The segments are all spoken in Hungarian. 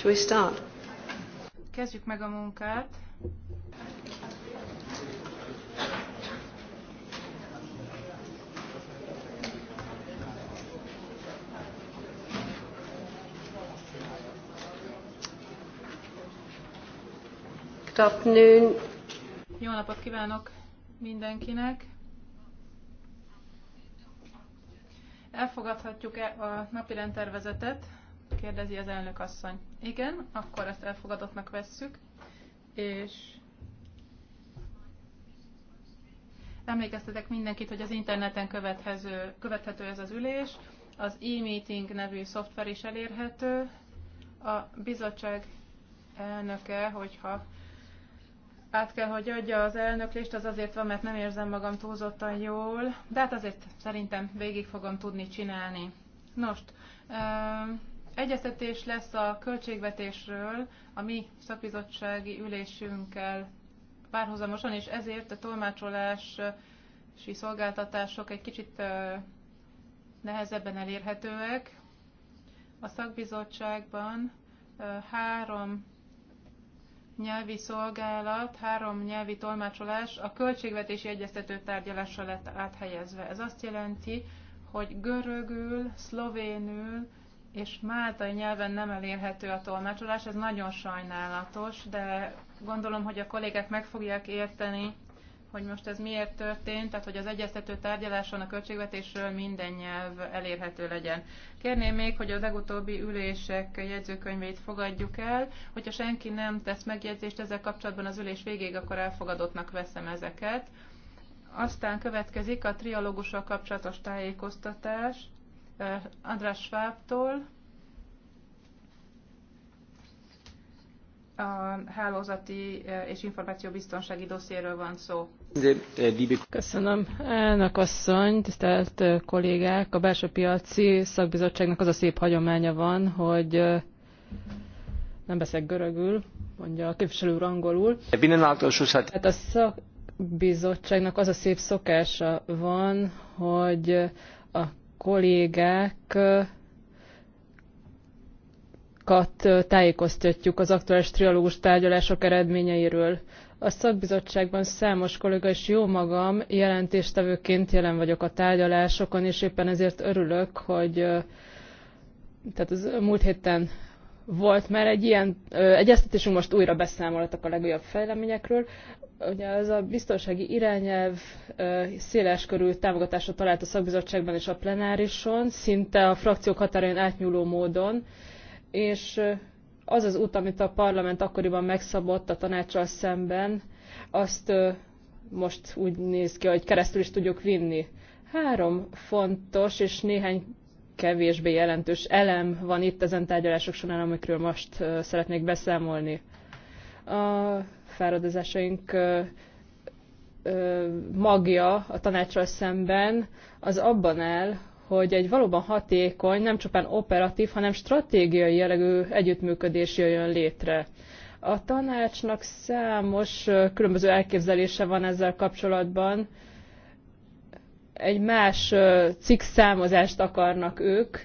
Shall we start? Kezdjük meg a munkát. Good Jó napot kívánok mindenkinek! Elfogadhatjuk-e a napirend tervezetet? kérdezi az elnök asszony. Igen, akkor ezt elfogadottnak vesszük, és emlékeztetek mindenkit, hogy az interneten követhető, követhető ez az ülés, az e-meeting nevű szoftver is elérhető, a bizottság elnöke, hogyha át kell, hogy adja az elnöklést, az azért van, mert nem érzem magam túlzottan jól, de hát azért szerintem végig fogom tudni csinálni. Nos, ehm, Egyeztetés lesz a költségvetésről a mi szakbizottsági ülésünkkel párhuzamosan, és ezért a tolmácsolási szolgáltatások egy kicsit nehezebben elérhetőek. A szakbizottságban három nyelvi szolgálat, három nyelvi tolmácsolás a költségvetési egyeztető tárgyalásra lett áthelyezve. Ez azt jelenti, hogy görögül, szlovénül, és máltai nyelven nem elérhető a tolmácsolás, ez nagyon sajnálatos, de gondolom, hogy a kollégák meg fogják érteni, hogy most ez miért történt, tehát hogy az egyeztető tárgyaláson a költségvetésről minden nyelv elérhető legyen. Kérném még, hogy a legutóbbi ülések jegyzőkönyvét fogadjuk el, hogyha senki nem tesz megjegyzést ezzel kapcsolatban az ülés végéig, akkor elfogadottnak veszem ezeket. Aztán következik a trialógussal kapcsolatos tájékoztatás. András Schwab-tól. a hálózati és információbiztonsági dossziéről van szó. Köszönöm, elnök asszony, tisztelt kollégák! A belső piaci szakbizottságnak az a szép hagyománya van, hogy nem beszek görögül, mondja a képviselő úr angolul. Hát a szakbizottságnak az a szép szokása van, hogy a kollégák tájékoztatjuk az aktuális triológus tárgyalások eredményeiről. A szakbizottságban számos kolléga és jó magam jelentéstevőként jelen vagyok a tárgyalásokon, és éppen ezért örülök, hogy tehát az múlt héten volt már egy ilyen egyeztetésünk, most újra beszámoltak a legjobb fejleményekről. Ugye ez a biztonsági irányelv széles körű támogatásra talált a szakbizottságban és a plenárison, szinte a frakciók határain átnyúló módon, és az az út, amit a parlament akkoriban megszabott a tanácssal szemben, azt most úgy néz ki, hogy keresztül is tudjuk vinni. Három fontos és néhány kevésbé jelentős elem van itt ezen tárgyalások során, amikről most szeretnék beszámolni. A fáradozásaink magja a tanácsal szemben az abban áll, hogy egy valóban hatékony, nem csupán operatív, hanem stratégiai jellegű együttműködés jöjjön létre. A tanácsnak számos különböző elképzelése van ezzel kapcsolatban. Egy más cikk számozást akarnak ők,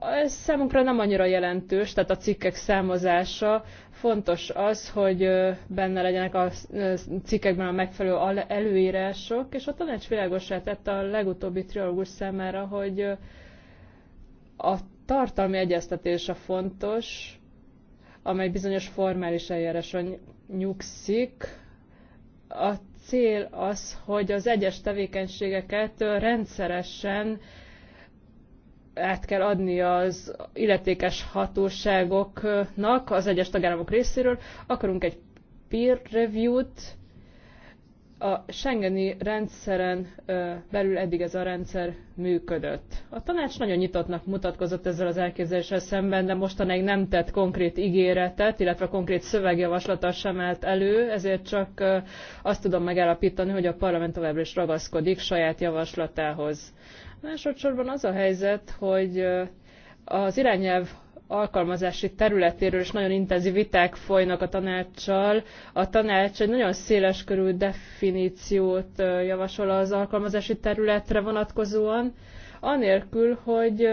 ez számunkra nem annyira jelentős, tehát a cikkek számozása. Fontos az, hogy benne legyenek a cikkekben a megfelelő előírások, és a tanács világosá tett a legutóbbi triológus számára, hogy a tartalmi egyeztetés a fontos, amely bizonyos formális eljárásra nyugszik. A cél az, hogy az egyes tevékenységeket rendszeresen át kell adni az illetékes hatóságoknak az egyes tagállamok részéről. Akarunk egy peer review-t. A Schengeni rendszeren belül eddig ez a rendszer működött. A tanács nagyon nyitottnak mutatkozott ezzel az elképzeléssel szemben, de mostanáig nem tett konkrét ígéretet, illetve konkrét szövegjavaslata sem állt elő, ezért csak azt tudom megállapítani, hogy a parlament továbbra is ragaszkodik saját javaslatához. Másodszorban az a helyzet, hogy az irányelv alkalmazási területéről is nagyon intenzív viták folynak a tanácssal. A tanács egy nagyon széles körű definíciót javasol az alkalmazási területre vonatkozóan, anélkül, hogy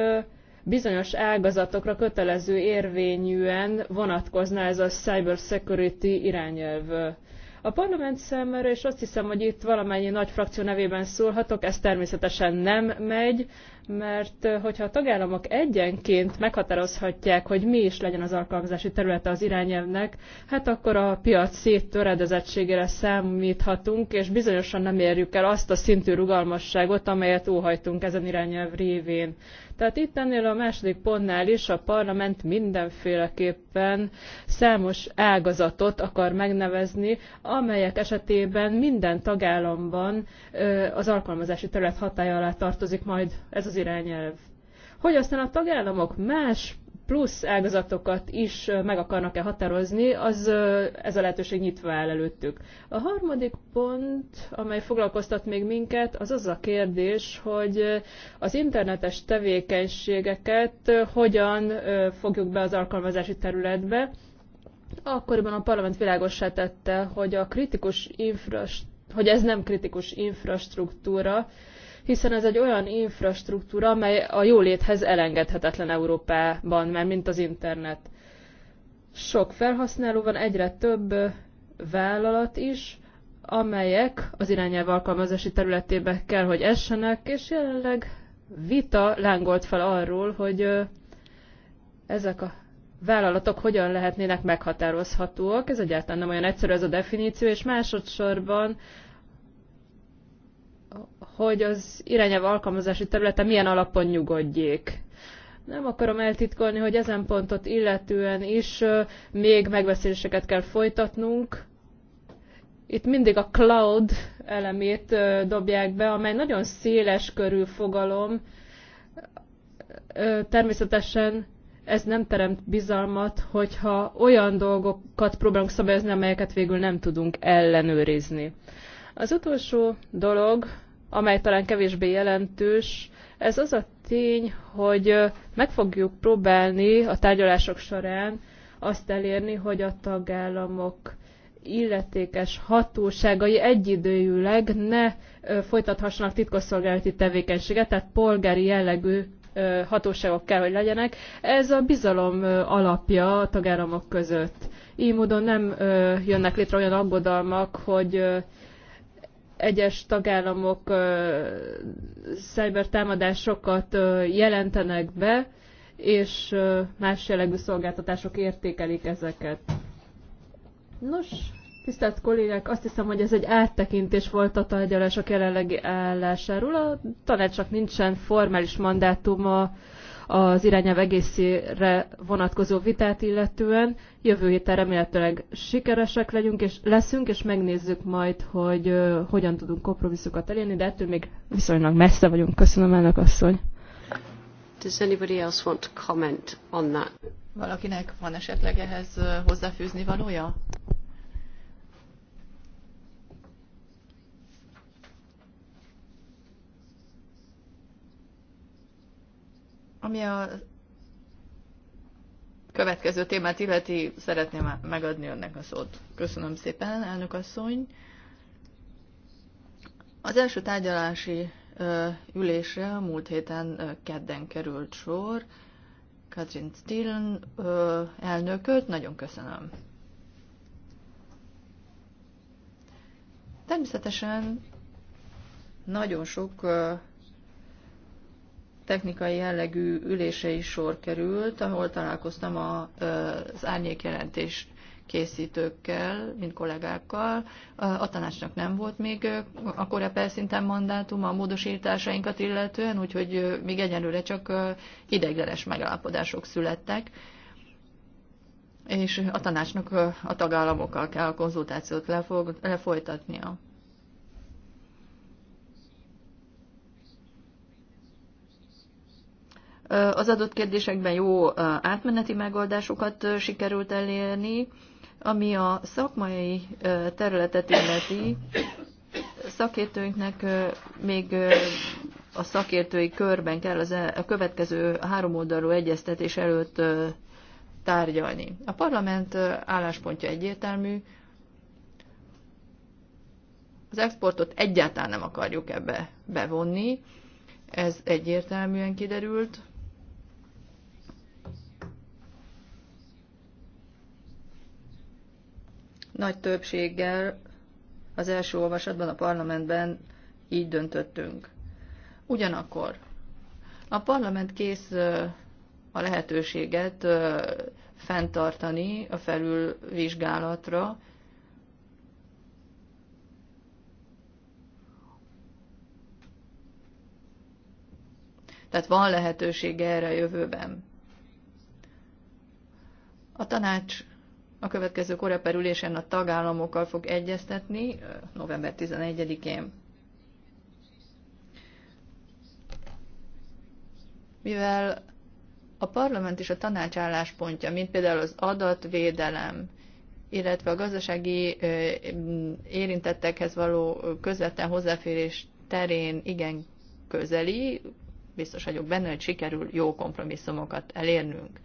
bizonyos ágazatokra kötelező érvényűen vonatkozna ez a cybersecurity irányelv. A parlament számára, és azt hiszem, hogy itt valamennyi nagy frakció nevében szólhatok, ez természetesen nem megy, mert hogyha a tagállamok egyenként meghatározhatják, hogy mi is legyen az alkalmazási területe az irányelvnek, hát akkor a piac széttöredezettségére számíthatunk, és bizonyosan nem érjük el azt a szintű rugalmasságot, amelyet óhajtunk ezen irányelv révén. Tehát itt ennél a második pontnál is a parlament mindenféleképpen számos ágazatot akar megnevezni, amelyek esetében minden tagállamban az alkalmazási terület hatája alá tartozik majd ez az irányelv. Hogy aztán a tagállamok más plusz ágazatokat is meg akarnak-e határozni, az ez a lehetőség nyitva áll előttük. A harmadik pont, amely foglalkoztat még minket, az az a kérdés, hogy az internetes tevékenységeket hogyan fogjuk be az alkalmazási területbe. Akkoriban a parlament világosá tette, hogy a kritikus infrastruktúra, hogy ez nem kritikus infrastruktúra, hiszen ez egy olyan infrastruktúra, amely a jóléthez elengedhetetlen Európában, mert mint az internet. Sok felhasználó van, egyre több vállalat is, amelyek az irányelv alkalmazási területébe kell, hogy essenek, és jelenleg vita lángolt fel arról, hogy ezek a vállalatok hogyan lehetnének meghatározhatóak. Ez egyáltalán nem olyan egyszerű ez a definíció, és másodszorban hogy az irányelv alkalmazási területe milyen alapon nyugodjék. Nem akarom eltitkolni, hogy ezen pontot illetően is még megbeszéléseket kell folytatnunk. Itt mindig a cloud elemét dobják be, amely nagyon széles körű fogalom. Természetesen ez nem teremt bizalmat, hogyha olyan dolgokat próbálunk szabályozni, amelyeket végül nem tudunk ellenőrizni. Az utolsó dolog, amely talán kevésbé jelentős, ez az a tény, hogy meg fogjuk próbálni a tárgyalások során azt elérni, hogy a tagállamok illetékes hatóságai egyidőjűleg ne folytathassanak titkosszolgálati tevékenységet, tehát polgári jellegű hatóságok kell, hogy legyenek. Ez a bizalom alapja a tagállamok között. Így módon nem jönnek létre olyan aggodalmak, hogy egyes tagállamok szájbertámadásokat jelentenek be, és más jellegű szolgáltatások értékelik ezeket. Nos, tisztelt kollégák, azt hiszem, hogy ez egy áttekintés volt a tárgyalások jelenlegi állásáról. A tanácsnak nincsen formális mandátuma, az irányelv egészére vonatkozó vitát illetően. Jövő héten remélhetőleg sikeresek legyünk és leszünk, és megnézzük majd, hogy hogyan tudunk kompromisszokat elérni, de ettől még viszonylag messze vagyunk. Köszönöm, elnök asszony. Does anybody else want to comment on that? Valakinek van esetleg ehhez hozzáfűzni valója? Ami a következő témát illeti, szeretném megadni önnek a szót. Köszönöm szépen, elnök asszony. Az első tárgyalási ülésre a múlt héten kedden került sor. Katrin Stillen elnököt, nagyon köszönöm. Természetesen nagyon sok technikai jellegű ülése is sor került, ahol találkoztam a az árnyékjelentés készítőkkel, mint kollégákkal. A tanácsnak nem volt még a korepel szinten mandátum a módosításainkat illetően, úgyhogy még egyenlőre csak ideiglenes megállapodások születtek és a tanácsnak a tagállamokkal kell a konzultációt lefolytatnia. Az adott kérdésekben jó átmeneti megoldásokat sikerült elérni, ami a szakmai területet illeti, szakértőinknek még a szakértői körben kell az e, a következő három oldalú egyeztetés előtt tárgyalni. A parlament álláspontja egyértelmű, az exportot egyáltalán nem akarjuk ebbe bevonni, ez egyértelműen kiderült. Nagy többséggel az első olvasatban a parlamentben így döntöttünk. Ugyanakkor a parlament kész a lehetőséget fenntartani a felülvizsgálatra, Tehát van lehetőség erre a jövőben. A tanács a következő koreperülésen ülésen a tagállamokkal fog egyeztetni november 11-én. Mivel a parlament és a tanács álláspontja, mint például az adatvédelem, illetve a gazdasági érintettekhez való közvetlen hozzáférés terén igen közeli, biztos vagyok benne, hogy sikerül jó kompromisszumokat elérnünk.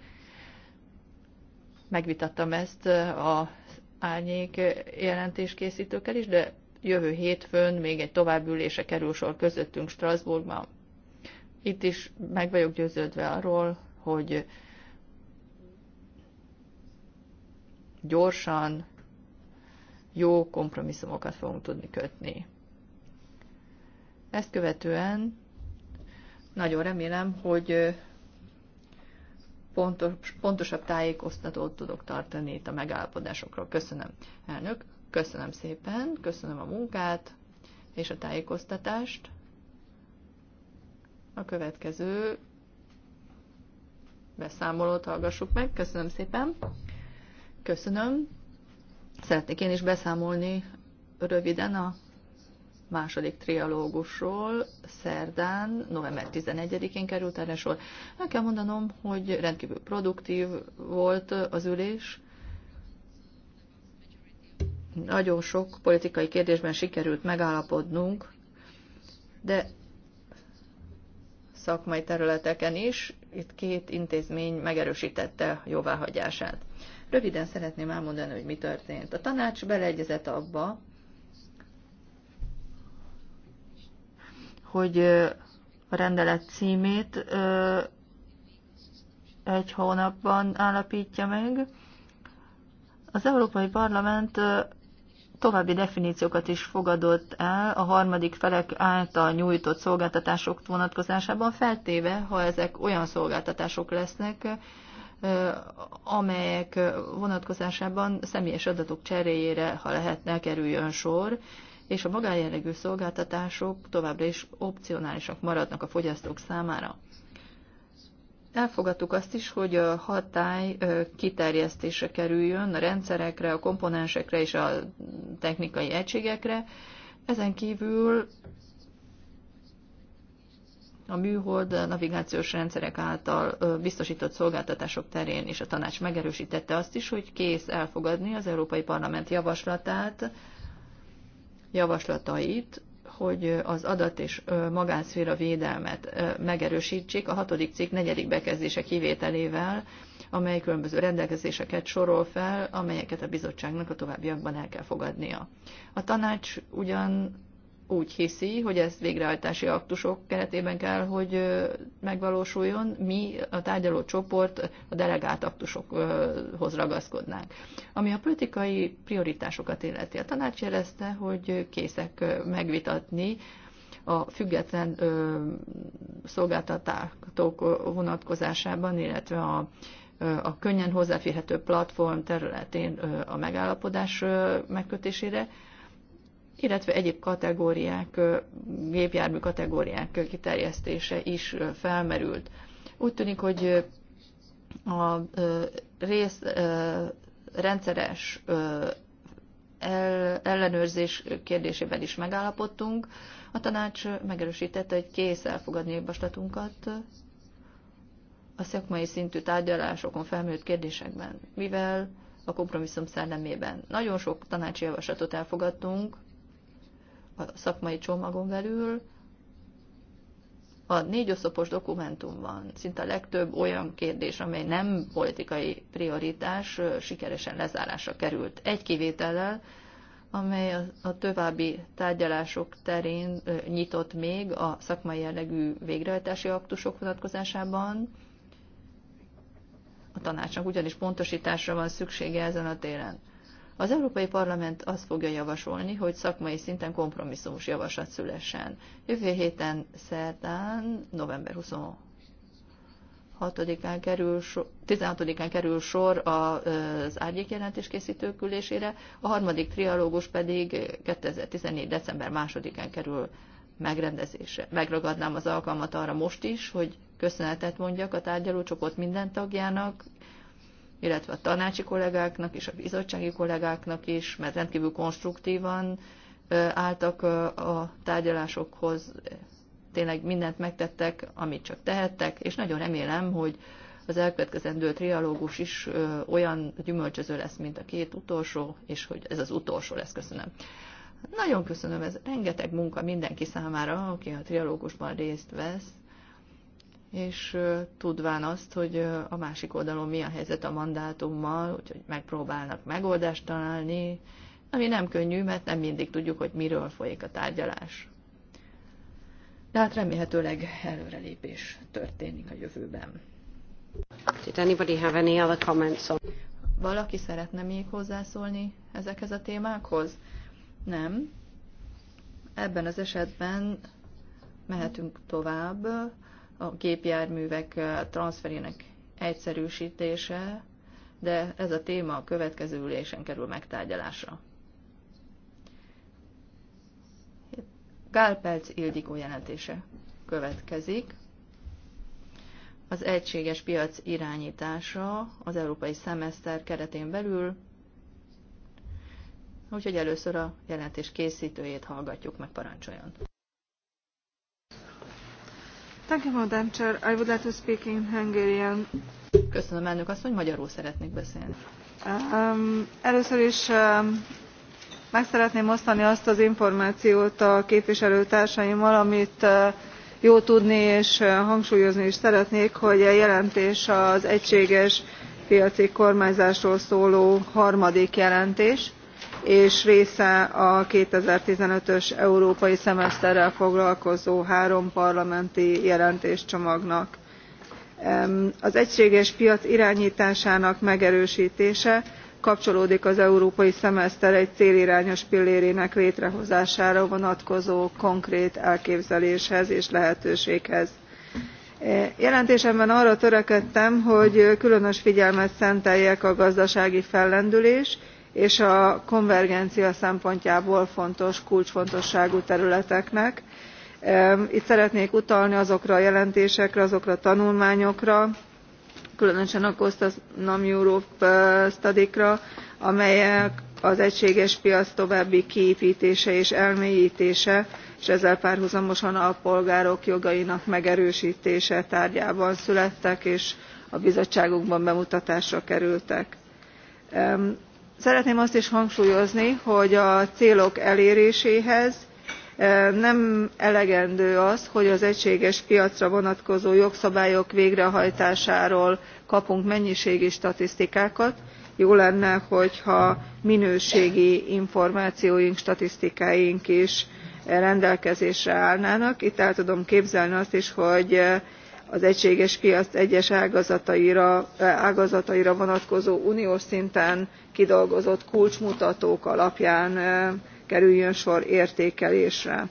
Megvitattam ezt a árnyék jelentéskészítőkkel is, de jövő hétfőn még egy további ülése kerül sor közöttünk Strasbourgban. Itt is meg vagyok győződve arról, hogy gyorsan jó kompromisszumokat fogunk tudni kötni. Ezt követően nagyon remélem, hogy pontos, pontosabb tájékoztatót tudok tartani itt a megállapodásokról. Köszönöm, elnök, köszönöm szépen, köszönöm a munkát és a tájékoztatást. A következő beszámolót hallgassuk meg. Köszönöm szépen. Köszönöm. Szeretnék én is beszámolni röviden a második trialógusról szerdán, november 11-én került erre sor. El kell mondanom, hogy rendkívül produktív volt az ülés. Nagyon sok politikai kérdésben sikerült megállapodnunk, de szakmai területeken is itt két intézmény megerősítette jóváhagyását. Röviden szeretném elmondani, hogy mi történt. A tanács beleegyezett abba, hogy a rendelet címét egy hónapban állapítja meg. Az Európai Parlament további definíciókat is fogadott el a harmadik felek által nyújtott szolgáltatások vonatkozásában, feltéve, ha ezek olyan szolgáltatások lesznek, amelyek vonatkozásában személyes adatok cseréjére, ha lehetne, kerüljön sor, és a magánjellegű szolgáltatások továbbra is opcionálisak maradnak a fogyasztók számára. Elfogadtuk azt is, hogy a hatály kiterjesztése kerüljön a rendszerekre, a komponensekre és a technikai egységekre. Ezen kívül a műhold navigációs rendszerek által biztosított szolgáltatások terén is a tanács megerősítette azt is, hogy kész elfogadni az Európai Parlament javaslatát javaslatait, hogy az adat és magánszféra védelmet megerősítsék a hatodik cikk negyedik bekezdése kivételével, amely különböző rendelkezéseket sorol fel, amelyeket a bizottságnak a továbbiakban el kell fogadnia. A tanács ugyan úgy hiszi, hogy ezt végrehajtási aktusok keretében kell, hogy megvalósuljon, mi a tárgyaló csoport a delegált aktusokhoz ragaszkodnánk. Ami a politikai prioritásokat illeti, a tanács jelezte, hogy készek megvitatni a független szolgáltatók vonatkozásában, illetve a a könnyen hozzáférhető platform területén a megállapodás megkötésére, illetve egyéb kategóriák, gépjármű kategóriák kiterjesztése is felmerült. Úgy tűnik, hogy a rész rendszeres ellenőrzés kérdésében is megállapodtunk. A tanács megerősítette, hogy kész elfogadni javaslatunkat a szakmai szintű tárgyalásokon felmerült kérdésekben, mivel a kompromisszum szellemében. Nagyon sok tanácsi javaslatot elfogadtunk, a szakmai csomagon belül, a négy oszlopos van, szinte a legtöbb olyan kérdés, amely nem politikai prioritás, sikeresen lezárásra került. Egy kivétellel, amely a további tárgyalások terén nyitott még a szakmai jellegű végrehajtási aktusok vonatkozásában. A tanácsnak ugyanis pontosításra van szüksége ezen a téren. Az Európai Parlament azt fogja javasolni, hogy szakmai szinten kompromisszumos javaslat szülessen. Jövő héten szerdán, november 26-án kerül, sor, 16-án kerül sor az árnyékjelentés készítők ülésére, a harmadik trialógus pedig 2014. december 2-án kerül megrendezése. Megragadnám az alkalmat arra most is, hogy köszönetet mondjak a tárgyalócsoport minden tagjának, illetve a tanácsi kollégáknak és a bizottsági kollégáknak is, mert rendkívül konstruktívan álltak a tárgyalásokhoz, tényleg mindent megtettek, amit csak tehettek, és nagyon remélem, hogy az elkövetkezendő trialógus is olyan gyümölcsöző lesz, mint a két utolsó, és hogy ez az utolsó lesz, köszönöm. Nagyon köszönöm, ez rengeteg munka mindenki számára, aki a trialógusban részt vesz, és tudván azt, hogy a másik oldalon mi a helyzet a mandátummal, úgyhogy megpróbálnak megoldást találni, ami nem könnyű, mert nem mindig tudjuk, hogy miről folyik a tárgyalás. De hát remélhetőleg előrelépés történik a jövőben. Did anybody have any other comments on... Valaki szeretne még hozzászólni ezekhez a témákhoz? Nem. Ebben az esetben mehetünk tovább a gépjárművek transferének egyszerűsítése, de ez a téma a következő ülésen kerül megtárgyalásra. Gálpelc Ildikó jelentése következik. Az egységes piac irányítása az európai szemeszter keretén belül, úgyhogy először a jelentés készítőjét hallgatjuk meg, parancsoljon. Thank you, I would like to speak in Hungarian. Köszönöm, elnök asszony, magyarul szeretnék beszélni. Um, először is um, meg szeretném osztani azt az információt a képviselőtársaimmal amit uh, jó tudni és uh, hangsúlyozni is szeretnék hogy a jelentés az egységes piaci kormányzásról szóló harmadik jelentés és része a two thousand and fifteen ös európai szemeszterrel foglalkozó három parlamenti jelentéscsomagnak. az egységes piac iránytásának megerőstése kapcsolódik az európai szemeszter egy célirányos pillérének létrehozására vonatkozó konkrét elképzeléshez és lehetőséghez e, jelentésemben arra törekedtem hogy különös figyelmet szenteljek a gazdasági fellendülés és a konvergencia szempontjából fontos kulcsfontosságú területeknek. itt szeretnék utalni azokra a jelentésekre azokra a tanulmányokra különösen a costasnom europe eh, study kra amelyek az egységes piac további kiéptése és elmélytése és ezzel párhuzamosan a polgárok jogainak megerőstése tárgyában születtek és a bizottságunkban bemutatásra kerültek szeretném azt is hangsúlyozni hogy a célok eléréséhez eh, nem elegendő az hogy az egységes piacra vonatkozó jogszabályok végrehajtásáról kapunk mennyiségi statisztikákat jó lenne hogyha minőségi információink statisztikáink is rendelkezésre állnának. itt el tudom képzelni azt is hogy eh, az egységes piac egyes ágazataira, vonatkozó uniós szinten kidolgozott kulcsmutatók alapján kerüljön sor értékelésre.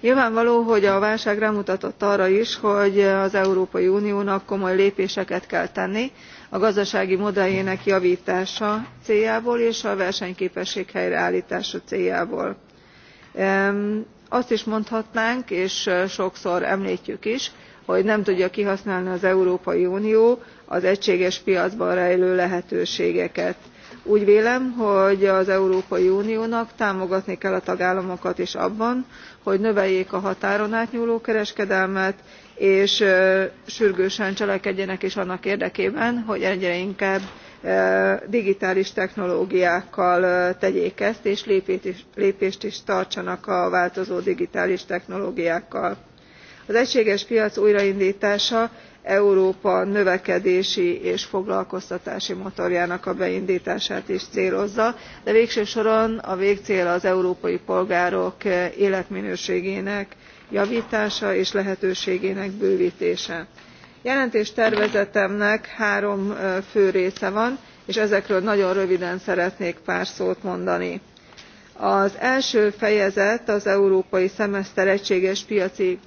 nyilvánvaló hogy a válság rámutatott arra is hogy az európai uniónak komoly lépéseket kell tenni a gazdasági modelljének javtása céljából és a versenyképesség helyreálltása céljából azt is mondhatnánk és sokszor emltjük is hogy nem tudja kihasználni az európai unió az egységes piacban rejlő lehetőségeket. úgy vélem hogy az európai uniónak támogatni kell a tagállamokat is abban hogy növeljék a határon átnyúló kereskedelmet és sürgősen cselekedjenek is annak érdekében hogy egyre inkább digitális technológiákkal tegyék ezt és lépést is tartsanak a változó digitális technológiákkal. az egységes piac újraindtása európa növekedési és foglalkoztatási motorjának a beindtását is célozza de végső soron a végcél az európai polgárok életminőségének javtása és lehetőségének bővtése jelentéstervezetemnek három fő része van és ezekről nagyon röviden szeretnék pár szót mondani. az első fejezet az európai szemeszter egységes piaci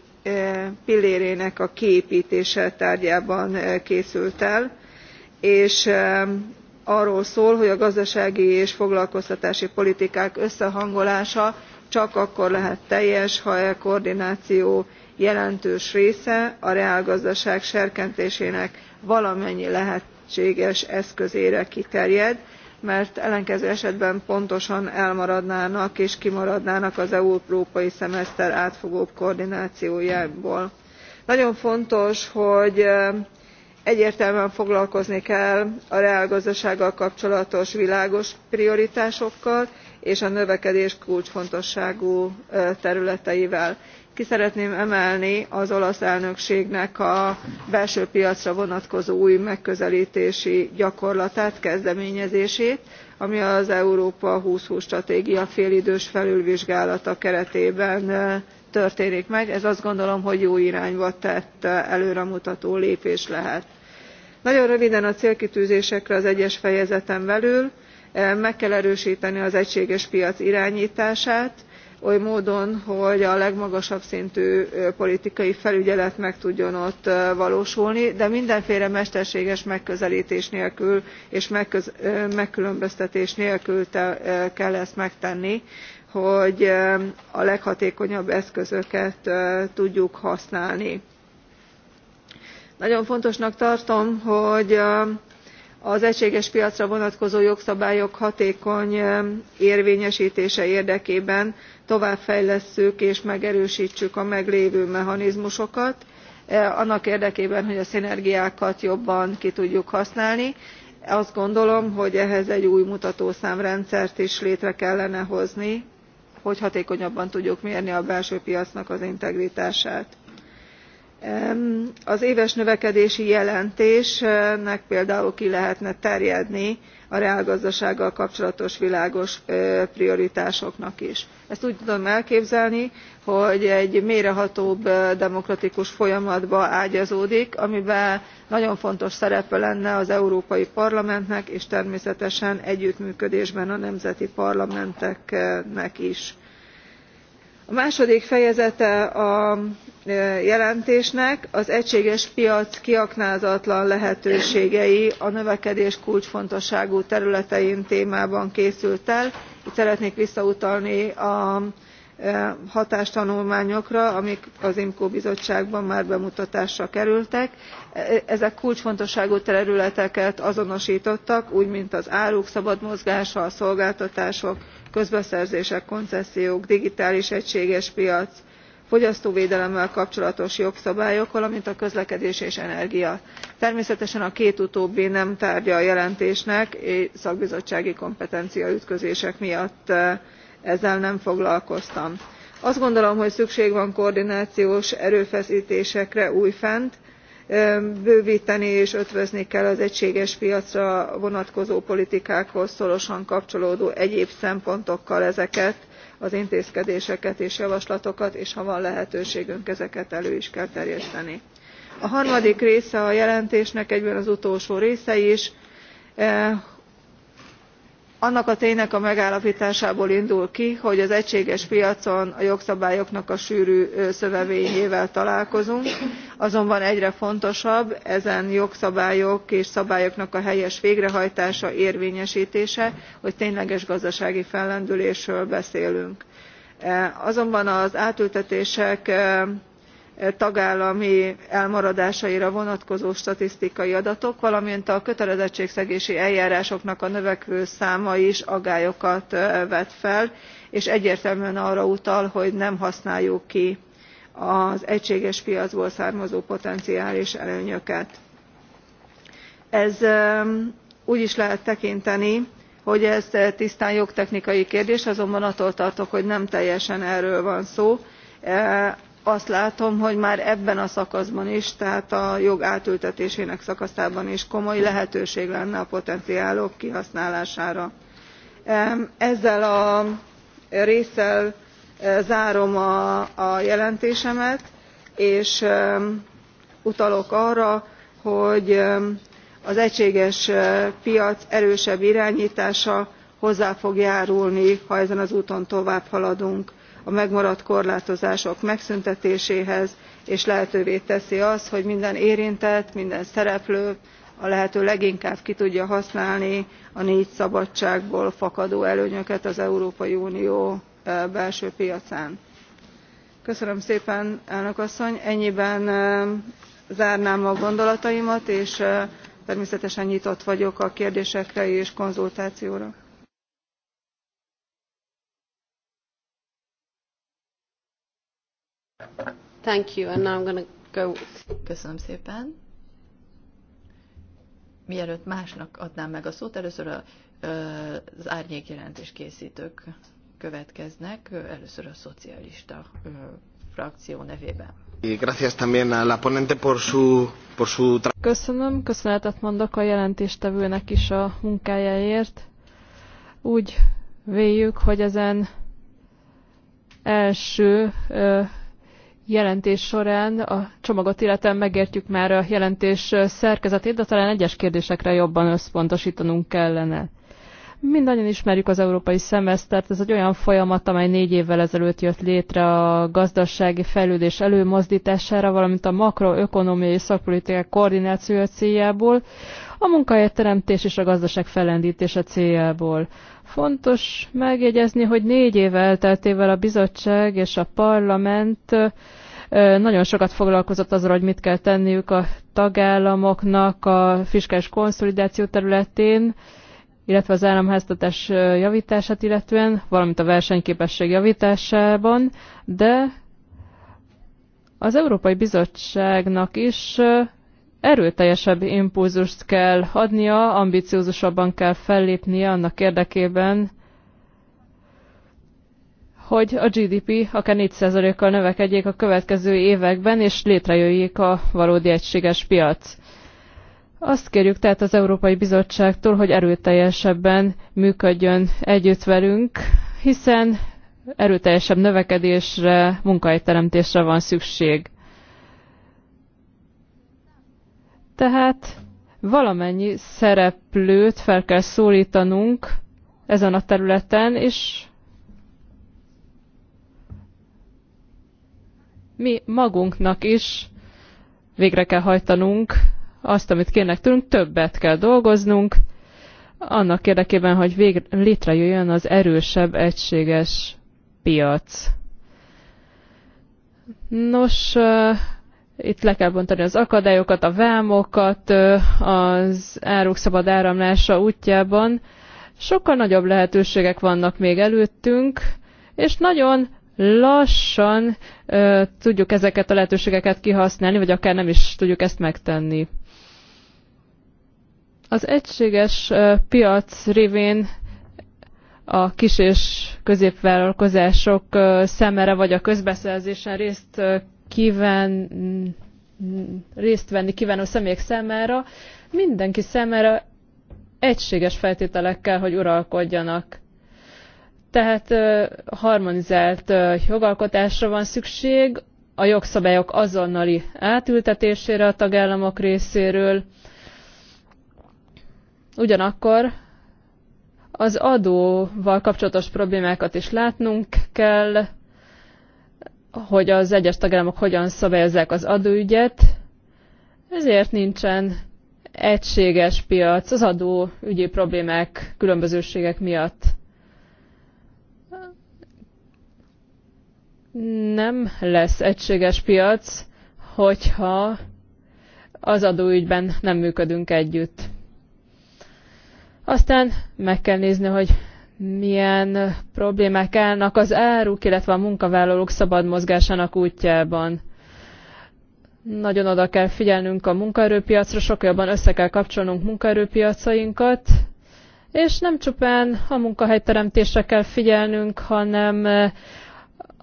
pillérének a kiéptése tárgyában készült el és arról szól hogy a gazdasági és foglalkoztatási politikák összehangolása csak akkor lehet teljes ha e koordináció jelentős része a reálgazdaság serkentésének valamennyi lehetséges eszközére kiterjed mert ellenkező esetben pontosan elmaradnának és kimaradnának az európai szemeszter átfogóbb koordinációjából. nagyon fontos hogy egyértelműen foglalkozni kell a reálgazdasággal kapcsolatos világos prioritásokkal és a növekedés kulcsfontosságú területeivel ki szeretném emelni az olasz elnökségnek a belső piacra vonatkozó új megközeltési gyakorlatát kezdeményezését ami az európa two thousand and twenty stratégia félidős felülvizsgálata keretében történik meg ez azt gondolom hogy jó irányba tett előremutató lépés lehet. nagyon röviden a célkitűzésekre az egyes fejezeten belül meg kell erősteni az egységes piac iránytását oly módon hogy a legmagasabb szintű politikai felügyelet meg tudjon ott valósulni de mindenféle mesterséges megközeltés nélkül és megkülönböztetés nélkül kell ezt megtenni hogy a leghatékonyabb eszközöket tudjuk használni. nagyon fontosnak tartom hogy az egységes piacra vonatkozó jogszabályok hatékony érvényestése érdekében továbbfejlesszük és megerőstsük a meglévő mechanizmusokat annak érdekében hogy a szinergiákat jobban ki tudjuk használni. azt gondolom hogy ehhez egy új mutatószámrendszert is létre kellene hozni hogy hatékonyabban tudjuk mérni a belső piacnak az integritását az éves növekedési jelentésnek például ki lehetne terjedni a reálgazdasággal kapcsolatos világos prioritásoknak is. ezt úgy tudom elképzelni hogy egy mélyrehatóbb demokratikus folyamatba ágyazódik amiben nagyon fontos szerepe lenne az európai parlamentnek és természetesen együttműködésben a nemzeti parlamenteknek is. a második fejezete a jelentésnek az egységes piac kiaknázatlan lehetőségei a növekedés kulcsfontosságú területein témában készült el itt szeretnék visszautalni a hatástanulmányokra amik az imco bizottságban már bemutatásra kerültek e, ezek kulcsfontosságú területeket azonostottak úgy mint az áruk szabad mozgása a szolgáltatások közbeszerzések koncesziók digitális egységes piac fogyasztóvédelemmel kapcsolatos jogszabályok valamint a közlekedés és energia. természetesen a két utóbbi nem tárgya a jelentésnek szakbizottsági kompetenciaütközések miatt eh, ezzel nem foglalkoztam. azt gondolom hogy szükség van koordinációs erőfesztésekre újfent eh, bővteni és ötvözni kell az egységes piacra vonatkozó politikákhoz szorosan kapcsolódó egyéb szempontokkal ezeket az intézkedéseket és javaslatokat és ha van lehetőségünk ezeket elő is kell terjeszteni. a harmadik része a jelentésnek egyben az utolsó része is eh, annak a ténynek a megállaptásából indul ki hogy az egységes piacon a jogszabályoknak a sűrű szövevényével találkozunk azonban egyre fontosabb ezen jogszabályok és szabályoknak a helyes végrehajtása érvényestése hogy tényleges gazdasági fellendülésről beszélünk. E, azonban az átültetések tagállami elmaradásaira vonatkozó statisztikai adatok valamint a kötelezettségszegési eljárásoknak a növekvő száma is aggályokat vet fel és egyértelműen arra utal hogy nem használjuk ki az egységes piacból származó potenciális előnyöket. ez úgy is lehet tekinteni hogy ez tisztán jogtechnikai kérdés azonban attól tartok hogy nem teljesen erről van szó azt látom hogy már ebben a szakaszban is tehát a jog átültetésének szakaszában is komoly lehetőség lenne a potenciálok kihasználására. ezzel a résszel e, zárom a, jelentésemet és utalok arra hogy az egységes e, piac erősebb iránytása hozzá fog járulni ha ezen az úton továbbhaladunk a megmaradt korlátozások megszüntetéséhez és lehetővé teszi azt hogy minden érintett minden szereplő a lehető leginkább ki tudja használni a négy szabadságból fakadó előnyöket az európai unió eh, belső piacán. köszönöm szépen elnök asszony ennyiben eh, zárnám a gondolataimat és eh, természetesen nyitott vagyok a kérdésekre és konzultációra. Thank you, and now I'm gonna go. Köszönöm szépen. Mielőtt másnak adnám meg a szót, először a, az árnyék jelentés készítők következnek, először a szocialista frakció nevében. Köszönöm, köszönetet mondok a jelentéstevőnek is a munkájáért. Úgy véljük, hogy ezen első jelentés során a csomagot illetően megértjük már a jelentés szerkezetét, de talán egyes kérdésekre jobban összpontosítanunk kellene. Mindannyian ismerjük az európai szemesztert, ez egy olyan folyamat, amely négy évvel ezelőtt jött létre a gazdasági fejlődés előmozdítására, valamint a makroökonomiai szakpolitikák koordinációja céljából, a munkahelyteremtés és a gazdaság fellendítése céljából. Fontos megjegyezni, hogy négy év elteltével a bizottság és a parlament nagyon sokat foglalkozott azzal, hogy mit kell tenniük a tagállamoknak a fiskális konszolidáció területén, illetve az államháztatás javítását illetően, valamint a versenyképesség javításában, de az Európai Bizottságnak is erőteljesebb impulzust kell adnia, ambiciózusabban kell fellépnie annak érdekében, hogy a GDP akár 4%-kal növekedjék a következő években, és létrejöjjék a valódi egységes piac. Azt kérjük tehát az Európai Bizottságtól, hogy erőteljesebben működjön együtt velünk, hiszen erőteljesebb növekedésre, munkahelyteremtésre van szükség. Tehát valamennyi szereplőt fel kell szólítanunk ezen a területen, és mi magunknak is végre kell hajtanunk azt, amit kérnek tőlünk, többet kell dolgoznunk, annak érdekében, hogy végre, létrejöjjön az erősebb, egységes piac. Nos, itt le kell bontani az akadályokat, a vámokat az áruk szabad áramlása útjában. Sokkal nagyobb lehetőségek vannak még előttünk, és nagyon lassan ö, tudjuk ezeket a lehetőségeket kihasználni, vagy akár nem is tudjuk ezt megtenni. Az egységes ö, piac révén a kis és középvállalkozások ö, szemere vagy a közbeszerzésen részt ö, kíván részt venni kívánó személyek számára, mindenki számára egységes feltételekkel, hogy uralkodjanak. Tehát harmonizált jogalkotásra van szükség, a jogszabályok azonnali átültetésére a tagállamok részéről. Ugyanakkor az adóval kapcsolatos problémákat is látnunk kell, hogy az egyes tagállamok hogyan szabályozzák az adóügyet, ezért nincsen egységes piac az adóügyi problémák különbözőségek miatt. nem lesz egységes piac, hogyha az adóügyben nem működünk együtt. Aztán meg kell nézni, hogy milyen problémák állnak az áruk, illetve a munkavállalók szabad mozgásának útjában. Nagyon oda kell figyelnünk a munkaerőpiacra, sokkal jobban össze kell kapcsolnunk munkaerőpiacainkat, és nem csupán a munkahelyteremtésre kell figyelnünk, hanem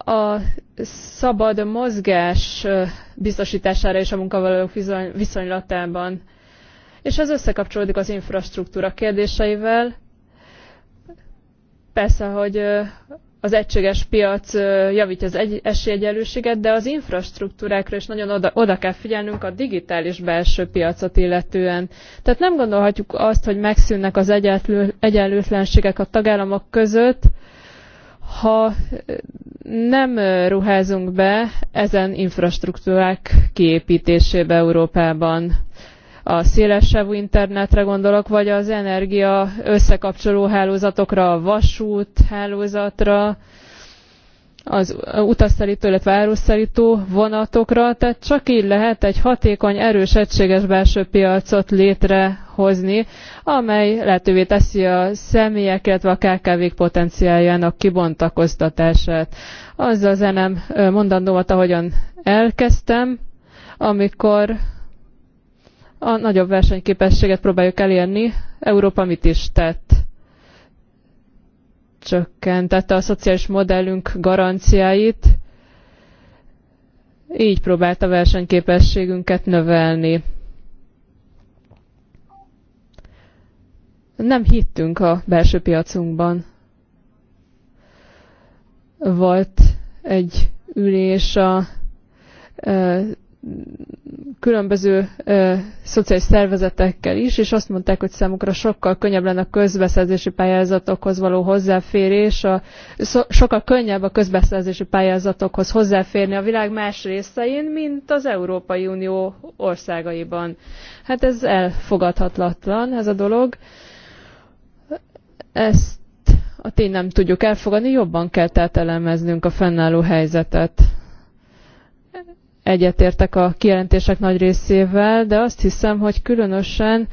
a szabad mozgás biztosítására és a munkavállalók viszonylatában. És ez összekapcsolódik az infrastruktúra kérdéseivel. Persze, hogy az egységes piac javítja az esélyegyelőséget, de az infrastruktúrákra is nagyon oda, oda kell figyelnünk a digitális belső piacot illetően. Tehát nem gondolhatjuk azt, hogy megszűnnek az egyenlőtlenségek a tagállamok között, ha nem ruházunk be ezen infrastruktúrák kiépítésébe Európában, a szélessávú internetre gondolok, vagy az energia összekapcsoló hálózatokra, a vasút hálózatra, az utasszállító, illetve áruszállító vonatokra, tehát csak így lehet egy hatékony, erős, egységes belső piacot létrehozni, amely lehetővé teszi a személyek, illetve a KKV-k potenciáljának kibontakoztatását. Azzal zenem mondandómat, ahogyan elkezdtem, amikor a nagyobb versenyképességet próbáljuk elérni, Európa mit is tett csökkentette a szociális modellünk garanciáit, így próbálta versenyképességünket növelni. Nem hittünk a belső piacunkban. Volt egy ülés a különböző ö, szociális szervezetekkel is, és azt mondták, hogy számukra sokkal könnyebb lenne a közbeszerzési pályázatokhoz való hozzáférés, a, so, sokkal könnyebb a közbeszerzési pályázatokhoz hozzáférni a világ más részein, mint az Európai Unió országaiban. Hát ez elfogadhatatlan, ez a dolog. Ezt a tény nem tudjuk elfogadni, jobban kell tehát elemeznünk a fennálló helyzetet egyetértek a kijelentések nagy részével, de azt hiszem, hogy különösen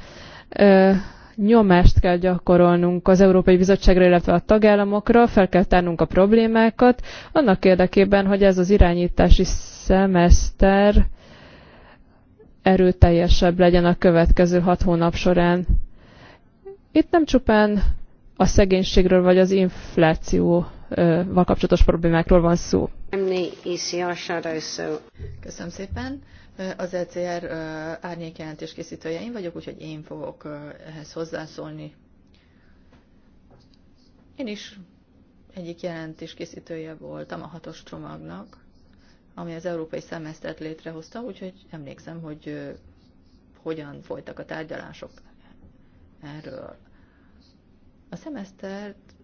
ö, nyomást kell gyakorolnunk az Európai Bizottságra, illetve a tagállamokra, fel kell tárnunk a problémákat, annak érdekében, hogy ez az irányítási szemeszter erőteljesebb legyen a következő hat hónap során. Itt nem csupán a szegénységről vagy az infláció val kapcsolatos problémákról van szó. Köszönöm szépen. Az ECR árnyékjelentés készítője én vagyok, úgyhogy én fogok ehhez hozzászólni. Én is egyik jelentés készítője voltam a hatos csomagnak, ami az európai szemesztert létrehozta, úgyhogy emlékszem, hogy hogyan folytak a tárgyalások erről. A szemesztert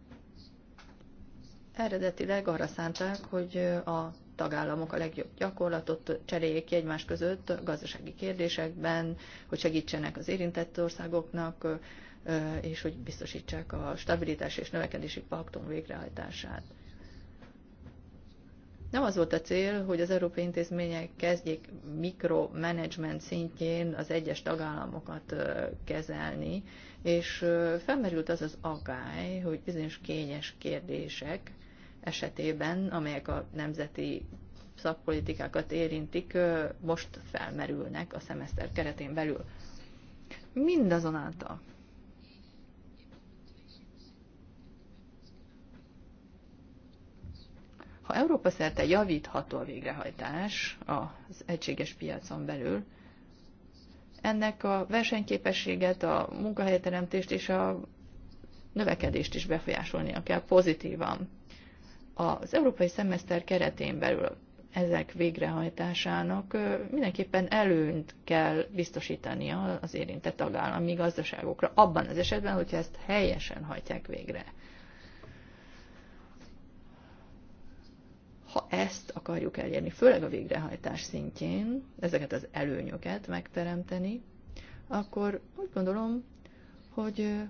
Eredetileg arra szánták, hogy a tagállamok a legjobb gyakorlatot cseréljék ki egymás között gazdasági kérdésekben, hogy segítsenek az érintett országoknak, és hogy biztosítsák a stabilitás és növekedési paktum végrehajtását. Nem az volt a cél, hogy az európai intézmények kezdjék mikromanagement szintjén az egyes tagállamokat kezelni, és felmerült az az agály, hogy bizonyos kényes kérdések, esetében, amelyek a nemzeti szakpolitikákat érintik, most felmerülnek a szemeszter keretén belül. Mindazonáltal Ha Európa szerte javítható a végrehajtás az egységes piacon belül, ennek a versenyképességet, a munkahelyteremtést és a növekedést is befolyásolnia kell pozitívan. Az európai szemeszter keretén belül ezek végrehajtásának mindenképpen előnyt kell biztosítania az érintett tagállami gazdaságokra, abban az esetben, hogyha ezt helyesen hajtják végre. Ha ezt akarjuk elérni, főleg a végrehajtás szintjén, ezeket az előnyöket megteremteni, akkor úgy gondolom, hogy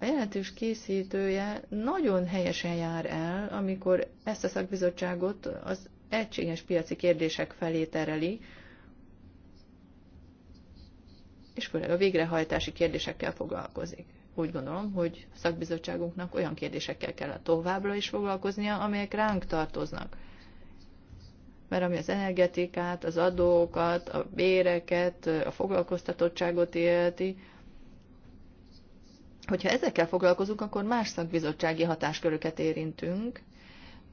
a jelentős készítője nagyon helyesen jár el, amikor ezt a szakbizottságot az egységes piaci kérdések felé tereli, és főleg a végrehajtási kérdésekkel foglalkozik. Úgy gondolom, hogy a szakbizottságunknak olyan kérdésekkel kell továbbra is foglalkoznia, amelyek ránk tartoznak. Mert ami az energetikát, az adókat, a béreket, a foglalkoztatottságot illeti, hogyha ezekkel foglalkozunk, akkor más szakbizottsági hatásköröket érintünk,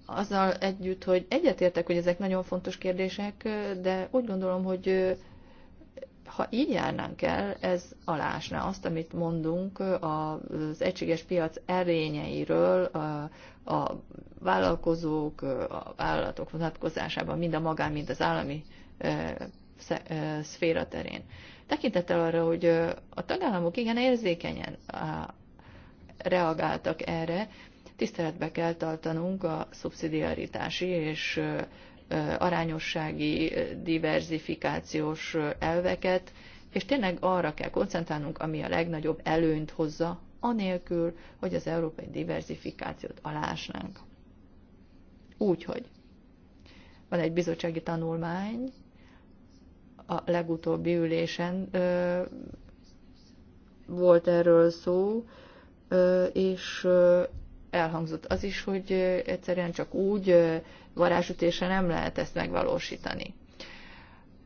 azzal együtt, hogy egyetértek, hogy ezek nagyon fontos kérdések, de úgy gondolom, hogy ha így járnánk el, ez alásna azt, amit mondunk az egységes piac erényeiről, a, a vállalkozók, a vállalatok vonatkozásában, mind a magán, mind az állami szféra terén. Tekintettel arra, hogy a tagállamok igen érzékenyen reagáltak erre, tiszteletbe kell tartanunk a szubszidiaritási és arányossági, diverzifikációs elveket, és tényleg arra kell koncentrálnunk, ami a legnagyobb előnyt hozza, anélkül, hogy az európai diverzifikációt alásnánk. Úgyhogy van egy bizottsági tanulmány, a legutóbbi ülésen volt erről szó, és elhangzott az is, hogy egyszerűen csak úgy varázsütése nem lehet ezt megvalósítani.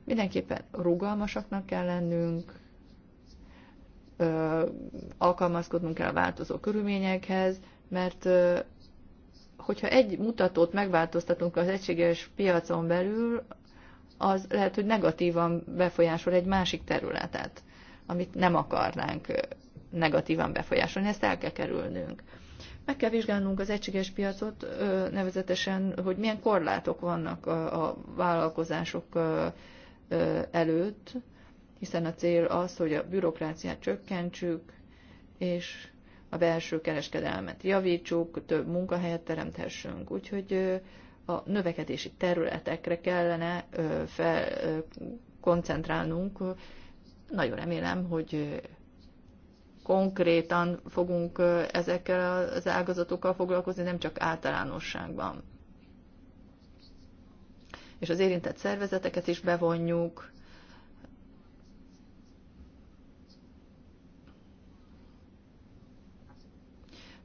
Mindenképpen rugalmasaknak kell lennünk, alkalmazkodnunk kell a változó körülményekhez, mert hogyha egy mutatót megváltoztatunk az egységes piacon belül, az lehet, hogy negatívan befolyásol egy másik területet, amit nem akarnánk negatívan befolyásolni, ezt el kell kerülnünk. Meg kell vizsgálnunk az egységes piacot, nevezetesen, hogy milyen korlátok vannak a vállalkozások előtt, hiszen a cél az, hogy a bürokráciát csökkentsük, és a belső kereskedelmet javítsuk, több munkahelyet teremthessünk. Úgyhogy a növekedési területekre kellene koncentrálnunk. Nagyon remélem, hogy konkrétan fogunk ezekkel az ágazatokkal foglalkozni, nem csak általánosságban. És az érintett szervezeteket is bevonjuk,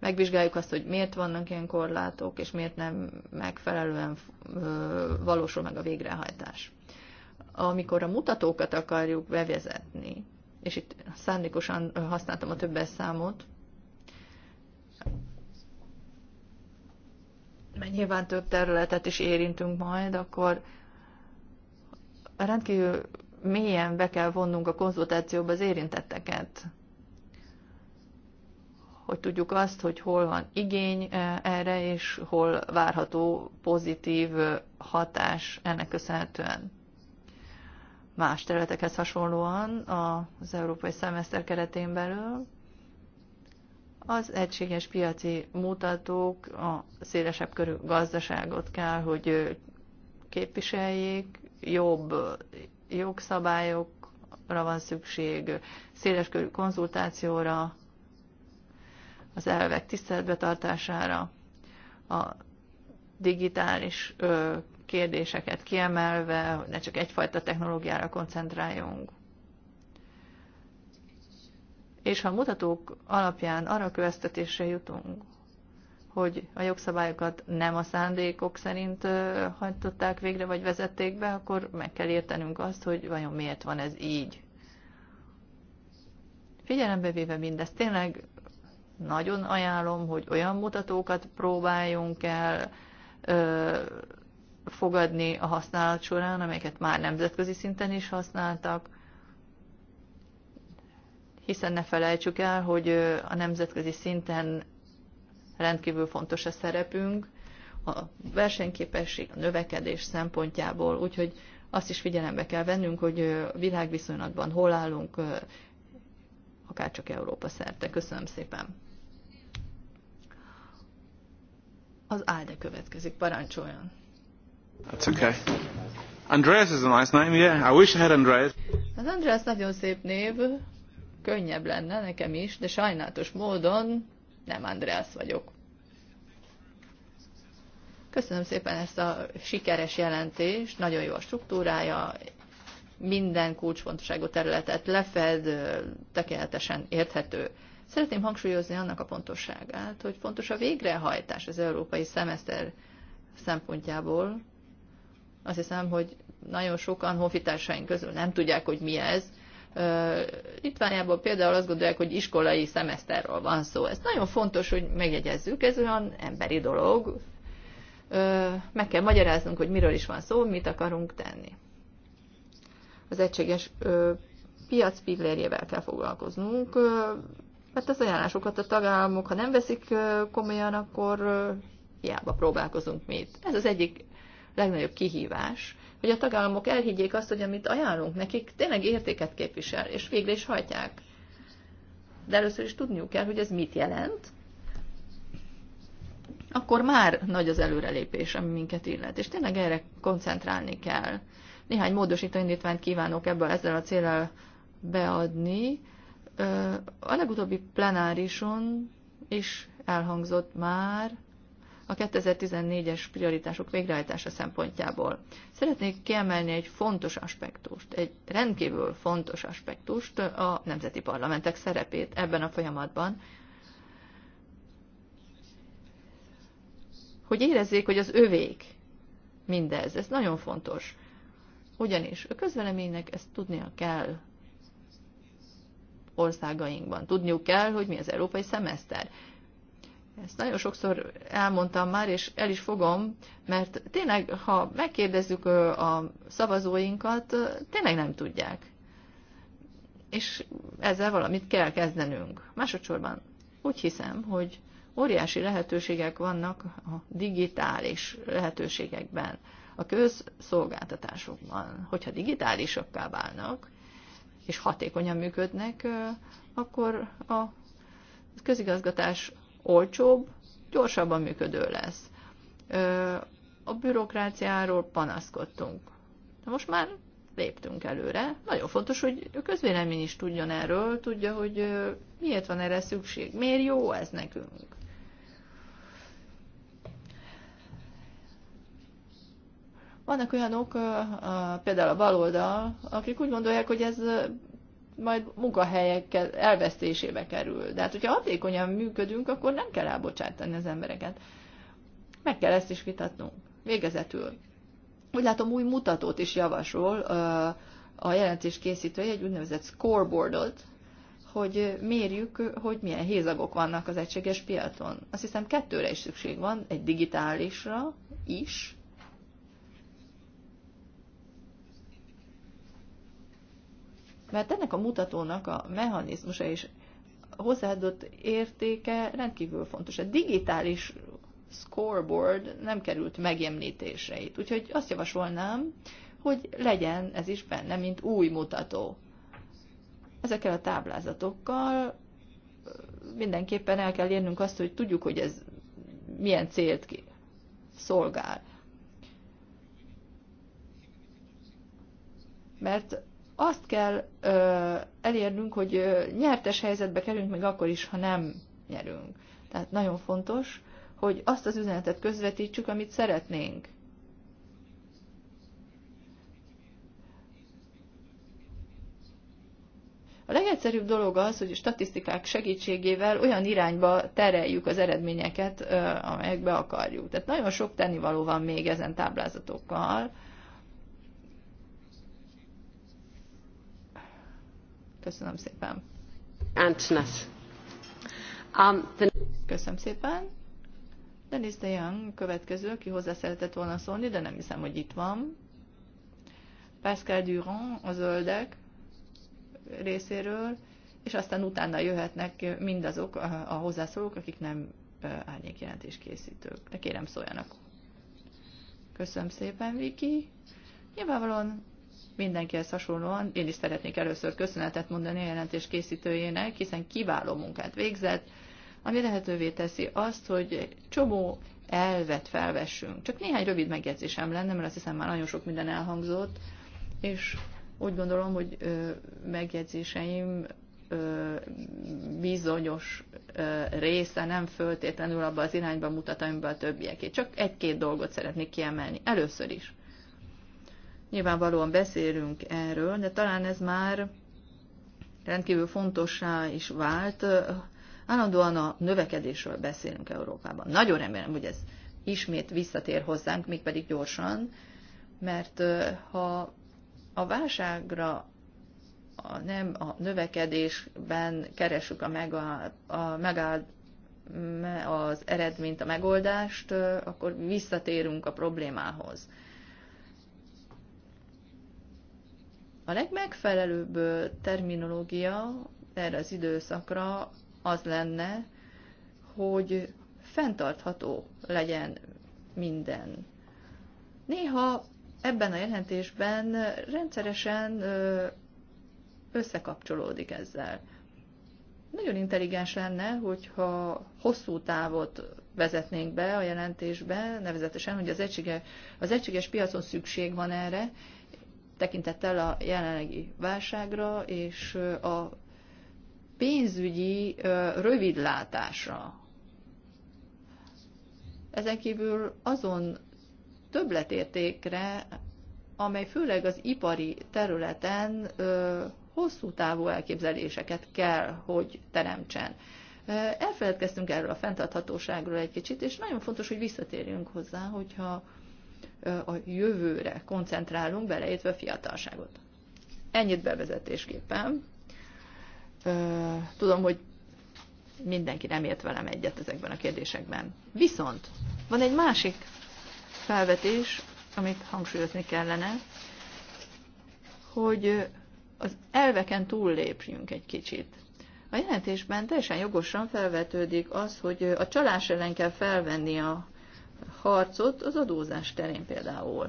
megvizsgáljuk azt, hogy miért vannak ilyen korlátok, és miért nem megfelelően valósul meg a végrehajtás. Amikor a mutatókat akarjuk bevezetni, és itt szándékosan használtam a többes számot, mert nyilván több területet is érintünk majd, akkor rendkívül mélyen be kell vonnunk a konzultációba az érintetteket hogy tudjuk azt, hogy hol van igény e, erre, és hol várható pozitív e, hatás ennek köszönhetően. Más területekhez hasonlóan az európai szemeszter keretén belül az egységes piaci mutatók a szélesebb körű gazdaságot kell, hogy e, képviseljék, jobb jogszabályokra van szükség, széles körű konzultációra, az elvek tiszteletbetartására, a digitális ö, kérdéseket kiemelve, hogy ne csak egyfajta technológiára koncentráljunk. És ha a mutatók alapján arra köztetésre jutunk, hogy a jogszabályokat nem a szándékok szerint hajtották végre, vagy vezették be, akkor meg kell értenünk azt, hogy vajon miért van ez így. Figyelembe véve mindezt, tényleg nagyon ajánlom, hogy olyan mutatókat próbáljunk el ö, fogadni a használat során, amelyeket már nemzetközi szinten is használtak, hiszen ne felejtsük el, hogy a nemzetközi szinten rendkívül fontos a szerepünk, a versenyképesség, a növekedés szempontjából, úgyhogy azt is figyelembe kell vennünk, hogy világviszonylatban hol állunk, csak Európa szerte. Köszönöm szépen! Az Álde következik, parancsoljon. That's okay. Andreas is a nice name, yeah. I wish I had Andreas. Az Andreas nagyon szép név, könnyebb lenne nekem is, de sajnálatos módon nem Andreas vagyok. Köszönöm szépen ezt a sikeres jelentést, nagyon jó a struktúrája, minden kulcsfontosságú területet lefed, tökéletesen érthető. Szeretném hangsúlyozni annak a pontosságát, hogy fontos a végrehajtás az európai szemeszter szempontjából. Azt hiszem, hogy nagyon sokan honfitársaink közül nem tudják, hogy mi ez. Litvániában például azt gondolják, hogy iskolai szemeszterről van szó. Ez nagyon fontos, hogy megjegyezzük, ez olyan emberi dolog. Meg kell magyaráznunk, hogy miről is van szó, mit akarunk tenni. Az egységes piac pillérjével kell foglalkoznunk, mert hát az ajánlásokat a tagállamok, ha nem veszik komolyan, akkor hiába próbálkozunk mi Ez az egyik legnagyobb kihívás, hogy a tagállamok elhiggyék azt, hogy amit ajánlunk nekik, tényleg értéket képvisel, és végre is hajtják. De először is tudniuk kell, hogy ez mit jelent, akkor már nagy az előrelépés, ami minket illet. És tényleg erre koncentrálni kell. Néhány módosító indítványt kívánok ebből ezzel a célral beadni, a legutóbbi plenárison is elhangzott már a 2014-es prioritások végrehajtása szempontjából. Szeretnék kiemelni egy fontos aspektust, egy rendkívül fontos aspektust, a nemzeti parlamentek szerepét ebben a folyamatban, hogy érezzék, hogy az övék mindez. Ez nagyon fontos. Ugyanis a közveleménynek ezt tudnia kell, országainkban. Tudniuk kell, hogy mi az európai szemeszter. Ezt nagyon sokszor elmondtam már, és el is fogom, mert tényleg, ha megkérdezzük a szavazóinkat, tényleg nem tudják. És ezzel valamit kell kezdenünk. Másodszorban úgy hiszem, hogy óriási lehetőségek vannak a digitális lehetőségekben, a közszolgáltatásokban. Hogyha digitálisakká válnak, és hatékonyan működnek, akkor a közigazgatás olcsóbb, gyorsabban működő lesz. A bürokráciáról panaszkodtunk. De most már léptünk előre. Nagyon fontos, hogy a közvélemény is tudjon erről, tudja, hogy miért van erre szükség, miért jó ez nekünk. Vannak olyanok, például a baloldal, akik úgy gondolják, hogy ez majd munkahelyek elvesztésébe kerül. De hát, hogyha hatékonyan működünk, akkor nem kell elbocsátani az embereket. Meg kell ezt is vitatnunk. Végezetül. Úgy látom, új mutatót is javasol a jelentés készítője, egy úgynevezett scoreboardot, hogy mérjük, hogy milyen hézagok vannak az egységes piacon. Azt hiszem kettőre is szükség van, egy digitálisra is, mert ennek a mutatónak a mechanizmusa és hozzáadott értéke rendkívül fontos. A digitális scoreboard nem került megemlítéseit, úgyhogy azt javasolnám, hogy legyen ez is benne, mint új mutató. Ezekkel a táblázatokkal mindenképpen el kell érnünk azt, hogy tudjuk, hogy ez milyen célt ki szolgál. Mert azt kell ö, elérnünk, hogy ö, nyertes helyzetbe kerülünk még akkor is, ha nem nyerünk. Tehát nagyon fontos, hogy azt az üzenetet közvetítsük, amit szeretnénk. A legegyszerűbb dolog az, hogy a statisztikák segítségével olyan irányba tereljük az eredményeket, amelyekbe akarjuk. Tehát nagyon sok tennivaló van még ezen táblázatokkal. Köszönöm szépen. Antnas. Um, the... Köszönöm szépen. Denis de Young következő, aki hozzá szeretett volna szólni, de nem hiszem, hogy itt van. Pascal Durand, a zöldek részéről, és aztán utána jöhetnek mindazok eh, a hozzászólók, akik nem eh, árnyékjelentés készítők. De kérem szóljanak. Köszönöm szépen, Viki. Nyilvánvalóan mindenkihez hasonlóan én is szeretnék először köszönetet mondani a jelentés készítőjének, hiszen kiváló munkát végzett, ami lehetővé teszi azt, hogy csomó elvet felvessünk. Csak néhány rövid megjegyzésem lenne, mert azt hiszem már nagyon sok minden elhangzott, és úgy gondolom, hogy ö, megjegyzéseim ö, bizonyos ö, része nem föltétlenül abba az irányba mutat, amiben a többieké. Csak egy-két dolgot szeretnék kiemelni. Először is Nyilvánvalóan beszélünk erről, de talán ez már rendkívül fontossá is vált. Állandóan a növekedésről beszélünk Európában. Nagyon remélem, hogy ez ismét visszatér hozzánk, mégpedig gyorsan, mert ha a válságra a, nem a növekedésben keresünk a, mega, a megáll, az eredményt, a megoldást, akkor visszatérünk a problémához. A legmegfelelőbb terminológia erre az időszakra az lenne, hogy fenntartható legyen minden. Néha ebben a jelentésben rendszeresen összekapcsolódik ezzel. Nagyon intelligens lenne, hogyha hosszú távot vezetnénk be a jelentésbe, nevezetesen, hogy az, egységes, az egységes piacon szükség van erre, tekintettel a jelenlegi válságra és a pénzügyi rövidlátásra. Ezen kívül azon többletértékre, amely főleg az ipari területen hosszú távú elképzeléseket kell, hogy teremtsen. Elfeledkeztünk erről a fenntarthatóságról egy kicsit, és nagyon fontos, hogy visszatérjünk hozzá, hogyha a jövőre koncentrálunk, beleértve a fiatalságot. Ennyit bevezetésképpen. Tudom, hogy mindenki nem ért velem egyet ezekben a kérdésekben. Viszont van egy másik felvetés, amit hangsúlyozni kellene, hogy az elveken túllépjünk egy kicsit. A jelentésben teljesen jogosan felvetődik az, hogy a csalás ellen kell felvenni a harcot az adózás terén például.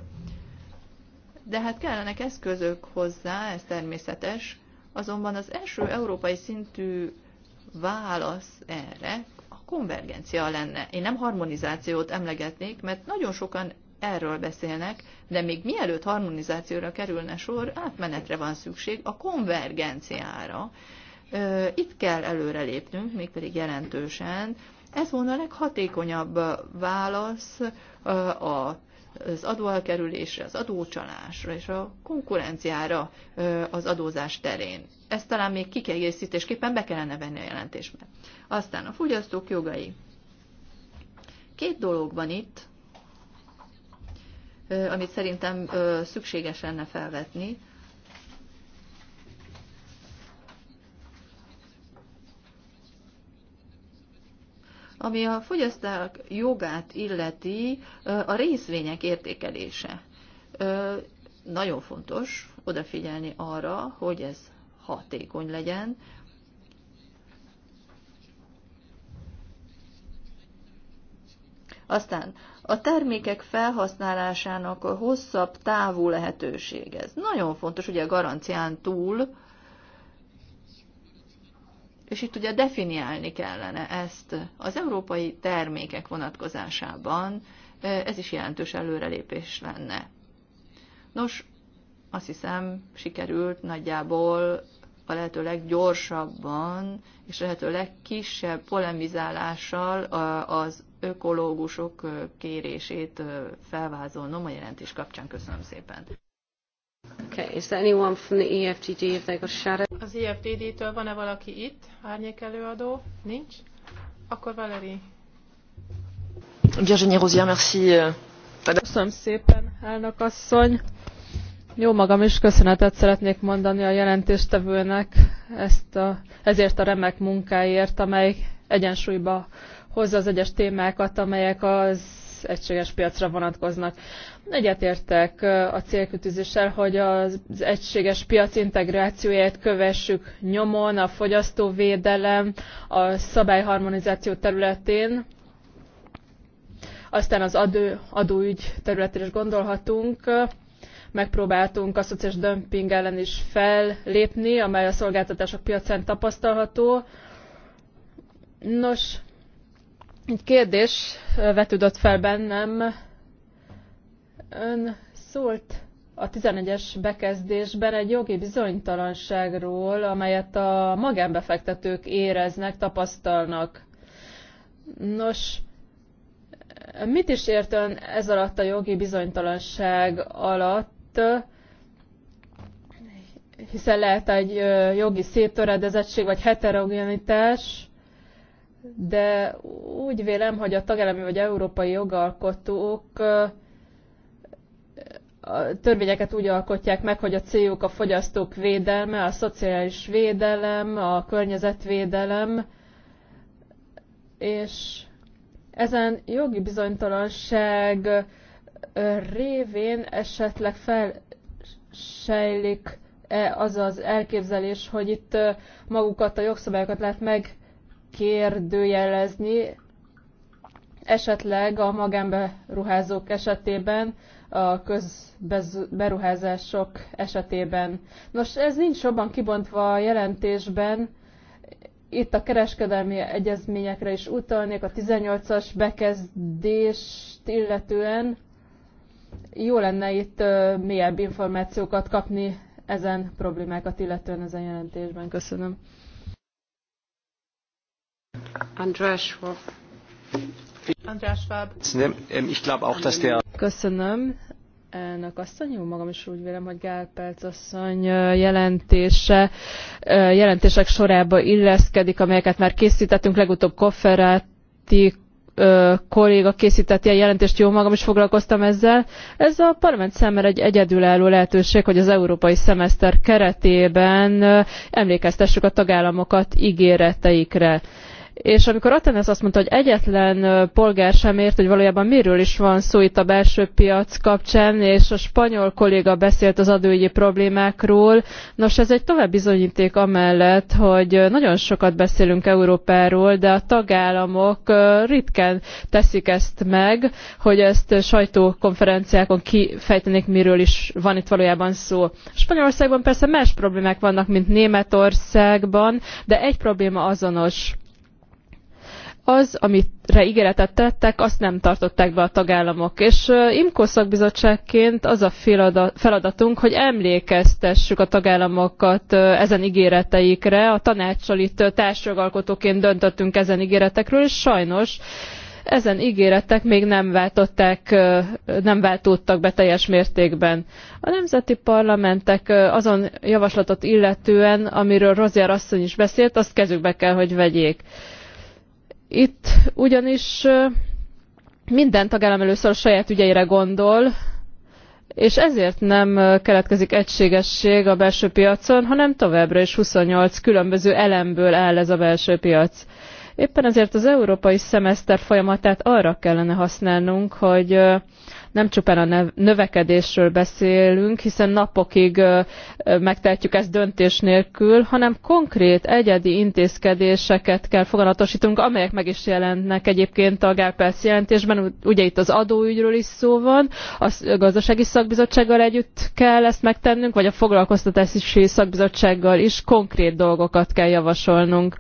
De hát kellenek eszközök hozzá, ez természetes, azonban az első európai szintű válasz erre a konvergencia lenne. Én nem harmonizációt emlegetnék, mert nagyon sokan erről beszélnek, de még mielőtt harmonizációra kerülne sor, átmenetre van szükség a konvergenciára. Itt kell előrelépnünk, mégpedig jelentősen, ez volna a leghatékonyabb válasz az adóelkerülésre, az adócsalásra és a konkurenciára az adózás terén. Ezt talán még kikegészítésképpen be kellene venni a jelentésbe. Aztán a fogyasztók jogai. Két dolog van itt, amit szerintem szükséges lenne felvetni. ami a fogyasztók jogát illeti a részvények értékelése. Nagyon fontos odafigyelni arra, hogy ez hatékony legyen, Aztán a termékek felhasználásának a hosszabb távú lehetőség. Ez nagyon fontos, ugye a garancián túl, és itt ugye definiálni kellene ezt az európai termékek vonatkozásában, ez is jelentős előrelépés lenne. Nos, azt hiszem, sikerült nagyjából a lehető leggyorsabban és lehető legkisebb polemizálással az ökológusok kérését felvázolnom a jelentés kapcsán. Köszönöm szépen. Okay, is there anyone from the EFTD if they got shadow? Az EFTD-től van-e valaki itt? Árnyék előadó? Nincs? Akkor Valerie. Virginie Rosier, merci. Euh, Köszönöm szépen, elnök asszony. Jó magam is köszönetet szeretnék mondani a jelentéstevőnek ezt a, ezért a remek munkáért, amely egyensúlyba hozza az egyes témákat, amelyek az egységes piacra vonatkoznak. Egyetértek a célkütőzéssel, hogy az egységes piac integrációját kövessük nyomon, a fogyasztóvédelem, a szabályharmonizáció területén, aztán az adő, adóügy területére is gondolhatunk megpróbáltunk a szociális dömping ellen is fellépni, amely a szolgáltatások piacán tapasztalható. Nos, egy kérdés vetődött fel bennem. Ön szólt a 11-es bekezdésben egy jogi bizonytalanságról, amelyet a magánbefektetők éreznek, tapasztalnak. Nos, mit is ért ön ez alatt a jogi bizonytalanság alatt? Hiszen lehet egy jogi széttöredezettség vagy heterogenitás, de úgy vélem, hogy a tagállami vagy európai jogalkotók a törvényeket úgy alkotják meg, hogy a céljuk a fogyasztók védelme, a szociális védelem, a környezetvédelem, és ezen jogi bizonytalanság révén esetleg felsejlik -e az az elképzelés, hogy itt magukat a jogszabályokat lehet meg megkérdőjelezni, esetleg a magánberuházók esetében, a közberuházások esetében. Nos, ez nincs jobban kibontva a jelentésben, itt a kereskedelmi egyezményekre is utalnék, a 18-as bekezdést illetően jó lenne itt mélyebb információkat kapni ezen problémákat illetően ezen jelentésben. Köszönöm. András Schwab. Ähm, ich glaube auch, dass der... Köszönöm. Elnök asszony, jó magam is úgy vélem, hogy Gál Perc asszony jelentése, jelentések sorába illeszkedik, amelyeket már készítettünk, legutóbb Kofferáti kolléga készített ilyen jelentést, jó magam is foglalkoztam ezzel. Ez a parlament számára egy egyedülálló lehetőség, hogy az európai szemeszter keretében emlékeztessük a tagállamokat ígéreteikre. És amikor Atenes azt mondta, hogy egyetlen polgár sem ért, hogy valójában miről is van szó itt a belső piac kapcsán, és a spanyol kolléga beszélt az adóügyi problémákról, nos ez egy tovább bizonyíték amellett, hogy nagyon sokat beszélünk Európáról, de a tagállamok ritkán teszik ezt meg, hogy ezt sajtókonferenciákon kifejtenék, miről is van itt valójában szó. Spanyolországban persze más problémák vannak, mint Németországban, de egy probléma azonos az, amire ígéretet tettek, azt nem tartották be a tagállamok. És IMCO szakbizottságként az a feladatunk, hogy emlékeztessük a tagállamokat ezen ígéreteikre. A tanácssal itt társjogalkotóként döntöttünk ezen ígéretekről, és sajnos ezen ígéretek még nem váltották, nem váltódtak be teljes mértékben. A nemzeti parlamentek azon javaslatot illetően, amiről Rozier asszony is beszélt, azt kezükbe kell, hogy vegyék. Itt ugyanis minden tagállam először a saját ügyeire gondol, és ezért nem keletkezik egységesség a belső piacon, hanem továbbra is 28 különböző elemből áll ez a belső piac. Éppen ezért az európai szemeszter folyamatát arra kellene használnunk, hogy nem csupán a növekedésről beszélünk, hiszen napokig megtehetjük ezt döntés nélkül, hanem konkrét egyedi intézkedéseket kell foganatosítunk, amelyek meg is jelentnek egyébként a Gálperc jelentésben. Ugye itt az adóügyről is szó van, a gazdasági szakbizottsággal együtt kell ezt megtennünk, vagy a foglalkoztatási szakbizottsággal is konkrét dolgokat kell javasolnunk.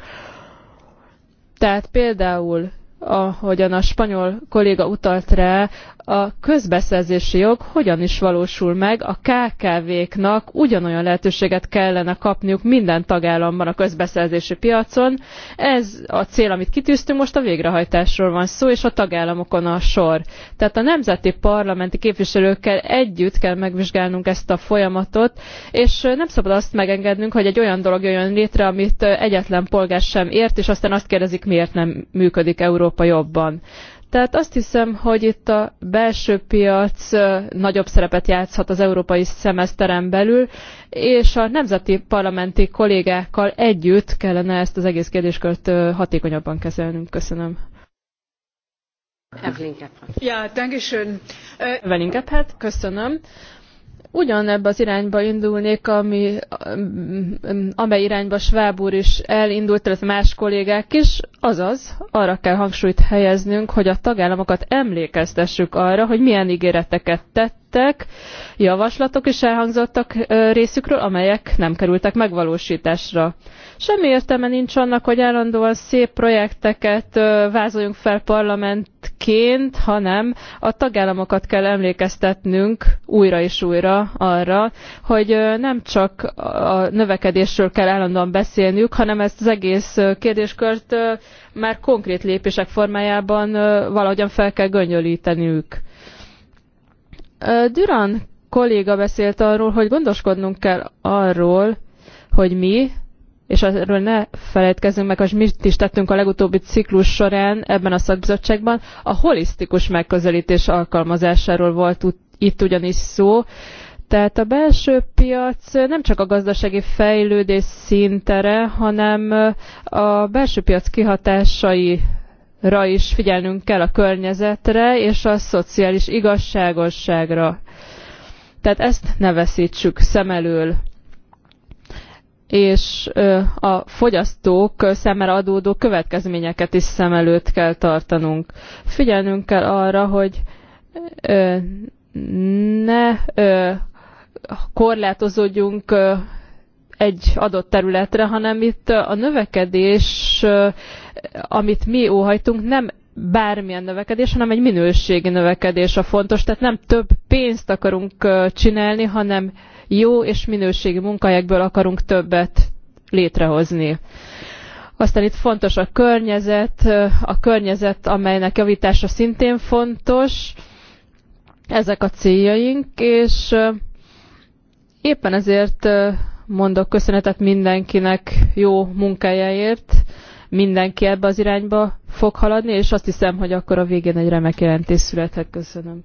Tehát például ahogyan a spanyol kolléga utalt rá, a közbeszerzési jog hogyan is valósul meg, a KKV-knak ugyanolyan lehetőséget kellene kapniuk minden tagállamban a közbeszerzési piacon. Ez a cél, amit kitűztünk, most a végrehajtásról van szó, és a tagállamokon a sor. Tehát a nemzeti parlamenti képviselőkkel együtt kell megvizsgálnunk ezt a folyamatot, és nem szabad azt megengednünk, hogy egy olyan dolog jöjjön létre, amit egyetlen polgár sem ért, és aztán azt kérdezik, miért nem működik Európa Európa jobban. Tehát azt hiszem, hogy itt a belső piac nagyobb szerepet játszhat az európai szemeszteren belül, és a nemzeti parlamenti kollégákkal együtt kellene ezt az egész kérdéskört hatékonyabban kezelnünk. Köszönöm. Ja, danke schön. Äh, köszönöm ugyanebbe az irányba indulnék, ami, amely irányba Schwab úr is elindult, tehát más kollégák is, azaz arra kell hangsúlyt helyeznünk, hogy a tagállamokat emlékeztessük arra, hogy milyen ígéreteket tett születtek, javaslatok is elhangzottak részükről, amelyek nem kerültek megvalósításra. Semmi értelme nincs annak, hogy állandóan szép projekteket vázoljunk fel parlamentként, hanem a tagállamokat kell emlékeztetnünk újra és újra arra, hogy nem csak a növekedésről kell állandóan beszélniük, hanem ezt az egész kérdéskört már konkrét lépések formájában valahogyan fel kell göngyölíteniük. Duran kolléga beszélt arról, hogy gondoskodnunk kell arról, hogy mi, és erről ne felejtkezzünk meg, hogy mit is tettünk a legutóbbi ciklus során ebben a szakbizottságban, a holisztikus megközelítés alkalmazásáról volt itt ugyanis szó, tehát a belső piac nem csak a gazdasági fejlődés szintere, hanem a belső piac kihatásai ra is figyelnünk kell a környezetre és a szociális igazságosságra. Tehát ezt ne veszítsük szem elől és a fogyasztók szemmel adódó következményeket is szem előtt kell tartanunk. Figyelnünk kell arra, hogy ne korlátozódjunk egy adott területre, hanem itt a növekedés amit mi óhajtunk, nem bármilyen növekedés, hanem egy minőségi növekedés a fontos. Tehát nem több pénzt akarunk csinálni, hanem jó és minőségi munkahelyekből akarunk többet létrehozni. Aztán itt fontos a környezet, a környezet, amelynek javítása szintén fontos. Ezek a céljaink, és éppen ezért mondok köszönetet mindenkinek jó munkájáért, mindenki ebbe az irányba fog haladni, és azt hiszem, hogy akkor a végén egy remek jelentés születhet. Köszönöm.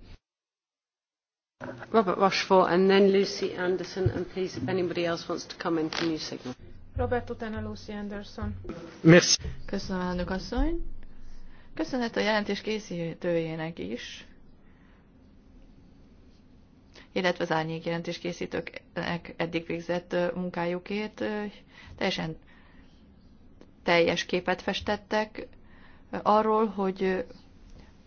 Robert Rochefort, and then Lucy Anderson, and please, if anybody else wants to come in, can you signal? Robert, utána Lucy Anderson. Merci. Köszönöm, elnök asszony. Köszönhet a jelentés készítőjének is, illetve az árnyék jelentés készítőknek eddig végzett munkájukért. Teljesen teljes képet festettek arról, hogy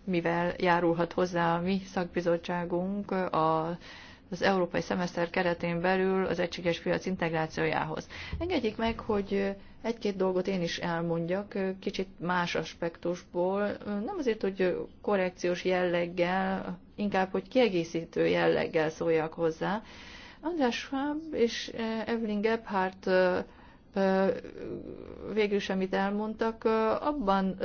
mivel járulhat hozzá a mi szakbizottságunk a az európai szemeszter keretén belül az egységes piac integrációjához. Engedjék meg, hogy egy-két dolgot én is elmondjak, kicsit más aspektusból, nem azért, hogy korrekciós jelleggel, inkább, hogy kiegészítő jelleggel szóljak hozzá. András Schwab és Evelyn Gebhardt végül semmit elmondtak, abban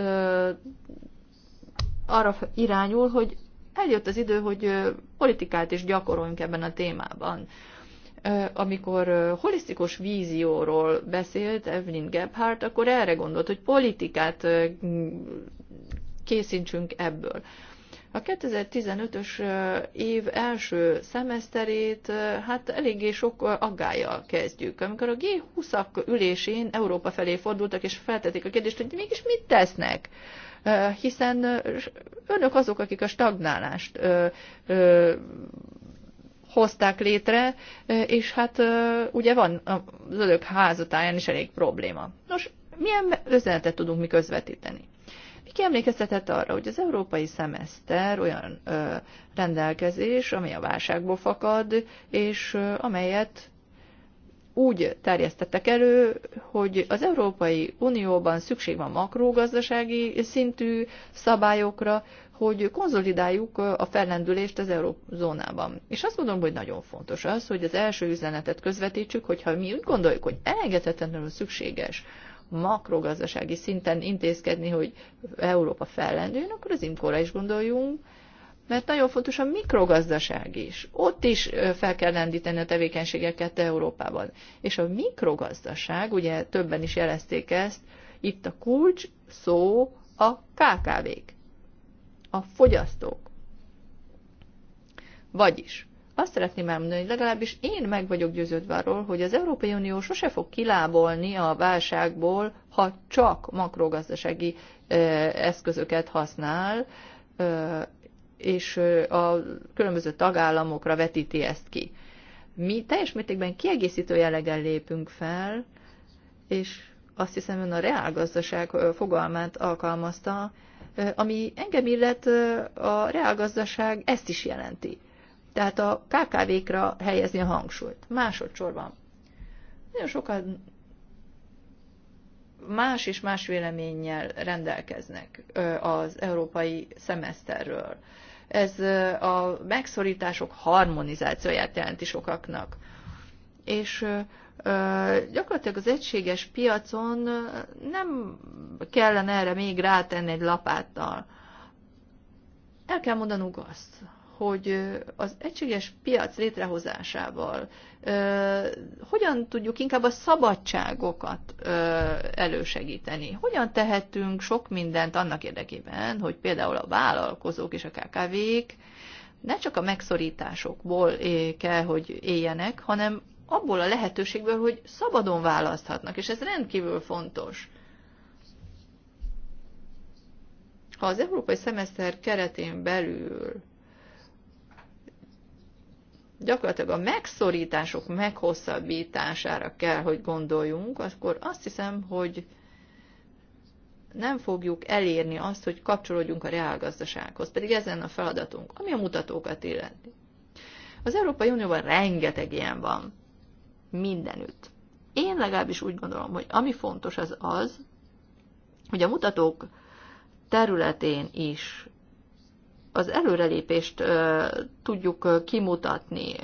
arra irányul, hogy eljött az idő, hogy politikát is gyakoroljunk ebben a témában. Amikor holisztikus vízióról beszélt Evelyn Gebhardt, akkor erre gondolt, hogy politikát készítsünk ebből. A 2015-ös év első szemeszterét hát eléggé sok aggájjal kezdjük. Amikor a G20-ak ülésén Európa felé fordultak, és feltették a kérdést, hogy mégis mit tesznek? Hiszen önök azok, akik a stagnálást hozták létre, és hát ugye van az önök házatáján is elég probléma. Nos, milyen üzenetet tudunk mi közvetíteni? kiemlékeztetett arra, hogy az európai szemeszter olyan ö, rendelkezés, ami a válságból fakad, és ö, amelyet úgy terjesztettek elő, hogy az Európai Unióban szükség van makrogazdasági szintű szabályokra, hogy konzolidáljuk a fellendülést az eurózónában. És azt gondolom, hogy nagyon fontos az, hogy az első üzenetet közvetítsük, hogyha mi úgy gondoljuk, hogy elengedhetetlenül szükséges makrogazdasági szinten intézkedni, hogy Európa fellendüljön, akkor az imkóra is gondoljunk, mert nagyon fontos a mikrogazdaság is. Ott is fel kell lendíteni a tevékenységeket Európában. És a mikrogazdaság, ugye többen is jelezték ezt, itt a kulcs szó a KKV-k, a fogyasztók. Vagyis azt szeretném elmondani, hogy legalábbis én meg vagyok győződve arról, hogy az Európai Unió sose fog kilábolni a válságból, ha csak makrogazdasági eszközöket használ, és a különböző tagállamokra vetíti ezt ki. Mi teljes mértékben kiegészítő jelleggel lépünk fel, és azt hiszem ön a reálgazdaság fogalmát alkalmazta, ami engem illet a reálgazdaság ezt is jelenti tehát a KKV-kra helyezni a hangsúlyt. Másodszorban. Nagyon sokan más és más véleménnyel rendelkeznek az európai szemeszterről. Ez a megszorítások harmonizációját jelenti sokaknak. És gyakorlatilag az egységes piacon nem kellene erre még rátenni egy lapáttal. El kell mondanunk azt, hogy az egységes piac létrehozásával hogyan tudjuk inkább a szabadságokat elősegíteni? Hogyan tehetünk sok mindent annak érdekében, hogy például a vállalkozók és a KKV-k ne csak a megszorításokból kell, hogy éljenek, hanem abból a lehetőségből, hogy szabadon választhatnak, és ez rendkívül fontos. Ha az európai szemeszter keretén belül gyakorlatilag a megszorítások meghosszabbítására kell, hogy gondoljunk, akkor azt hiszem, hogy nem fogjuk elérni azt, hogy kapcsolódjunk a reálgazdasághoz, pedig ez a feladatunk, ami a mutatókat illeti. Az Európai Unióban rengeteg ilyen van. Mindenütt. Én legalábbis úgy gondolom, hogy ami fontos az az, hogy a mutatók területén is az előrelépést tudjuk kimutatni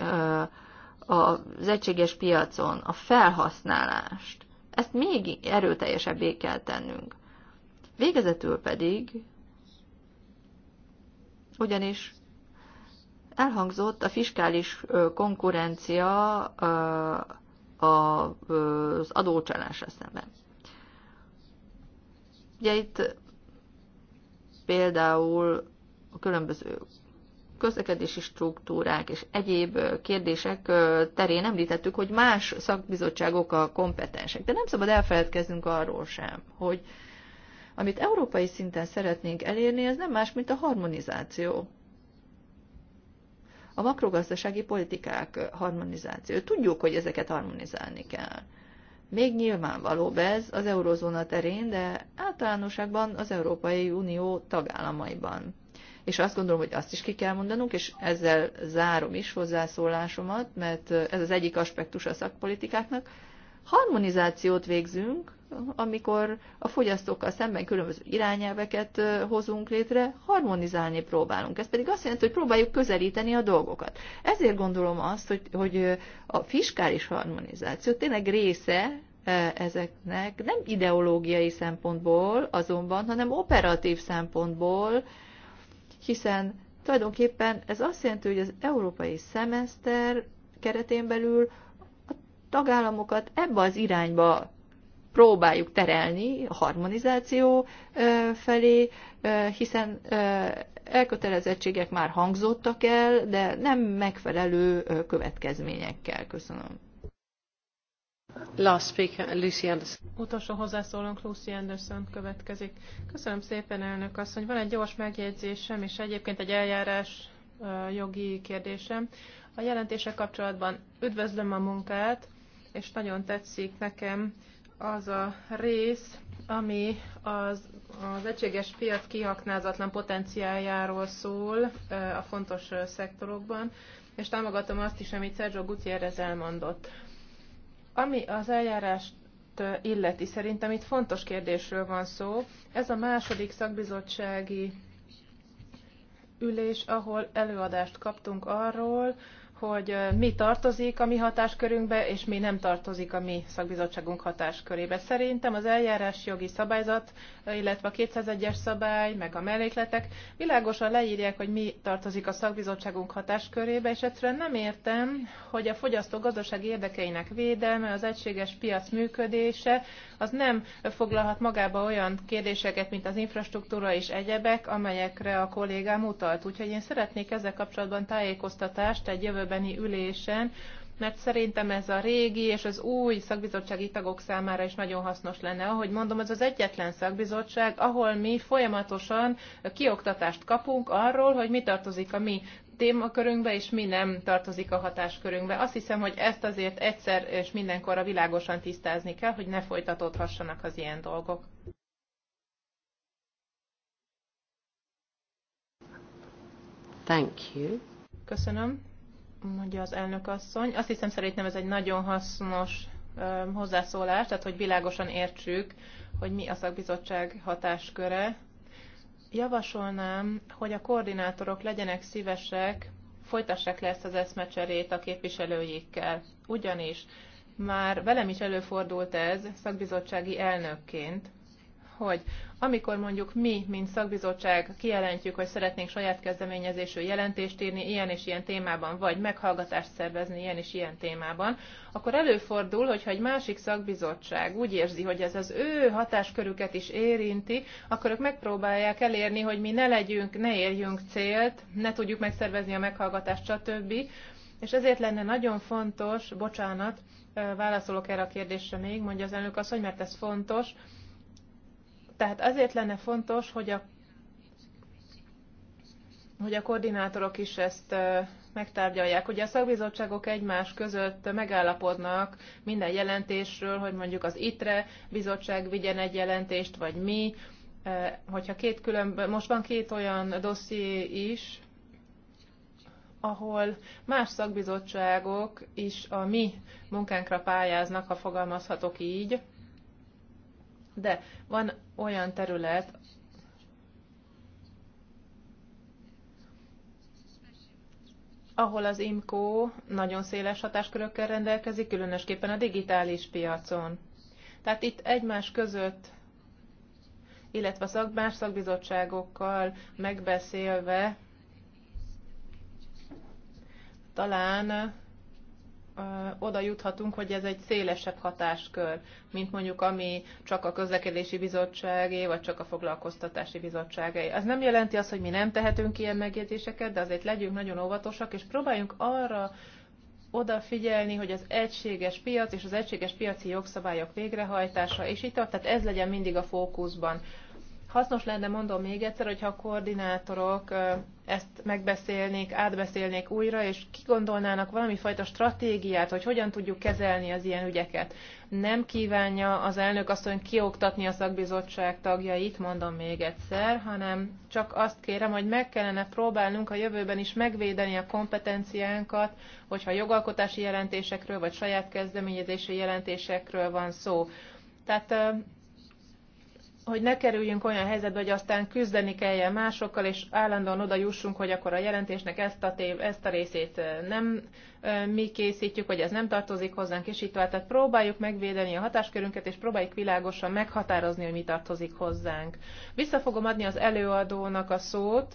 az egységes piacon, a felhasználást. Ezt még erőteljesebbé kell tennünk. Végezetül pedig, ugyanis elhangzott a fiskális konkurencia az adócsalásra szemben. Ugye itt például a különböző közlekedési struktúrák és egyéb kérdések terén említettük, hogy más szakbizottságok a kompetensek. De nem szabad elfeledkeznünk arról sem, hogy amit európai szinten szeretnénk elérni, ez nem más, mint a harmonizáció. A makrogazdasági politikák harmonizáció. Tudjuk, hogy ezeket harmonizálni kell. Még nyilvánvalóbb ez az eurozóna terén, de általánosságban az Európai Unió tagállamaiban és azt gondolom, hogy azt is ki kell mondanunk, és ezzel zárom is hozzászólásomat, mert ez az egyik aspektus a szakpolitikáknak. Harmonizációt végzünk, amikor a fogyasztókkal szemben különböző irányelveket hozunk létre, harmonizálni próbálunk. Ez pedig azt jelenti, hogy próbáljuk közelíteni a dolgokat. Ezért gondolom azt, hogy, hogy a fiskális harmonizáció tényleg része ezeknek nem ideológiai szempontból azonban, hanem operatív szempontból, hiszen tulajdonképpen ez azt jelenti, hogy az európai szemeszter keretén belül a tagállamokat ebbe az irányba próbáljuk terelni a harmonizáció felé, hiszen elkötelezettségek már hangzottak el, de nem megfelelő következményekkel. Köszönöm. Last speaker, Lucy Anderson. Utolsó hozzászólónk Lucy Anderson következik. Köszönöm szépen, elnök asszony. Van egy gyors megjegyzésem, és egyébként egy eljárás jogi kérdésem. A jelentések kapcsolatban üdvözlöm a munkát, és nagyon tetszik nekem az a rész, ami az, az egységes piac kihaknázatlan potenciáljáról szól a fontos szektorokban, és támogatom azt is, amit Sergio Gutierrez elmondott. Ami az eljárást illeti, szerintem itt fontos kérdésről van szó. Ez a második szakbizottsági ülés, ahol előadást kaptunk arról, hogy mi tartozik a mi hatáskörünkbe, és mi nem tartozik a mi szakbizottságunk hatáskörébe. Szerintem az eljárás jogi szabályzat, illetve a 201-es szabály, meg a mellékletek világosan leírják, hogy mi tartozik a szakbizottságunk hatáskörébe, és egyszerűen nem értem, hogy a fogyasztó gazdaság érdekeinek védelme, az egységes piac működése, az nem foglalhat magába olyan kérdéseket, mint az infrastruktúra és egyebek, amelyekre a kollégám utalt. Úgyhogy én szeretnék ezzel kapcsolatban tájékoztatást egy jövő jövőbeni ülésen, mert szerintem ez a régi és az új szakbizottsági tagok számára is nagyon hasznos lenne. Ahogy mondom, ez az egyetlen szakbizottság, ahol mi folyamatosan kioktatást kapunk arról, hogy mi tartozik a mi témakörünkbe, és mi nem tartozik a hatáskörünkbe. Azt hiszem, hogy ezt azért egyszer és mindenkorra világosan tisztázni kell, hogy ne folytatódhassanak az ilyen dolgok. Thank you. Köszönöm mondja az elnök asszony. Azt hiszem szerintem ez egy nagyon hasznos hozzászólás, tehát hogy világosan értsük, hogy mi a szakbizottság hatásköre. Javasolnám, hogy a koordinátorok legyenek szívesek, folytassák le ezt az eszmecserét a képviselőjékkel. Ugyanis már velem is előfordult ez szakbizottsági elnökként, hogy amikor mondjuk mi, mint szakbizottság kijelentjük, hogy szeretnénk saját kezdeményezésű jelentést írni ilyen és ilyen témában, vagy meghallgatást szervezni ilyen és ilyen témában, akkor előfordul, hogyha egy másik szakbizottság úgy érzi, hogy ez az ő hatáskörüket is érinti, akkor ők megpróbálják elérni, hogy mi ne legyünk, ne érjünk célt, ne tudjuk megszervezni a meghallgatást, stb. És ezért lenne nagyon fontos, bocsánat, válaszolok erre a kérdésre még, mondja az elnök azt, hogy mert ez fontos, tehát azért lenne fontos, hogy a, hogy a koordinátorok is ezt megtárgyalják. Ugye a szakbizottságok egymás között megállapodnak minden jelentésről, hogy mondjuk az ITRE bizottság vigyen egy jelentést, vagy mi. Hogyha két különböző, most van két olyan dosszié is, ahol más szakbizottságok is a mi munkánkra pályáznak, ha fogalmazhatok így, de van olyan terület, ahol az IMCO nagyon széles hatáskörökkel rendelkezik, különösképpen a digitális piacon. Tehát itt egymás között, illetve szak, szakbizottságokkal megbeszélve talán oda juthatunk, hogy ez egy szélesebb hatáskör, mint mondjuk ami csak a közlekedési bizottságé, vagy csak a foglalkoztatási bizottságé. Ez nem jelenti azt, hogy mi nem tehetünk ilyen megjegyzéseket, de azért legyünk nagyon óvatosak, és próbáljunk arra odafigyelni, hogy az egységes piac és az egységes piaci jogszabályok végrehajtása, és itt tehát ez legyen mindig a fókuszban. Hasznos lenne, mondom még egyszer, hogyha a koordinátorok ezt megbeszélnék, átbeszélnék újra, és kigondolnának valami fajta stratégiát, hogy hogyan tudjuk kezelni az ilyen ügyeket. Nem kívánja az elnök asszony kioktatni a szakbizottság tagjait, mondom még egyszer, hanem csak azt kérem, hogy meg kellene próbálnunk a jövőben is megvédeni a kompetenciánkat, hogyha jogalkotási jelentésekről vagy saját kezdeményezési jelentésekről van szó. Tehát hogy ne kerüljünk olyan helyzetbe, hogy aztán küzdeni kelljen másokkal, és állandóan oda jussunk, hogy akkor a jelentésnek ezt a, tév, ezt a részét nem mi készítjük, hogy ez nem tartozik hozzánk, és így tovább. Tehát próbáljuk megvédeni a hatáskörünket, és próbáljuk világosan meghatározni, hogy mi tartozik hozzánk. Vissza fogom adni az előadónak a szót,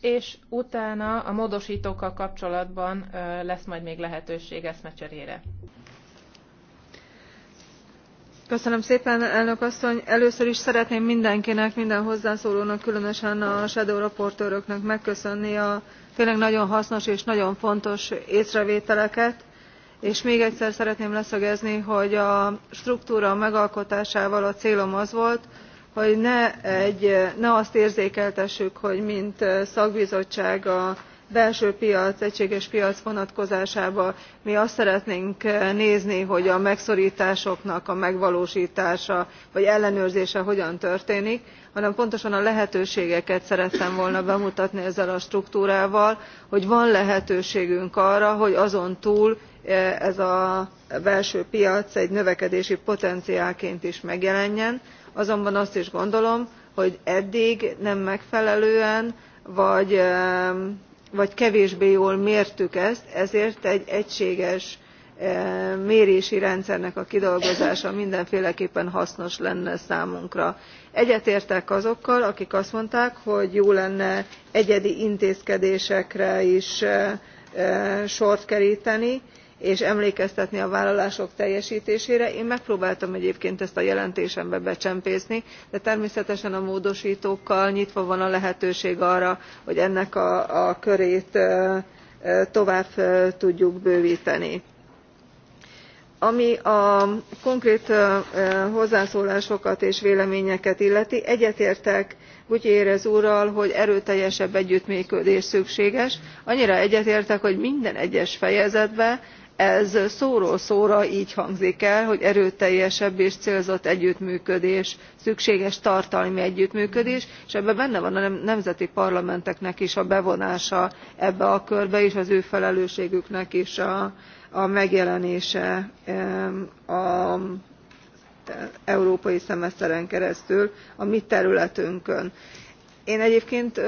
és utána a módosítókkal kapcsolatban lesz majd még lehetőség eszmecserére szépen, először is szeretném mindenkinek minden hozzászólónak különösen a shadow raportőröknek megköszönni a tényleg nagyon hasznos és nagyon fontos észrevételeket és még egyszer szeretném leszögezni hogy a struktúra megalkotásával a célom az volt hogy ne, egy, ne azt érzékeltessük hogy mint szakbizottság a belső piac egységes piac vonatkozásában mi azt szeretnénk eh, nézni hogy a megszortásoknak a megvalóstása vagy ellenőrzése hogyan történik hanem pontosan a lehetőségeket szerettem volna bemutatni ezzel a struktúrával hogy van lehetőségünk arra hogy azon túl eh, ez a belső piac egy növekedési potenciálként is megjelenjen azonban azt is gondolom hogy eddig nem megfelelően vagy eh, vagy kevésbé jól mértük ezt ezért egy egységes eh, mérési rendszernek a kidolgozása mindenféleképpen hasznos lenne számunkra. egyetértek azokkal akik azt mondták hogy jó lenne egyedi intézkedésekre is eh, eh, sort kerteni és emlékeztetni a vállalások teljestésére. én megpróbáltam egyébként ezt a jelentésembe becsempészni de természetesen a módostókkal nyitva van a lehetőség arra hogy ennek a, a körét tovább tudjuk bővteni. ami a konkrét hozzászólásokat és véleményeket illeti egyetértek gutirrez úrral hogy erőteljesebb együttműködés szükséges annyira egyetértek hogy minden egyes fejezetben ez szóról szóra gy hangzik el hogy erőteljesebb és célzott együttműködés szükséges tartalmi együttműködés és ebben benne van a nemzeti parlamenteknek is a bevonása ebbe a körbe és az ő felelősségüknek is a, megjelenése az európai szemeszteren keresztül a mi területünkön. én egyébként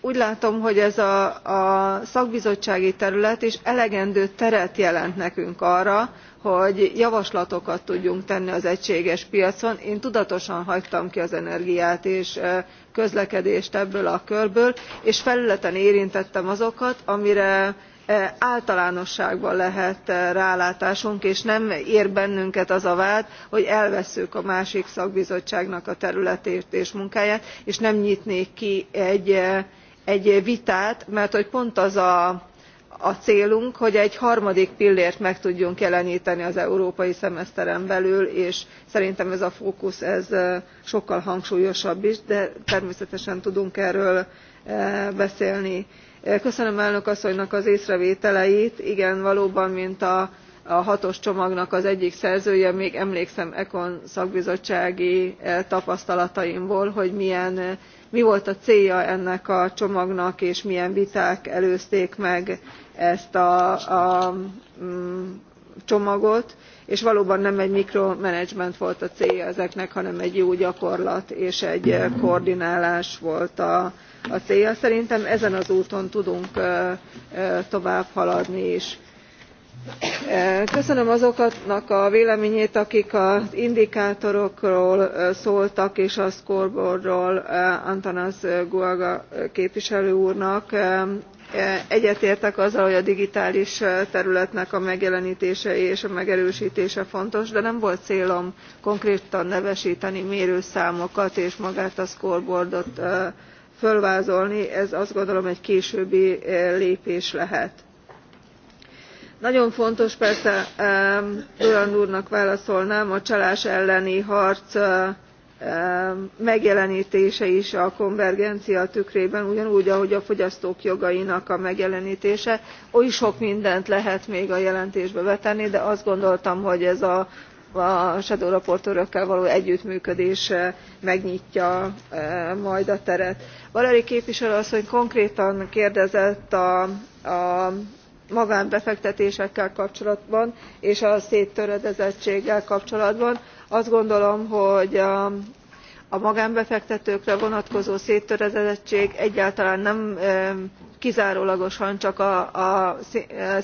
úgy látom hogy ez a, szakbizottsági terület is elegendő teret jelent nekünk arra hogy javaslatokat tudjunk tenni az egységes piacon. én tudatosan hagytam ki az energiát és közlekedést ebből a körből és felületen érintettem azokat amire általánosságban lehet rálátásunk és nem ér bennünket az a vád hogy elvesszük a másik szakbizottságnak a területét és munkáját és nem nyitnék ki egy egy vitát mert hogy pont az a célunk hogy egy harmadik pillért meg tudjunk jelenteni az európai szemeszteren belül és szerintem ez a fókusz ez sokkal hangsúlyosabb is de természetesen tudunk erről beszélni. köszönöm elnök asszonynak az észrevételeit igen valóban mint a a hatos csomagnak az egyik szerzője még emlékszem econ szakbizottsági tapasztalataimból hogy milyen mi volt a célja ennek a csomagnak és milyen viták előzték meg ezt a, mm, csomagot és valóban nem egy mikromenedzsment volt a célja ezeknek hanem egy jó gyakorlat és egy koordinálás volt a, a célja. szerintem ezen az úton tudunk tovább haladni is köszönöm azoknak a véleményét akik az indikátorokról szóltak és a scoreboardról antanas guaga képviselő úrnak. egyetértek azzal hogy a digitális területnek a megjelentése és a megerőstése fontos de nem volt célom konkrétan nevesteni mérőszámokat és magát a scoreboardot fölvázolni ez azt gondolom egy későbbi lépés lehet nagyon fontos persze durand úrnak válaszolnám a csalás elleni harc megjelentése is a konvergencia tükrében ugyanúgy ahogy a fogyasztók jogainak a megjelentése. oly sok mindent lehet még a jelentésbe betenni de azt gondoltam hogy ez a shadow raportőrökkel való együttműködés megnyitja majd a teret. valéry képviselő asszony konkrétan kérdezett a magánbefektetésekkel kapcsolatban és a széttöredezettséggel kapcsolatban azt gondolom hogy a magánbefektetőkre vonatkozó széttöredezettség egyáltalán nem kizárólagosan csak a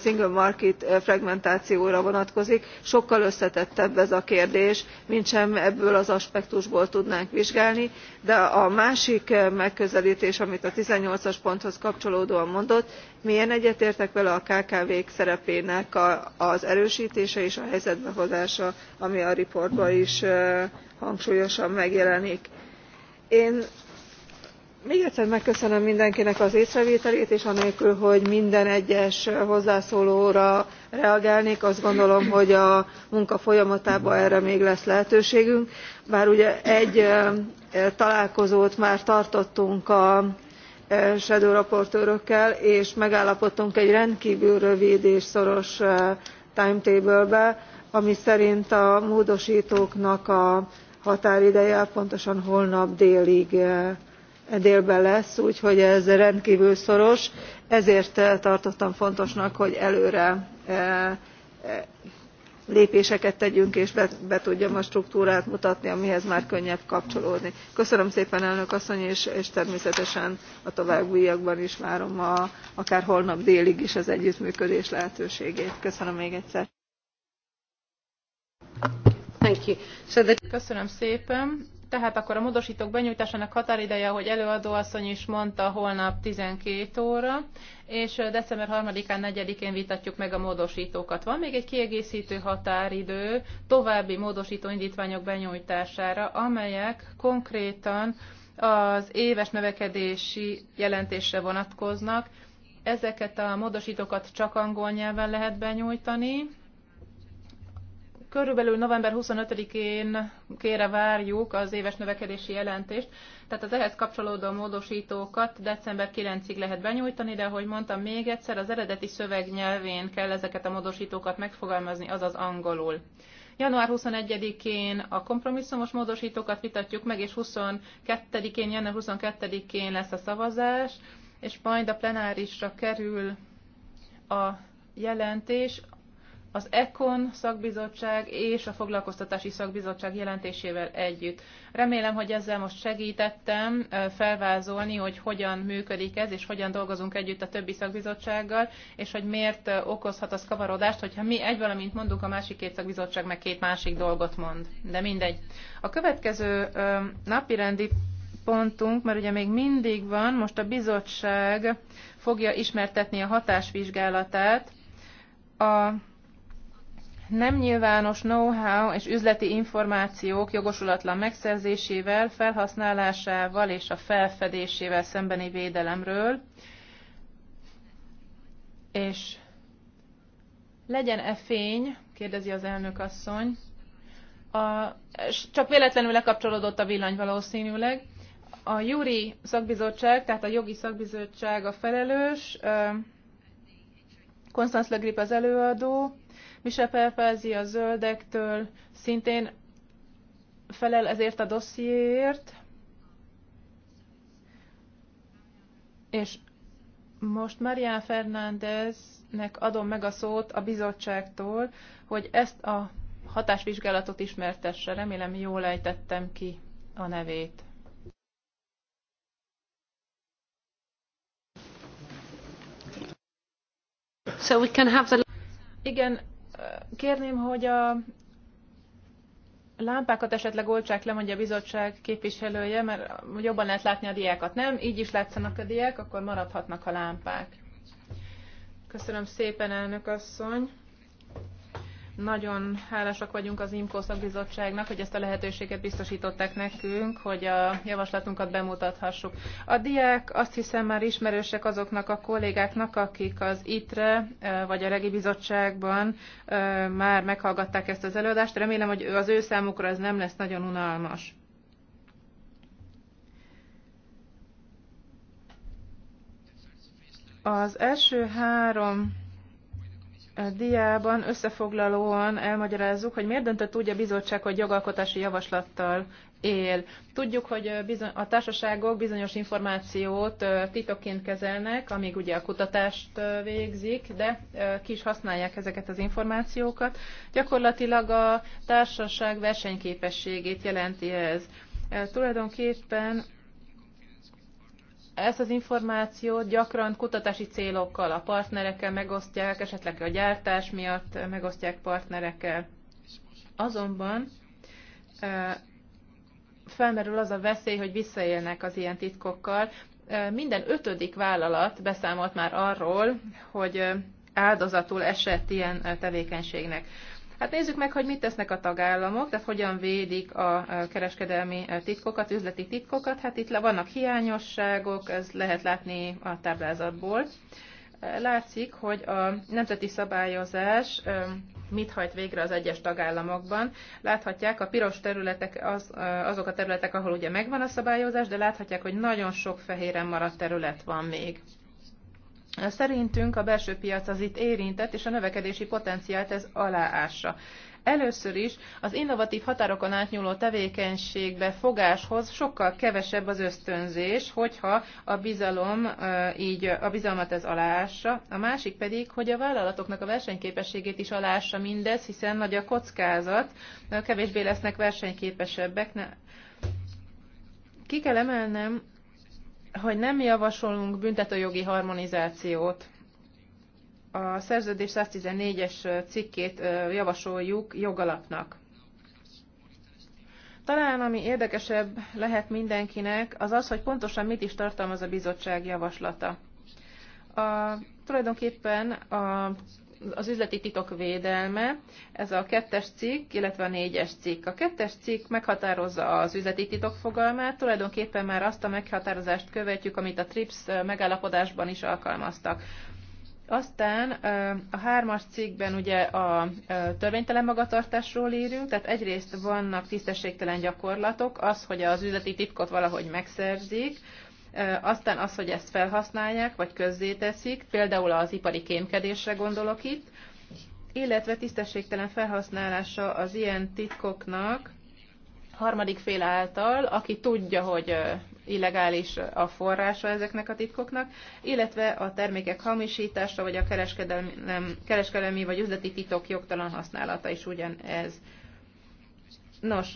single market fragmentációra vonatkozik sokkal összetettebb ez a kérdés mintsem ebből az aspektusból tudnánk vizsgálni de a másik megközeltés amit a eighteen as ponthoz kapcsolódóan mondott mélyen egyetértek vele a kkv k szerepének az erőstése és a helyzetbe hozása ami a riportban is hangsúlyosan megjelenik. én még egyszer megköszönöm mindenkinek az észrevételét és anélkül hogy minden egyes hozzászólóra reagálnék azt gondolom hogy a munka folyamatában erre még lesz lehetőségünk bár ugye egy találkozót már tartottunk a shadow raportőrökkel és megállapodtunk egy rendkvül rövid és szoros timetable ben ami szerint a módostóknak a határideje pontosan holnap délig délben lesz úgyhogy ez rendkvül szoros ezért eh, tartottam fontosnak hogy előre eh, eh, lépéseket tegyünk és be, be tudjam a struktúrát mutatni amihez már könnyebb kapcsolódni. köszönöm szépen elnök asszony és, és természetesen a továbbiakban is várom a, akár holnap délig is az együttműködés lehetőségét. köszönöm még egyszer. köszönöm szépen tehát akkor a módosítók benyújtásának határideje, ahogy előadóasszony is mondta, holnap 12 óra, és december 3-án, 4-én vitatjuk meg a módosítókat. Van még egy kiegészítő határidő további módosító indítványok benyújtására, amelyek konkrétan az éves növekedési jelentésre vonatkoznak. Ezeket a módosítókat csak angol nyelven lehet benyújtani, körülbelül november 25-én kére várjuk az éves növekedési jelentést, tehát az ehhez kapcsolódó módosítókat december 9-ig lehet benyújtani, de ahogy mondtam még egyszer, az eredeti szöveg nyelvén kell ezeket a módosítókat megfogalmazni, azaz angolul. Január 21-én a kompromisszumos módosítókat vitatjuk meg, és 22-én, január 22-én lesz a szavazás, és majd a plenárisra kerül a jelentés az ECON szakbizottság és a foglalkoztatási szakbizottság jelentésével együtt. Remélem, hogy ezzel most segítettem felvázolni, hogy hogyan működik ez, és hogyan dolgozunk együtt a többi szakbizottsággal, és hogy miért okozhat az kavarodást, hogyha mi egy valamint mondunk, a másik két szakbizottság meg két másik dolgot mond. De mindegy. A következő napirendi pontunk, mert ugye még mindig van, most a bizottság fogja ismertetni a hatásvizsgálatát, a nem nyilvános know-how és üzleti információk jogosulatlan megszerzésével, felhasználásával és a felfedésével szembeni védelemről, és legyen-e fény, kérdezi az elnök asszony, a, csak véletlenül lekapcsolódott a villany valószínűleg, a júri szakbizottság, tehát a jogi szakbizottság a felelős, Konstanz Legrip az előadó, Mise Pelfázi a zöldektől szintén felel ezért a dossziéért, és most Marián Fernándeznek adom meg a szót a bizottságtól, hogy ezt a hatásvizsgálatot ismertesse. Remélem jól ejtettem ki a nevét. So we can have the... Igen, Kérném, hogy a lámpákat esetleg oltsák le, mondja a bizottság képviselője, mert jobban lehet látni a diákat. Nem, így is látszanak a diák, akkor maradhatnak a lámpák. Köszönöm szépen, elnök asszony. Nagyon hálásak vagyunk az IMCO szakbizottságnak, hogy ezt a lehetőséget biztosították nekünk, hogy a javaslatunkat bemutathassuk. A diák azt hiszem már ismerősek azoknak a kollégáknak, akik az ITRE vagy a Regi Bizottságban már meghallgatták ezt az előadást. Remélem, hogy az ő számukra ez nem lesz nagyon unalmas. Az első három diában összefoglalóan elmagyarázzuk, hogy miért döntött úgy a bizottság, hogy jogalkotási javaslattal él. Tudjuk, hogy a társaságok bizonyos információt titokként kezelnek, amíg ugye a kutatást végzik, de ki is használják ezeket az információkat. Gyakorlatilag a társaság versenyképességét jelenti ez. Tulajdonképpen ezt az információt gyakran kutatási célokkal, a partnerekkel megosztják, esetleg a gyártás miatt megosztják partnerekkel. Azonban felmerül az a veszély, hogy visszaélnek az ilyen titkokkal. Minden ötödik vállalat beszámolt már arról, hogy áldozatul esett ilyen tevékenységnek. Hát nézzük meg, hogy mit tesznek a tagállamok, tehát hogyan védik a kereskedelmi e, titkokat, üzleti titkokat. Hát itt vannak hiányosságok, ez lehet látni a táblázatból. E, látszik, hogy a nemzeti szabályozás e, mit hajt végre az egyes tagállamokban. Láthatják a piros területek, az, azok a területek, ahol ugye megvan a szabályozás, de láthatják, hogy nagyon sok fehéren maradt terület van még. Szerintünk a belső piac az itt érintett, és a növekedési potenciált ez aláássa. Először is az innovatív határokon átnyúló tevékenységbe fogáshoz sokkal kevesebb az ösztönzés, hogyha a bizalom így a bizalmat ez aláássa. A másik pedig, hogy a vállalatoknak a versenyképességét is aláássa mindez, hiszen nagy a kockázat, kevésbé lesznek versenyképesebbek. Ki kell emelnem, hogy nem javasolunk büntetőjogi harmonizációt. A szerződés 114-es cikkét javasoljuk jogalapnak. Talán ami érdekesebb lehet mindenkinek, az az, hogy pontosan mit is tartalmaz a bizottság javaslata. A, tulajdonképpen a az üzleti titok védelme, ez a kettes cikk, illetve a négyes cikk. A kettes cikk meghatározza az üzleti titok fogalmát, tulajdonképpen már azt a meghatározást követjük, amit a TRIPS megállapodásban is alkalmaztak. Aztán a hármas cikkben ugye a törvénytelen magatartásról írunk, tehát egyrészt vannak tisztességtelen gyakorlatok, az, hogy az üzleti titkot valahogy megszerzik, aztán az, hogy ezt felhasználják, vagy közzéteszik, például az ipari kémkedésre gondolok itt, illetve tisztességtelen felhasználása az ilyen titkoknak harmadik fél által, aki tudja, hogy illegális a forrása ezeknek a titkoknak, illetve a termékek hamisítása, vagy a kereskedelmi, nem, kereskedelmi vagy üzleti titok jogtalan használata is ugyanez. Nos,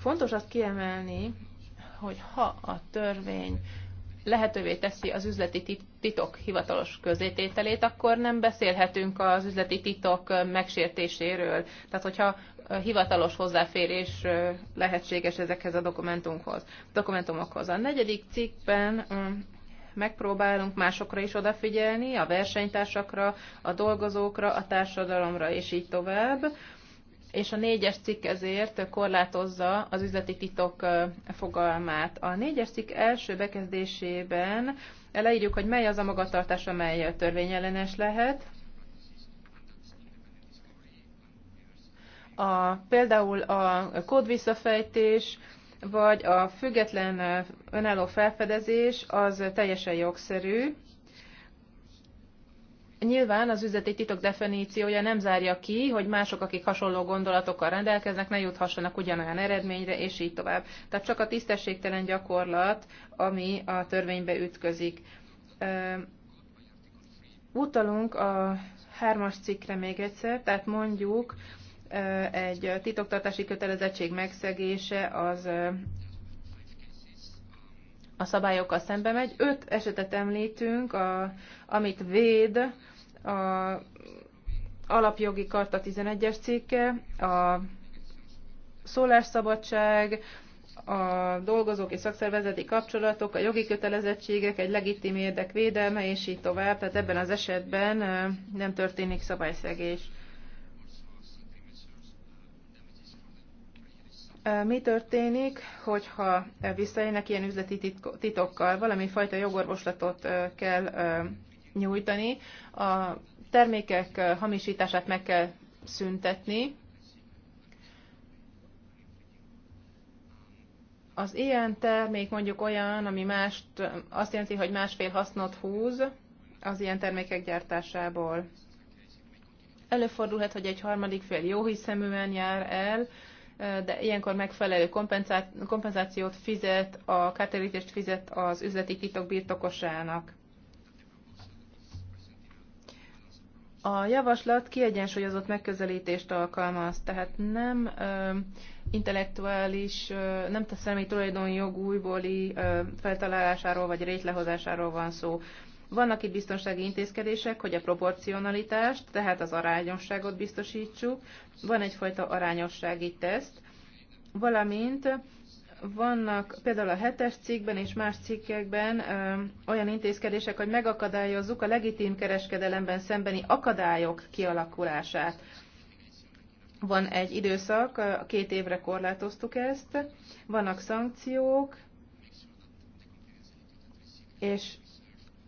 Fontos azt kiemelni, hogy ha a törvény lehetővé teszi az üzleti titok hivatalos közétételét, akkor nem beszélhetünk az üzleti titok megsértéséről. Tehát, hogyha hivatalos hozzáférés lehetséges ezekhez a dokumentumhoz, dokumentumokhoz. A negyedik cikkben megpróbálunk másokra is odafigyelni, a versenytársakra, a dolgozókra, a társadalomra, és így tovább és a négyes cikk ezért korlátozza az üzleti titok fogalmát. A négyes cikk első bekezdésében leírjuk, hogy mely az a magatartás, amely törvényellenes lehet. A, például a kódvisszafejtés, vagy a független önálló felfedezés az teljesen jogszerű, Nyilván az üzleti titok definíciója nem zárja ki, hogy mások, akik hasonló gondolatokkal rendelkeznek, ne juthassanak ugyanolyan eredményre, és így tovább. Tehát csak a tisztességtelen gyakorlat, ami a törvénybe ütközik. Utalunk a hármas cikkre még egyszer, tehát mondjuk egy titoktartási kötelezettség megszegése az a szabályokkal szembe megy. Öt esetet említünk, a, amit véd a alapjogi karta 11-es cikke, a szólásszabadság, a dolgozók és szakszervezeti kapcsolatok, a jogi kötelezettségek, egy legitim érdek védelme, és így tovább. Tehát ebben az esetben nem történik szabályszegés. Mi történik, hogyha visszaélnek ilyen üzleti titokkal Valami fajta jogorvoslatot kell nyújtani. A termékek hamisítását meg kell szüntetni. Az ilyen termék mondjuk olyan, ami mást, azt jelenti, hogy másfél hasznot húz az ilyen termékek gyártásából. Előfordulhat, hogy egy harmadik fél jó hiszeműen jár el, de ilyenkor megfelelő kompenzációt fizet, a kártérítést fizet az üzleti titok birtokosának. A javaslat kiegyensúlyozott megközelítést alkalmaz, tehát nem ö, intellektuális, ö, nem tesz személy tulajdonjog újbóli ö, feltalálásáról vagy rétlehozásáról van szó. Vannak itt biztonsági intézkedések, hogy a proporcionalitást, tehát az arányosságot biztosítsuk, van egyfajta arányossági teszt, valamint vannak például a hetes cikkben és más cikkekben ö, olyan intézkedések, hogy megakadályozzuk a legitim kereskedelemben szembeni akadályok kialakulását. Van egy időszak, két évre korlátoztuk ezt, vannak szankciók, és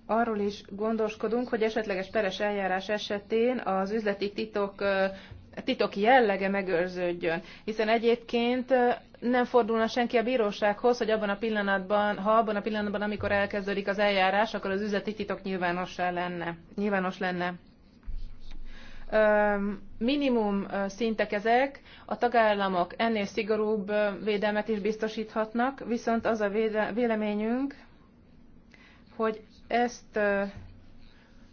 arról is gondoskodunk, hogy esetleges peres eljárás esetén az üzleti titok titok jellege megőrződjön, hiszen egyébként nem fordulna senki a bírósághoz, hogy abban a pillanatban, ha abban a pillanatban, amikor elkezdődik az eljárás, akkor az üzleti titok nyilvánossá lenne. Nyilvános lenne. Minimum szintek ezek, a tagállamok ennél szigorúbb védelmet is biztosíthatnak, viszont az a véleményünk, hogy ezt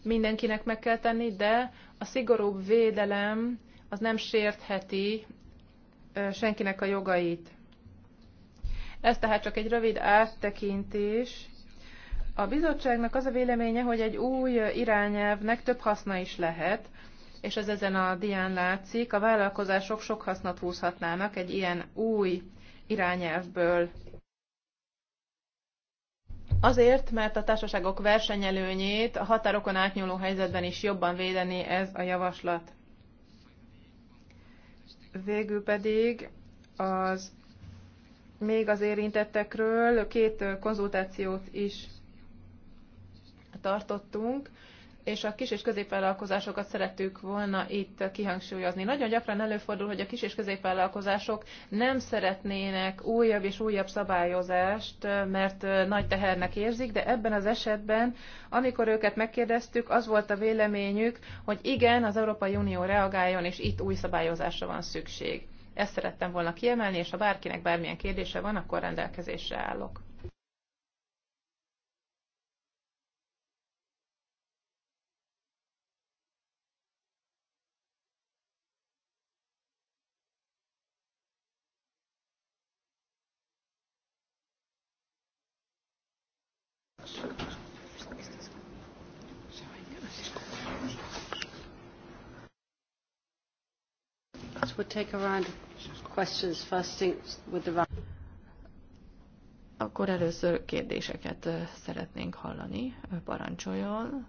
mindenkinek meg kell tenni, de a szigorúbb védelem az nem sértheti senkinek a jogait. Ez tehát csak egy rövid áttekintés. A bizottságnak az a véleménye, hogy egy új irányelvnek több haszna is lehet, és ez ezen a dián látszik, a vállalkozások sok hasznot húzhatnának egy ilyen új irányelvből. Azért, mert a társaságok versenyelőnyét a határokon átnyúló helyzetben is jobban védeni ez a javaslat. Végül pedig az még az érintettekről két konzultációt is tartottunk és a kis- és középvállalkozásokat szerettük volna itt kihangsúlyozni. Nagyon gyakran előfordul, hogy a kis- és középvállalkozások nem szeretnének újabb és újabb szabályozást, mert nagy tehernek érzik, de ebben az esetben, amikor őket megkérdeztük, az volt a véleményük, hogy igen, az Európai Unió reagáljon, és itt új szabályozásra van szükség. Ezt szerettem volna kiemelni, és ha bárkinek bármilyen kérdése van, akkor rendelkezésre állok. take a round of questions first with the Akkor először kérdéseket szeretnénk hallani. Parancsoljon.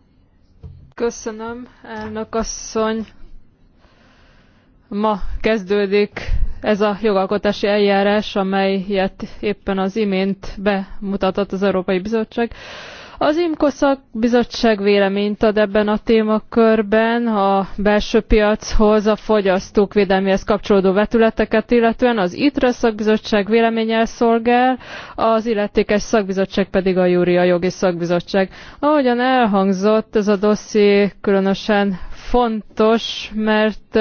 Köszönöm, elnök asszony. Ma kezdődik ez a jogalkotási eljárás, amelyet éppen az imént bemutatott az Európai Bizottság. Az IMCO szakbizottság véleményt ad ebben a témakörben a belső piachoz a fogyasztók védelmihez kapcsolódó vetületeket, illetően az ITRA szakbizottság véleményel szolgál, az illetékes szakbizottság pedig a Júria jogi szakbizottság. Ahogyan elhangzott, ez a dosszié különösen fontos, mert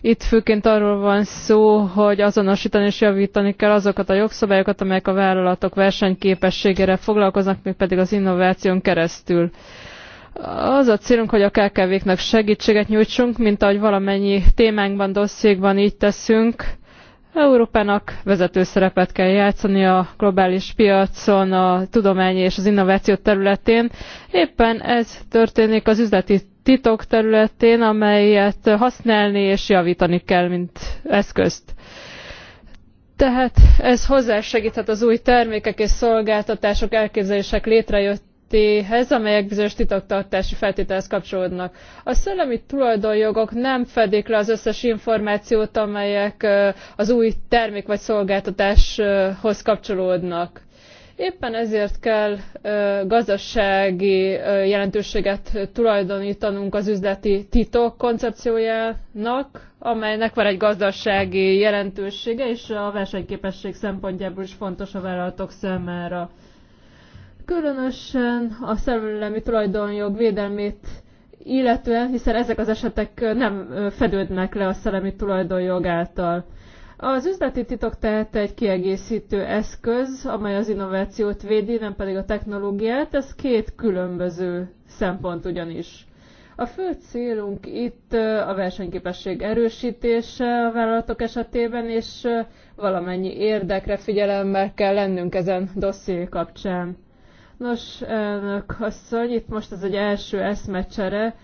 itt főként arról van szó, hogy azonosítani és javítani kell azokat a jogszabályokat, amelyek a vállalatok versenyképességére foglalkoznak, még pedig az innováción keresztül. Az a célunk, hogy a KKV-knak segítséget nyújtsunk, mint ahogy valamennyi témánkban, dosszékban így teszünk Európának vezető szerepet kell játszani a globális piacon, a tudomány és az innováció területén. Éppen ez történik az üzleti titok területén, amelyet használni és javítani kell, mint eszközt. Tehát ez hozzásegíthet az új termékek és szolgáltatások elképzelések létrejött esetéhez, amelyek bizonyos titoktartási feltételhez kapcsolódnak. A szellemi tulajdonjogok nem fedik le az összes információt, amelyek az új termék vagy szolgáltatáshoz kapcsolódnak. Éppen ezért kell gazdasági jelentőséget tulajdonítanunk az üzleti titok koncepciójának, amelynek van egy gazdasági jelentősége, és a versenyképesség szempontjából is fontos a vállalatok számára. Különösen a szellemi tulajdonjog védelmét illetően, hiszen ezek az esetek nem fedődnek le a szellemi tulajdonjog által. Az üzleti titok tehát egy kiegészítő eszköz, amely az innovációt védi, nem pedig a technológiát, ez két különböző szempont ugyanis. A fő célunk itt a versenyképesség erősítése a vállalatok esetében, és valamennyi érdekre figyelemmel kell lennünk ezen dosszié kapcsán. Nos, elnök asszony, itt most ez egy első eszmecsere.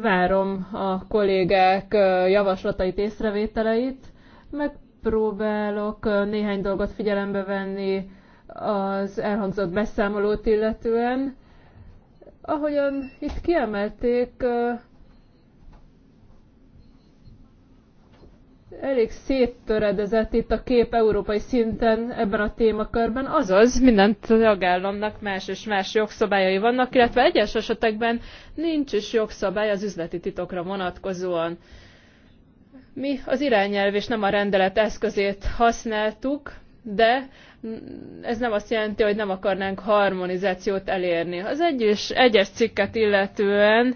Várom a kollégák javaslatait, észrevételeit. Megpróbálok néhány dolgot figyelembe venni az elhangzott beszámolót illetően. Ahogyan itt kiemelték, elég széttöredezett itt a kép európai szinten ebben a témakörben, azaz minden tagállamnak más és más jogszabályai vannak, illetve egyes esetekben nincs is jogszabály az üzleti titokra vonatkozóan. Mi az irányelv és nem a rendelet eszközét használtuk, de ez nem azt jelenti, hogy nem akarnánk harmonizációt elérni. Az egyes, egyes cikket illetően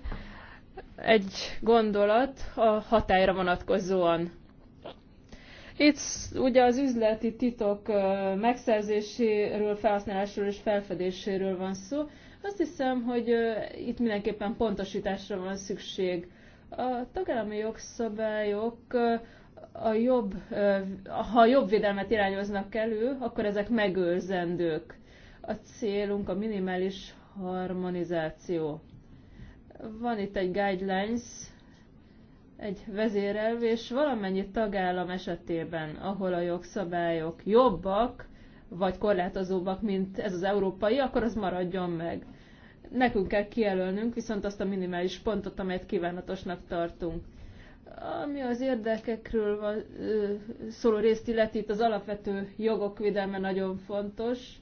egy gondolat a hatályra vonatkozóan itt ugye az üzleti titok megszerzéséről, felhasználásról és felfedéséről van szó. Azt hiszem, hogy itt mindenképpen pontosításra van szükség. A tagállami jogszabályok a jobb, ha jobb védelmet irányoznak elő, akkor ezek megőrzendők. A célunk a minimális harmonizáció. Van itt egy guidelines, egy vezérelv, és valamennyi tagállam esetében, ahol a jogszabályok jobbak, vagy korlátozóbbak, mint ez az európai, akkor az maradjon meg. Nekünk kell kijelölnünk viszont azt a minimális pontot, amelyet kívánatosnak tartunk. Ami az érdekekről van, szóló részt illeti, itt az alapvető jogok védelme nagyon fontos.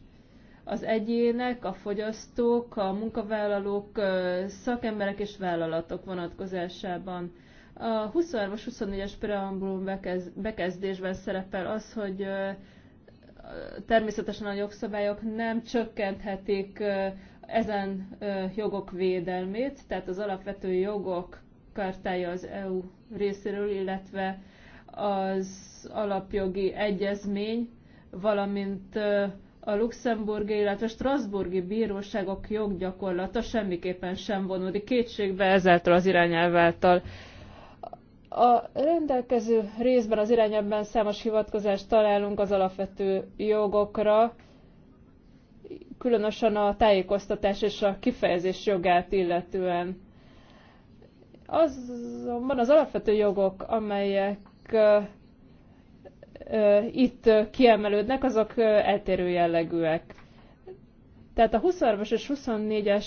Az egyének, a fogyasztók, a munkavállalók, szakemberek és vállalatok vonatkozásában a 23-as, 24-es preambulum bekezdésben szerepel az, hogy természetesen a jogszabályok nem csökkenthetik ezen jogok védelmét, tehát az alapvető jogok kartája az EU részéről, illetve az alapjogi egyezmény, valamint a luxemburgi, illetve a strasburgi bíróságok joggyakorlata semmiképpen sem vonódik kétségbe ezáltal az irányelv által. A rendelkező részben az irányában számos hivatkozást találunk az alapvető jogokra, különösen a tájékoztatás és a kifejezés jogát illetően. Azonban az alapvető jogok, amelyek itt kiemelődnek, azok eltérő jellegűek. Tehát a 23-as és 24-es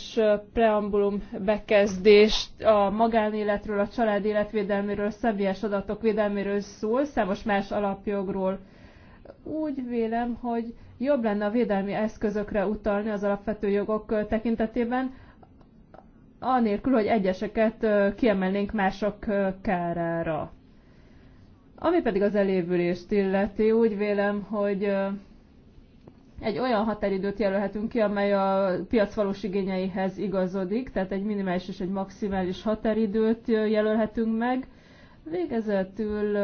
preambulum bekezdés a magánéletről, a család életvédelméről, személyes adatok védelméről szól, számos más alapjogról. Úgy vélem, hogy jobb lenne a védelmi eszközökre utalni az alapvető jogok tekintetében, anélkül, hogy egyeseket kiemelnénk mások kárára. Ami pedig az elévülést illeti, úgy vélem, hogy egy olyan határidőt jelölhetünk ki, amely a piac valós igényeihez igazodik, tehát egy minimális és egy maximális határidőt jelölhetünk meg. Végezetül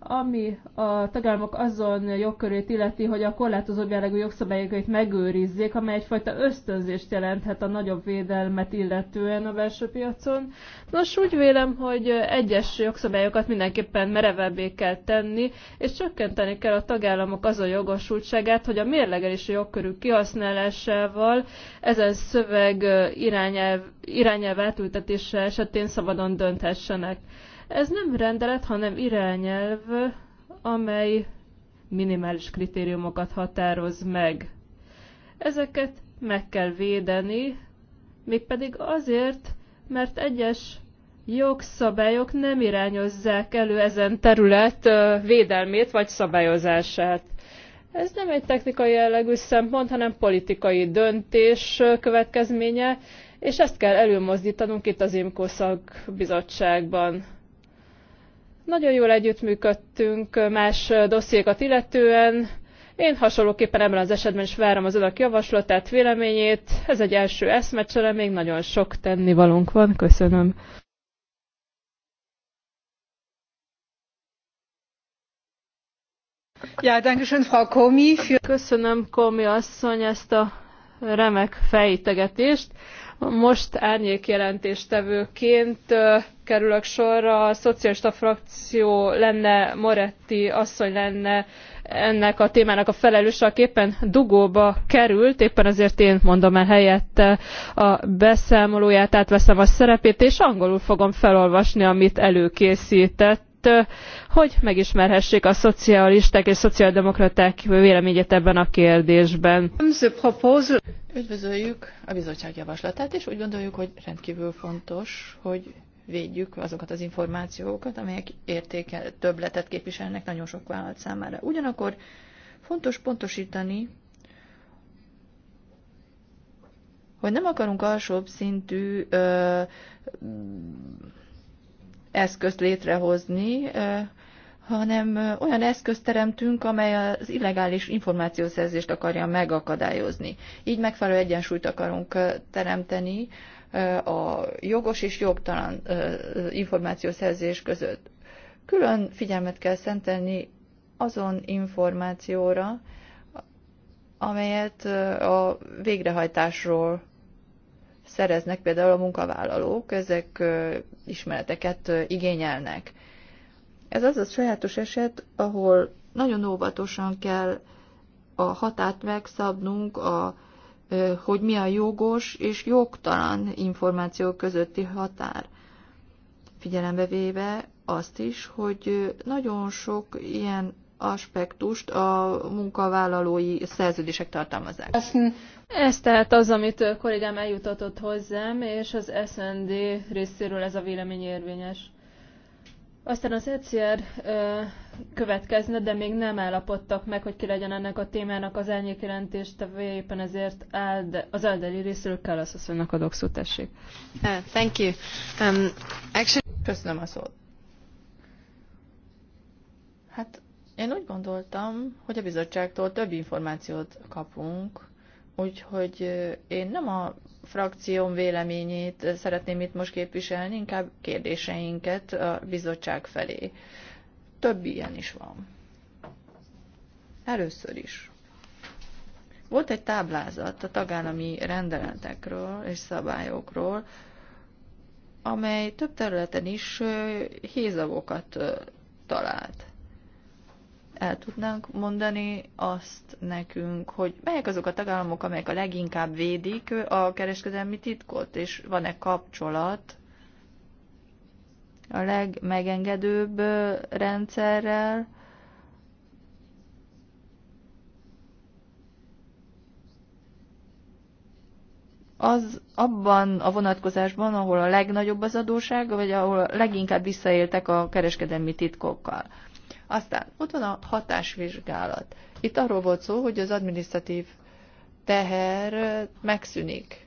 ami a tagállamok azon jogkörét illeti, hogy a korlátozó jellegű jogszabályokat megőrizzék, amely egyfajta ösztönzést jelenthet a nagyobb védelmet illetően a belső piacon. Nos, úgy vélem, hogy egyes jogszabályokat mindenképpen merevebbé kell tenni, és csökkenteni kell a tagállamok azon jogosultságát, hogy a mérlegelési jogkörű kihasználásával ezen szöveg irányelv, irányelv átültetése esetén szabadon dönthessenek. Ez nem rendelet, hanem irányelv, amely minimális kritériumokat határoz meg. Ezeket meg kell védeni, mégpedig azért, mert egyes jogszabályok nem irányozzák elő ezen terület védelmét vagy szabályozását. Ez nem egy technikai jellegű szempont, hanem politikai döntés következménye, és ezt kell előmozdítanunk itt az IMCO szakbizottságban. Nagyon jól együttműködtünk más dossziékat illetően. Én hasonlóképpen ebben az esetben is várom az önök javaslatát, véleményét. Ez egy első eszmecsere, még nagyon sok tennivalónk van. Köszönöm. Ja, schön, Frau Komi, für... Köszönöm Komi asszony ezt a remek fejtegetést. Most árnyék jelentéstevőként kerülök sorra, a szocialista frakció lenne, Moretti asszony lenne ennek a témának a felelős, aki éppen dugóba került, éppen azért én mondom el helyette a beszámolóját, átveszem a szerepét, és angolul fogom felolvasni, amit előkésztett hogy megismerhessék a szocialisták és szociáldemokraták véleményét ebben a kérdésben. Üdvözöljük a bizottság javaslatát, és úgy gondoljuk, hogy rendkívül fontos, hogy védjük azokat az információkat, amelyek értéke többletet képviselnek nagyon sok vállalat számára. Ugyanakkor fontos pontosítani, hogy nem akarunk alsóbb szintű ö, eszközt létrehozni, hanem olyan eszközt teremtünk, amely az illegális információszerzést akarja megakadályozni. Így megfelelő egyensúlyt akarunk teremteni a jogos és jogtalan információszerzés között. Külön figyelmet kell szentelni azon információra, amelyet a végrehajtásról szereznek például a munkavállalók, ezek ismereteket igényelnek. Ez az a sajátos eset, ahol nagyon óvatosan kell a hatát megszabnunk, a, hogy mi a jogos és jogtalan információ közötti határ. Figyelembe véve azt is, hogy nagyon sok ilyen aspektust a munkavállalói szerződések tartalmazzák. Ez tehát az, amit kollégám eljutatott hozzám, és az SND részéről ez a vélemény érvényes. Aztán az ECR következne, de még nem állapodtak meg, hogy ki legyen ennek a témának az elnyékjelentést, éppen ezért áld, az eldeli részről kell az hogy a dokszó tessék. Uh, thank you. Um, actually... Köszönöm a szót. Hát én úgy gondoltam, hogy a bizottságtól több információt kapunk, Úgyhogy én nem a frakcióm véleményét szeretném itt most képviselni, inkább kérdéseinket a bizottság felé. Több ilyen is van. Először is. Volt egy táblázat a tagállami rendeletekről és szabályokról, amely több területen is hézavokat talált el tudnánk mondani azt nekünk, hogy melyek azok a tagállamok, amelyek a leginkább védik a kereskedelmi titkot, és van-e kapcsolat a legmegengedőbb rendszerrel, az abban a vonatkozásban, ahol a legnagyobb az adóság, vagy ahol leginkább visszaéltek a kereskedelmi titkokkal. Aztán ott van a hatásvizsgálat. Itt arról volt szó, hogy az administratív teher megszűnik,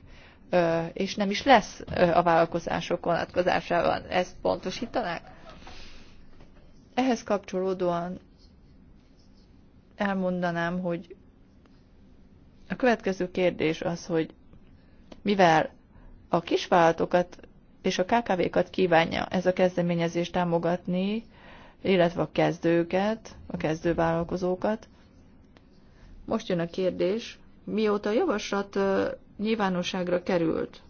és nem is lesz a vállalkozások vonatkozásában. Ezt pontosítanák? Ehhez kapcsolódóan elmondanám, hogy a következő kérdés az, hogy mivel a kisvállalatokat és a KKV-kat kívánja ez a kezdeményezés támogatni, illetve a kezdőket, a kezdővállalkozókat. Most jön a kérdés, mióta a javaslat nyilvánosságra került,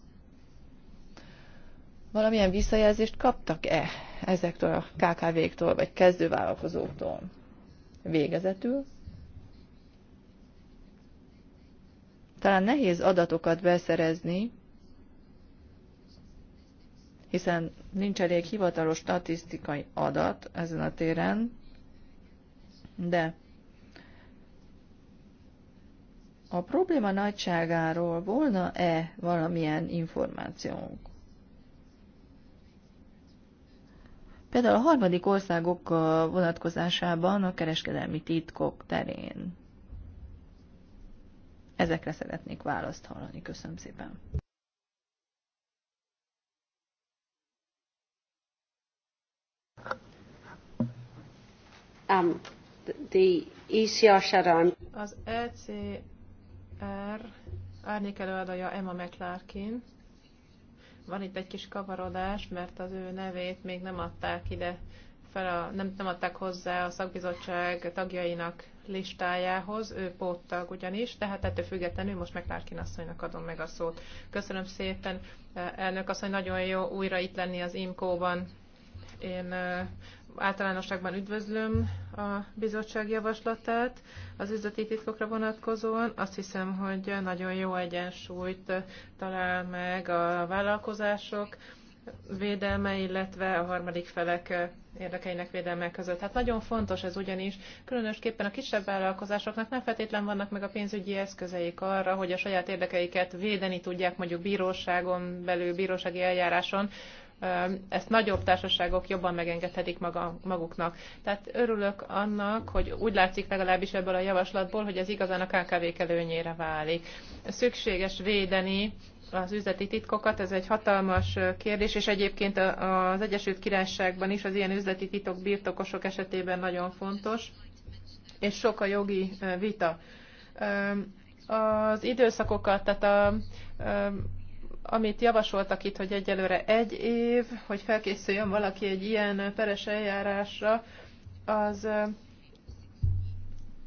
valamilyen visszajelzést kaptak-e ezektől a KKV-któl, vagy kezdővállalkozóktól? Végezetül? Talán nehéz adatokat beszerezni, hiszen nincs elég hivatalos statisztikai adat ezen a téren, de a probléma nagyságáról volna-e valamilyen információnk? Például a harmadik országok vonatkozásában a kereskedelmi titkok terén. Ezekre szeretnék választ hallani. Köszönöm szépen. Um, the ECR Sharon. Az ECR árnyék előadója Emma McClarkin. Van itt egy kis kavarodás, mert az ő nevét még nem adták ide fel a, nem, nem adták hozzá a szakbizottság tagjainak listájához, ő póttag ugyanis, tehát ettől függetlenül most meg Lárkin asszonynak adom meg a szót. Köszönöm szépen, eh, elnök asszony, nagyon jó újra itt lenni az imco ban Én eh, általánosságban üdvözlöm a bizottság javaslatát az üzleti titkokra vonatkozóan. Azt hiszem, hogy nagyon jó egyensúlyt talál meg a vállalkozások védelme, illetve a harmadik felek érdekeinek védelme között. Hát nagyon fontos ez ugyanis, különösképpen a kisebb vállalkozásoknak nem feltétlen vannak meg a pénzügyi eszközeik arra, hogy a saját érdekeiket védeni tudják mondjuk bíróságon belül, bírósági eljáráson, ezt nagyobb társaságok jobban megengedhetik maga, maguknak. Tehát örülök annak, hogy úgy látszik legalábbis ebből a javaslatból, hogy ez igazán a KKV-k előnyére válik. Szükséges védeni az üzleti titkokat, ez egy hatalmas kérdés, és egyébként az Egyesült Királyságban is az ilyen üzleti titok birtokosok esetében nagyon fontos, és sok a jogi vita. Az időszakokat, tehát a amit javasoltak itt, hogy egyelőre egy év, hogy felkészüljön valaki egy ilyen peres eljárásra, az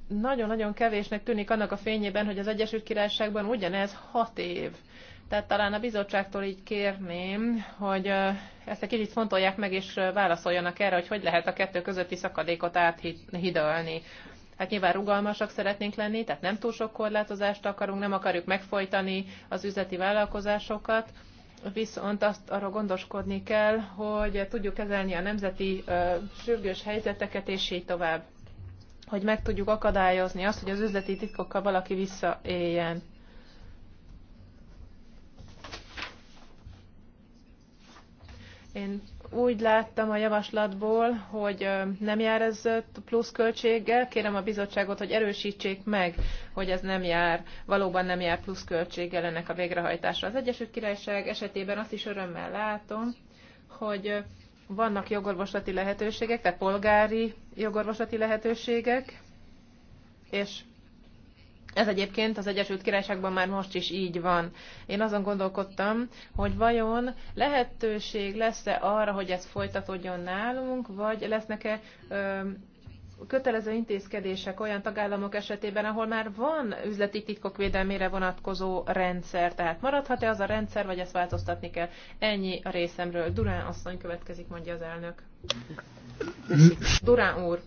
nagyon-nagyon kevésnek tűnik annak a fényében, hogy az Egyesült Királyságban ugyanez hat év. Tehát talán a bizottságtól így kérném, hogy ezt egy kicsit fontolják meg, és válaszoljanak erre, hogy hogy lehet a kettő közötti szakadékot áthidalni. Hát nyilván rugalmasak szeretnénk lenni, tehát nem túl sok korlátozást akarunk, nem akarjuk megfojtani az üzleti vállalkozásokat, viszont azt arra gondoskodni kell, hogy tudjuk kezelni a nemzeti ö, sürgős helyzeteket, és így tovább. Hogy meg tudjuk akadályozni azt, hogy az üzleti titkokkal valaki visszaéljen. Én úgy láttam a javaslatból, hogy nem jár ez plusz költséggel. Kérem a bizottságot, hogy erősítsék meg, hogy ez nem jár, valóban nem jár plusz költséggel ennek a végrehajtásra. Az Egyesült Királyság esetében azt is örömmel látom, hogy vannak jogorvoslati lehetőségek, tehát polgári jogorvoslati lehetőségek, és ez egyébként az Egyesült Királyságban már most is így van. Én azon gondolkodtam, hogy vajon lehetőség lesz-e arra, hogy ez folytatódjon nálunk, vagy lesznek-e kötelező intézkedések olyan tagállamok esetében, ahol már van üzleti titkok védelmére vonatkozó rendszer. Tehát maradhat-e az a rendszer, vagy ezt változtatni kell? Ennyi a részemről. Durán asszony következik, mondja az elnök. Durán úr.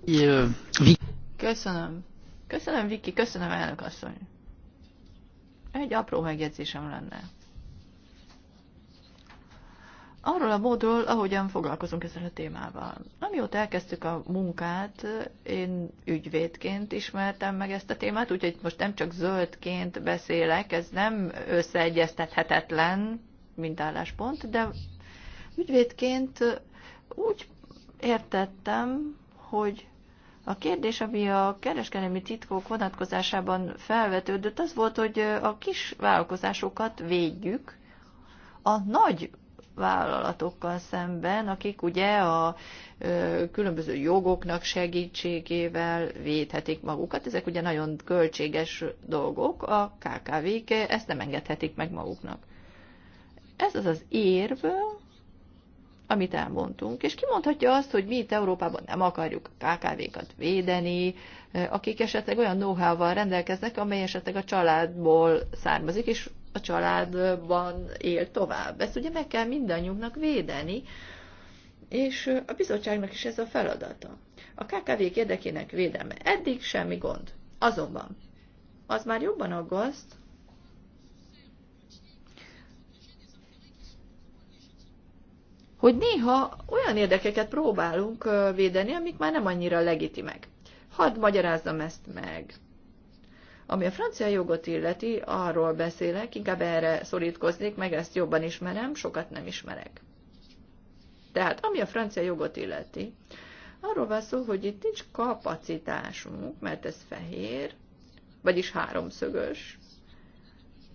Köszönöm. Köszönöm, Viki, köszönöm, elnök asszony. Egy apró megjegyzésem lenne. Arról a módról, ahogyan foglalkozunk ezzel a témával. Amióta elkezdtük a munkát, én ügyvédként ismertem meg ezt a témát, úgyhogy most nem csak zöldként beszélek, ez nem összeegyeztethetetlen, mint álláspont, de ügyvédként úgy értettem, hogy a kérdés, ami a kereskedelmi titkok vonatkozásában felvetődött, az volt, hogy a kis vállalkozásokat védjük a nagy vállalatokkal szemben, akik ugye a különböző jogoknak segítségével védhetik magukat. Ezek ugye nagyon költséges dolgok, a KKV-k ezt nem engedhetik meg maguknak. Ez az az érv, amit elmondtunk, és kimondhatja azt, hogy mi itt Európában nem akarjuk a KKV-kat védeni, akik esetleg olyan know-how-val rendelkeznek, amely esetleg a családból származik, és a családban él tovább. Ezt ugye meg kell mindannyiunknak védeni, és a bizottságnak is ez a feladata. A KKV-k érdekének védelme eddig semmi gond. Azonban az már jobban aggaszt, hogy néha olyan érdekeket próbálunk védeni, amik már nem annyira legitimek. Hadd magyarázzam ezt meg. Ami a francia jogot illeti, arról beszélek, inkább erre szorítkoznék, meg ezt jobban ismerem, sokat nem ismerek. Tehát, ami a francia jogot illeti, arról van szó, hogy itt nincs kapacitásunk, mert ez fehér, vagyis háromszögös,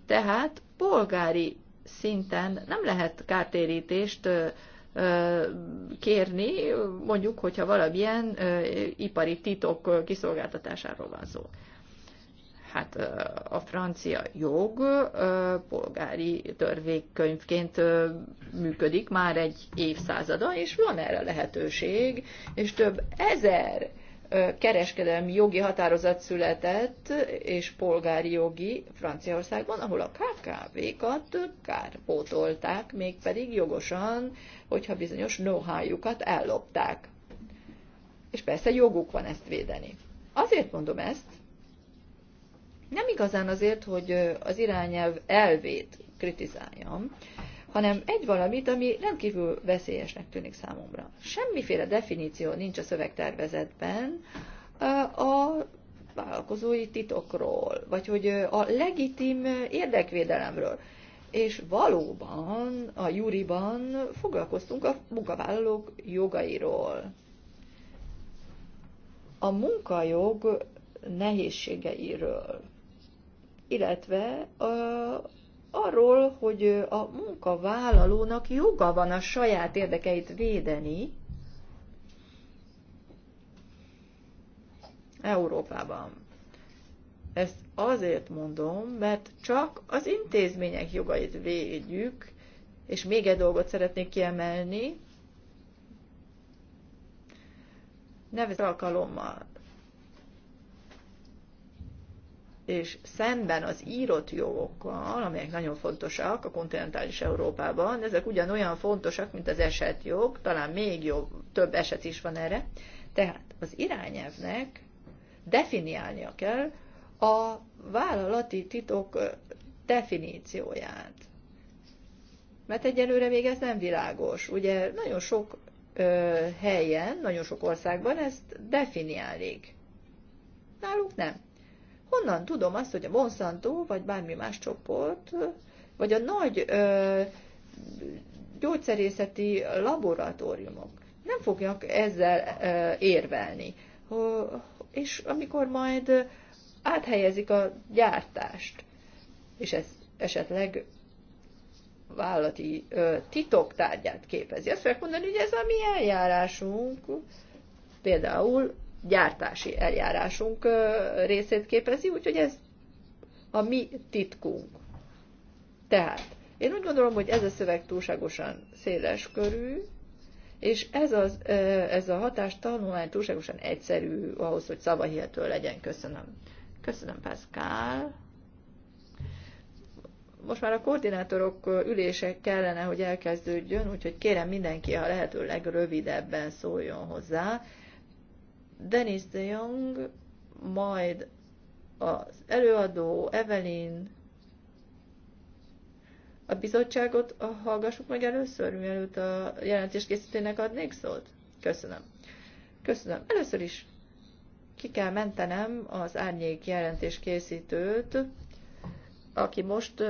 tehát polgári szinten nem lehet kártérítést kérni, mondjuk, hogyha valamilyen ipari titok kiszolgáltatásáról van szó. Hát a francia jog polgári törvénykönyvként működik már egy évszázada, és van erre lehetőség, és több ezer kereskedelmi jogi határozat született, és polgári jogi Franciaországban, ahol a KKV-kat kárpótolták, mégpedig jogosan, hogyha bizonyos know how ellopták. És persze joguk van ezt védeni. Azért mondom ezt, nem igazán azért, hogy az irányelv elvét kritizáljam, hanem egy valamit, ami rendkívül veszélyesnek tűnik számomra. Semmiféle definíció nincs a szövegtervezetben a vállalkozói titokról, vagy hogy a legitim érdekvédelemről. És valóban a júriban foglalkoztunk a munkavállalók jogairól. A munkajog nehézségeiről, illetve a arról, hogy a munkavállalónak joga van a saját érdekeit védeni Európában. Ezt azért mondom, mert csak az intézmények jogait védjük, és még egy dolgot szeretnék kiemelni, nevezett alkalommal és szemben az írott jogokkal, amelyek nagyon fontosak a kontinentális Európában, ezek ugyanolyan fontosak, mint az esetjog, talán még jobb, több eset is van erre, tehát az irányelvnek definiálnia kell a vállalati titok definícióját. Mert egyelőre még ez nem világos. Ugye nagyon sok ö, helyen, nagyon sok országban ezt definiálik. Náluk nem. Honnan tudom azt, hogy a Monsanto, vagy bármi más csoport, vagy a nagy ö, gyógyszerészeti laboratóriumok nem fognak ezzel ö, érvelni. Ö, és amikor majd áthelyezik a gyártást, és ez esetleg vállati ö, titok tárgyát képezi. Azt fogják mondani, hogy ez a mi eljárásunk. Például gyártási eljárásunk részét képezi, úgyhogy ez a mi titkunk. Tehát én úgy gondolom, hogy ez a szöveg túlságosan széles körű, és ez, az, ez a hatás tanulmány túlságosan egyszerű ahhoz, hogy szavahihető legyen. Köszönöm. Köszönöm, Pascal. Most már a koordinátorok ülése kellene, hogy elkezdődjön, úgyhogy kérem mindenki, ha lehető legrövidebben szóljon hozzá, Denis de Jong, majd az előadó Evelyn, a bizottságot hallgassuk meg először, mielőtt a jelentéskészítőnek adnék szót? Köszönöm. Köszönöm. Először is ki kell mentenem az árnyék jelentéskészítőt, aki most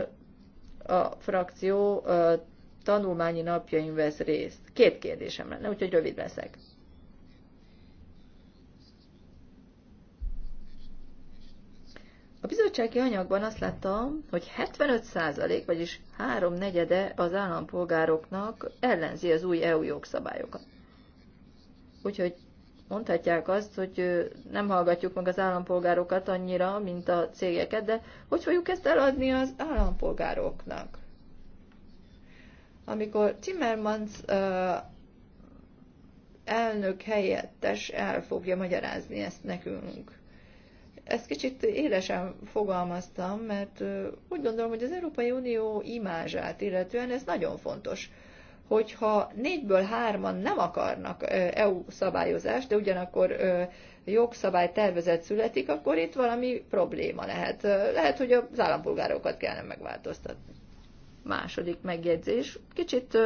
a frakció tanulmányi napjain vesz részt. Két kérdésem lenne, úgyhogy rövid leszek. A bizottsági anyagban azt láttam, hogy 75%, vagyis háromnegyede az állampolgároknak ellenzi az új EU jogszabályokat. Úgyhogy mondhatják azt, hogy nem hallgatjuk meg az állampolgárokat annyira, mint a cégeket, de hogy fogjuk ezt eladni az állampolgároknak? Amikor Timmermans elnök helyettes el fogja magyarázni ezt nekünk. Ezt kicsit élesen fogalmaztam, mert úgy gondolom, hogy az Európai Unió imázsát illetően ez nagyon fontos hogyha négyből hárman nem akarnak EU szabályozást, de ugyanakkor jogszabály tervezet születik, akkor itt valami probléma lehet. Lehet, hogy az állampolgárokat kellene megváltoztatni. Második megjegyzés. Kicsit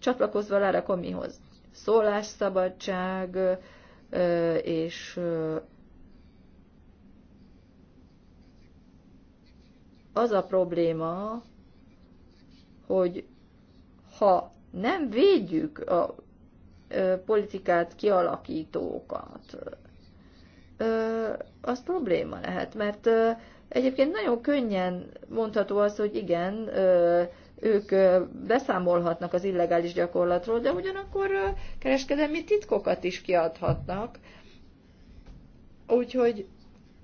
csatlakozva Lára Komihoz. Szólásszabadság és az a probléma, hogy ha nem védjük a politikát kialakítókat, az probléma lehet, mert egyébként nagyon könnyen mondható az, hogy igen, ők beszámolhatnak az illegális gyakorlatról, de ugyanakkor kereskedelmi titkokat is kiadhatnak. Úgyhogy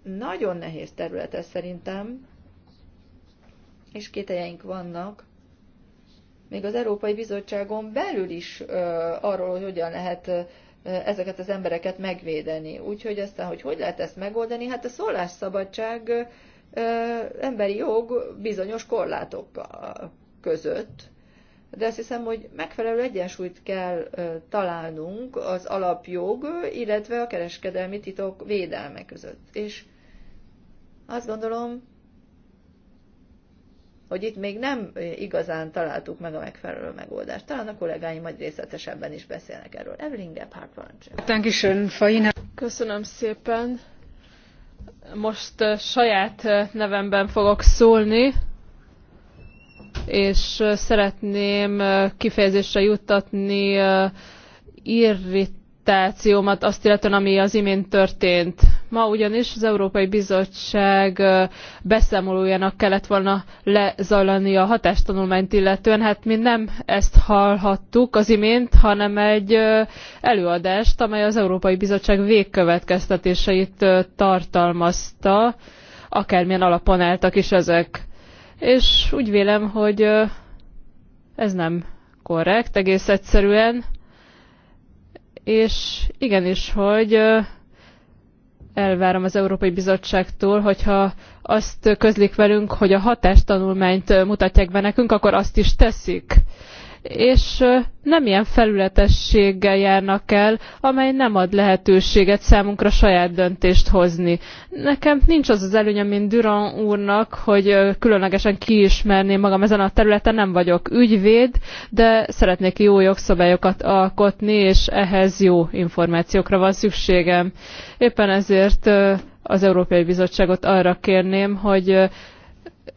nagyon nehéz terület ez szerintem, és kételjeink vannak, még az Európai Bizottságon belül is arról, hogy hogyan lehet ezeket az embereket megvédeni. Úgyhogy aztán, hogy hogy lehet ezt megoldani, hát a szólásszabadság emberi jog bizonyos korlátok között. De azt hiszem, hogy megfelelő egyensúlyt kell találnunk az alapjog, illetve a kereskedelmi titok védelme között. És azt gondolom, hogy itt még nem igazán találtuk meg a megfelelő megoldást. Talán a kollégáim majd részletesebben is beszélnek erről. Evelyn Gebhardt parancsolja. Köszönöm szépen. Most saját nevemben fogok szólni, és szeretném kifejezésre juttatni irrit prezentációmat azt illetően, ami az imént történt. Ma ugyanis az Európai Bizottság beszámolójának kellett volna lezajlani a hatástanulmányt illetően. Hát mi nem ezt hallhattuk az imént, hanem egy előadást, amely az Európai Bizottság végkövetkeztetéseit tartalmazta, akármilyen alapon álltak is ezek. És úgy vélem, hogy ez nem korrekt, egész egyszerűen és igenis, hogy elvárom az Európai Bizottságtól, hogyha azt közlik velünk, hogy a hatástanulmányt mutatják be nekünk, akkor azt is teszik és nem ilyen felületességgel járnak el, amely nem ad lehetőséget számunkra saját döntést hozni. Nekem nincs az az előnye, mint Duran úrnak, hogy különlegesen kiismerném magam ezen a területen, nem vagyok ügyvéd, de szeretnék jó jogszabályokat alkotni, és ehhez jó információkra van szükségem. Éppen ezért az Európai Bizottságot arra kérném, hogy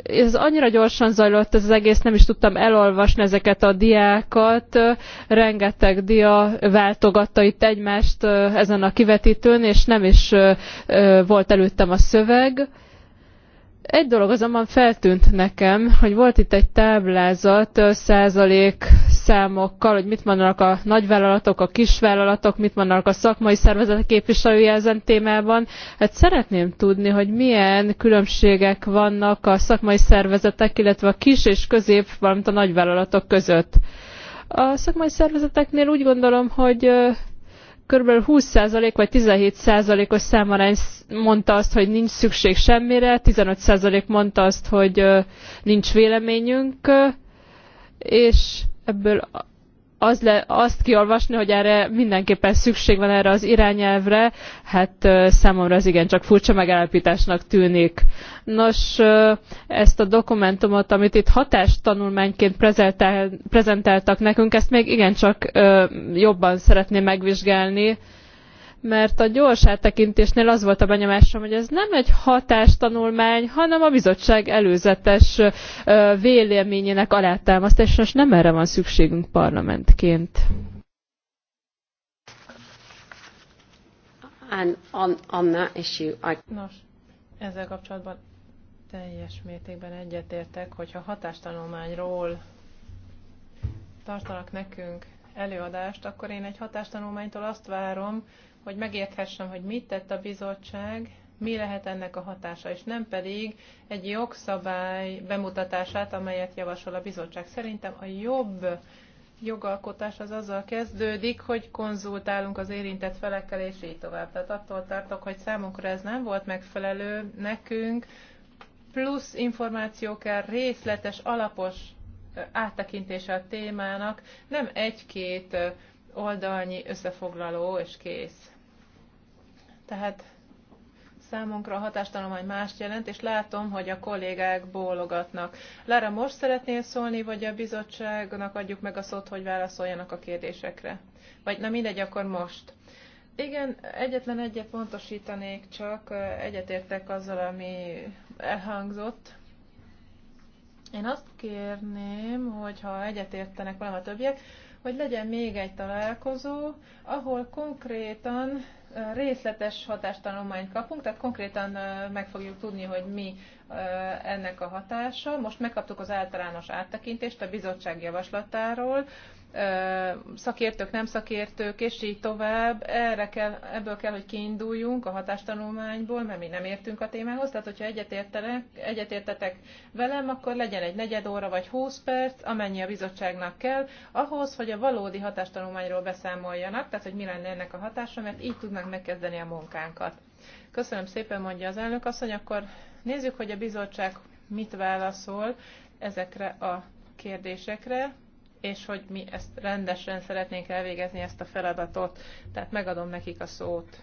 ez annyira gyorsan zajlott ez az egész, nem is tudtam elolvasni ezeket a diákat. Rengeteg dia váltogatta itt egymást ezen a kivetítőn, és nem is volt előttem a szöveg. Egy dolog azonban feltűnt nekem, hogy volt itt egy táblázat százalék számokkal, hogy mit mondanak a nagyvállalatok, a kisvállalatok, mit mondanak a szakmai szervezetek képviselői ezen témában. Hát szeretném tudni, hogy milyen különbségek vannak a szakmai szervezetek, illetve a kis és közép, valamint a nagyvállalatok között. A szakmai szervezeteknél úgy gondolom, hogy körülbelül 20% vagy 17%-os számarány mondta azt, hogy nincs szükség semmire, 15% mondta azt, hogy nincs véleményünk, és ebből az le, azt kiolvasni, hogy erre mindenképpen szükség van erre az irányelvre, hát számomra ez csak furcsa megállapításnak tűnik. Nos, ezt a dokumentumot, amit itt hatástanulmányként prezentáltak nekünk, ezt még igencsak jobban szeretném megvizsgálni, mert a gyors áttekintésnél az volt a benyomásom, hogy ez nem egy hatástanulmány, hanem a bizottság előzetes véleményének alátámasztása, és nem erre van szükségünk parlamentként. And on, on that issue, I... Nos, ezzel kapcsolatban teljes mértékben egyetértek, hogyha hatástanulmányról tartanak nekünk előadást, akkor én egy hatástanulmánytól azt várom, hogy megérthessem, hogy mit tett a bizottság, mi lehet ennek a hatása, és nem pedig egy jogszabály bemutatását, amelyet javasol a bizottság. Szerintem a jobb jogalkotás az azzal kezdődik, hogy konzultálunk az érintett felekkel, és így tovább. Tehát attól tartok, hogy számunkra ez nem volt megfelelő nekünk, plusz információ kell, részletes, alapos áttekintése a témának, nem egy-két oldalnyi összefoglaló és kész. Tehát számunkra a hatástalomány mást jelent, és látom, hogy a kollégák bólogatnak. Lára, most szeretnél szólni, vagy a bizottságnak adjuk meg a szót, hogy válaszoljanak a kérdésekre? Vagy na mindegy, akkor most. Igen, egyetlen egyet pontosítanék csak, egyetértek azzal, ami elhangzott. Én azt kérném, hogyha egyetértenek velem a többiek, hogy legyen még egy találkozó, ahol konkrétan részletes hatástanulmányt kapunk, tehát konkrétan meg fogjuk tudni, hogy mi ennek a hatása. Most megkaptuk az általános áttekintést a bizottság javaslatáról, szakértők, nem szakértők, és így tovább. Erre kell, ebből kell, hogy kiinduljunk a hatástanulmányból, mert mi nem értünk a témához. Tehát, hogyha egyetértenek, egyetértetek velem, akkor legyen egy negyed óra vagy húsz perc, amennyi a bizottságnak kell, ahhoz, hogy a valódi hatástanulmányról beszámoljanak, tehát, hogy mi lenne ennek a hatása, mert így tudnak megkezdeni a munkánkat. Köszönöm szépen, mondja az elnök asszony, akkor nézzük, hogy a bizottság mit válaszol ezekre a kérdésekre és hogy mi ezt rendesen szeretnénk elvégezni ezt a feladatot, tehát megadom nekik a szót.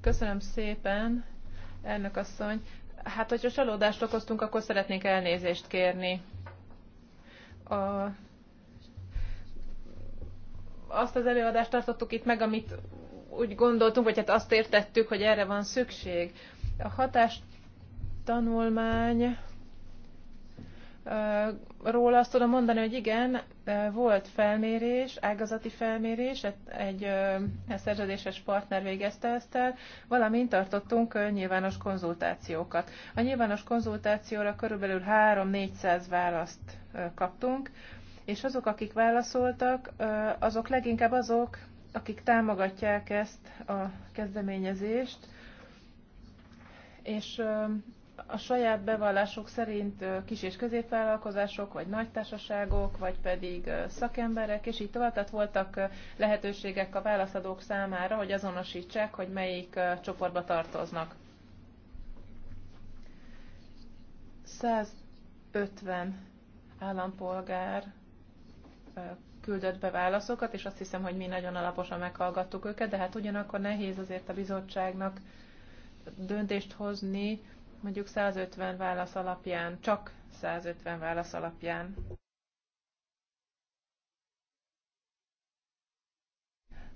Köszönöm szépen, elnök asszony. Hát, hogyha csalódást okoztunk, akkor szeretnénk elnézést kérni. A... Azt az előadást tartottuk itt meg, amit úgy gondoltunk, vagy hát azt értettük, hogy erre van szükség. A hatást tanulmány róla azt tudom mondani, hogy igen, volt felmérés, ágazati felmérés, egy szerződéses partner végezte ezt el, valamint tartottunk nyilvános konzultációkat. A nyilvános konzultációra körülbelül 3-400 választ kaptunk, és azok, akik válaszoltak, azok leginkább azok, akik támogatják ezt a kezdeményezést, és a saját bevallásuk szerint kis- és középvállalkozások, vagy nagy társaságok, vagy pedig szakemberek, és így tovább. Tehát voltak lehetőségek a válaszadók számára, hogy azonosítsák, hogy melyik csoportba tartoznak. 150 állampolgár küldött be válaszokat, és azt hiszem, hogy mi nagyon alaposan meghallgattuk őket, de hát ugyanakkor nehéz azért a bizottságnak döntést hozni, mondjuk 150 válasz alapján, csak 150 válasz alapján.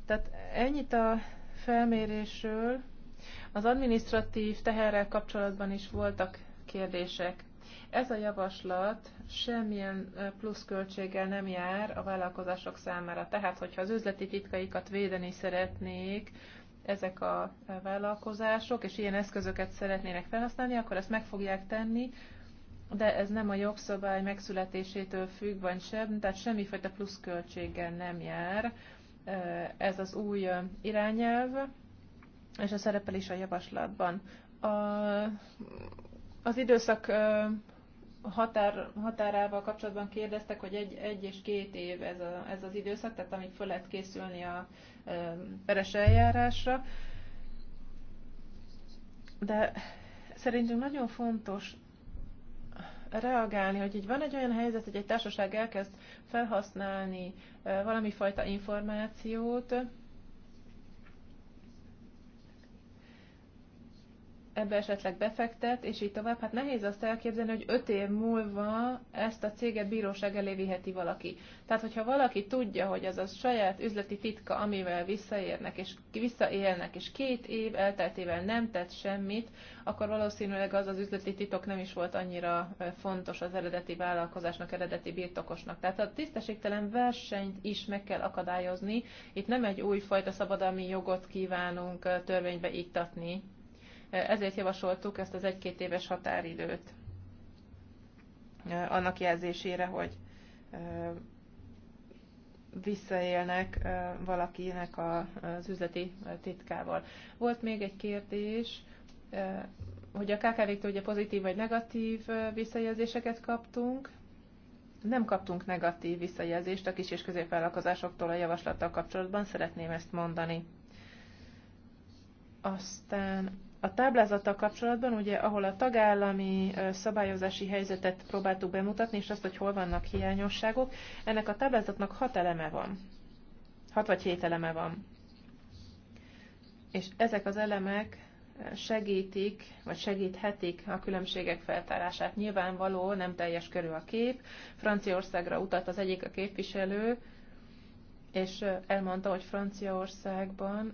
Tehát ennyit a felmérésről. Az administratív teherrel kapcsolatban is voltak kérdések. Ez a javaslat semmilyen pluszköltséggel nem jár a vállalkozások számára. Tehát, hogyha az üzleti titkaikat védeni szeretnék, ezek a e, vállalkozások, és ilyen eszközöket szeretnének felhasználni, akkor ezt meg fogják tenni, de ez nem a jogszabály megszületésétől függ, vagy sem, tehát semmifajta pluszköltséggel nem jár e, ez az új e, irányelv, és a szerepel is a javaslatban. A, az időszak határ, határával kapcsolatban kérdeztek, hogy egy, egy és két év ez, a, ez az időszak, tehát amíg fel lehet készülni a e, peres eljárásra. De szerintünk nagyon fontos reagálni, hogy így van egy olyan helyzet, hogy egy társaság elkezd felhasználni valami fajta információt, ebbe esetleg befektet, és így tovább. Hát nehéz azt elképzelni, hogy öt év múlva ezt a céget bíróság elé viheti valaki. Tehát, hogyha valaki tudja, hogy az a saját üzleti titka, amivel visszaérnek és visszaélnek, és két év elteltével nem tett semmit, akkor valószínűleg az az üzleti titok nem is volt annyira fontos az eredeti vállalkozásnak, eredeti birtokosnak. Tehát a tisztességtelen versenyt is meg kell akadályozni. Itt nem egy újfajta szabadalmi jogot kívánunk törvénybe iktatni, ezért javasoltuk ezt az egy-két éves határidőt annak jelzésére, hogy visszaélnek valakinek az üzleti titkával. Volt még egy kérdés, hogy a KKV-től ugye pozitív vagy negatív visszajelzéseket kaptunk. Nem kaptunk negatív visszajelzést a kis és középvállalkozásoktól a javaslattal kapcsolatban, szeretném ezt mondani. Aztán a táblázattal kapcsolatban, ugye, ahol a tagállami szabályozási helyzetet próbáltuk bemutatni, és azt, hogy hol vannak hiányosságok, ennek a táblázatnak hat eleme van. Hat vagy hét eleme van. És ezek az elemek segítik, vagy segíthetik a különbségek feltárását. Nyilvánvaló, nem teljes körül a kép. Franciaországra utat az egyik a képviselő, és elmondta, hogy Franciaországban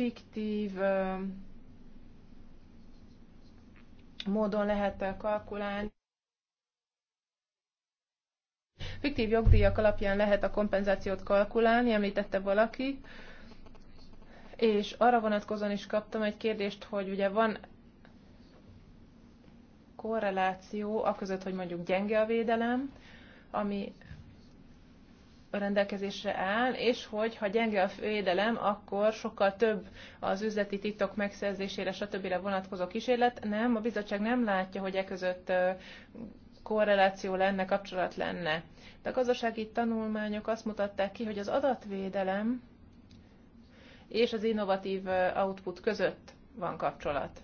fiktív módon lehet kalkulálni. Fiktív jogdíjak alapján lehet a kompenzációt kalkulálni, említette valaki, és arra vonatkozóan is kaptam egy kérdést, hogy ugye van korreláció, aközött, hogy mondjuk gyenge a védelem, ami rendelkezésre áll, és hogy ha gyenge a védelem, akkor sokkal több az üzleti titok megszerzésére, stb. vonatkozó kísérlet. Nem, a bizottság nem látja, hogy e között korreláció lenne, kapcsolat lenne. De a gazdasági tanulmányok azt mutatták ki, hogy az adatvédelem és az innovatív output között van kapcsolat.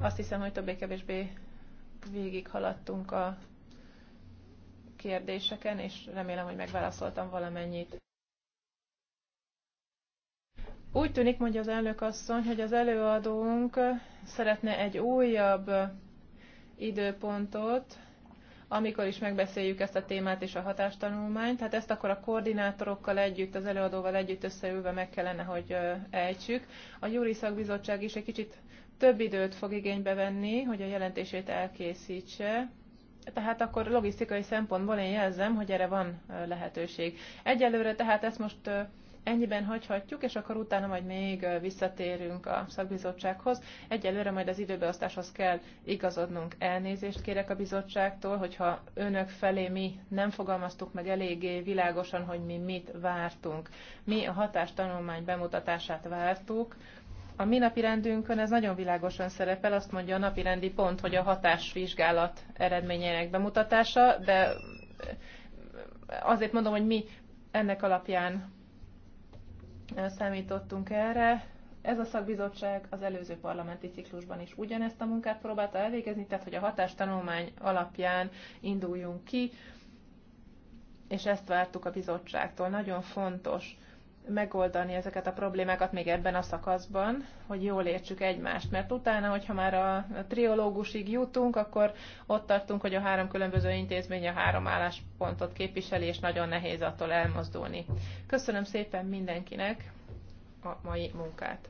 Azt hiszem, hogy többé-kevésbé végig haladtunk a kérdéseken, és remélem, hogy megválaszoltam valamennyit. Úgy tűnik, mondja az elnök asszony, hogy az előadónk szeretne egy újabb időpontot, amikor is megbeszéljük ezt a témát és a hatástanulmányt, hát ezt akkor a koordinátorokkal együtt, az előadóval együtt összeülve meg kellene, hogy ejtsük. A Júri Szakbizottság is egy kicsit több időt fog igénybe venni, hogy a jelentését elkészítse, tehát akkor logisztikai szempontból én jelzem, hogy erre van lehetőség. Egyelőre tehát ezt most ennyiben hagyhatjuk, és akkor utána majd még visszatérünk a szakbizottsághoz. Egyelőre majd az időbeosztáshoz kell igazodnunk. Elnézést kérek a bizottságtól, hogyha önök felé mi nem fogalmaztuk meg eléggé világosan, hogy mi mit vártunk. Mi a hatástanulmány bemutatását vártuk, a mi napi rendünkön ez nagyon világosan szerepel, azt mondja a napi rendi pont, hogy a hatásvizsgálat eredményének bemutatása, de azért mondom, hogy mi ennek alapján számítottunk erre. Ez a szakbizottság az előző parlamenti ciklusban is ugyanezt a munkát próbálta elvégezni, tehát hogy a hatástanulmány alapján induljunk ki, és ezt vártuk a bizottságtól. Nagyon fontos megoldani ezeket a problémákat még ebben a szakaszban, hogy jól értsük egymást. Mert utána, hogyha már a triológusig jutunk, akkor ott tartunk, hogy a három különböző intézmény a három álláspontot képviseli, és nagyon nehéz attól elmozdulni. Köszönöm szépen mindenkinek a mai munkát.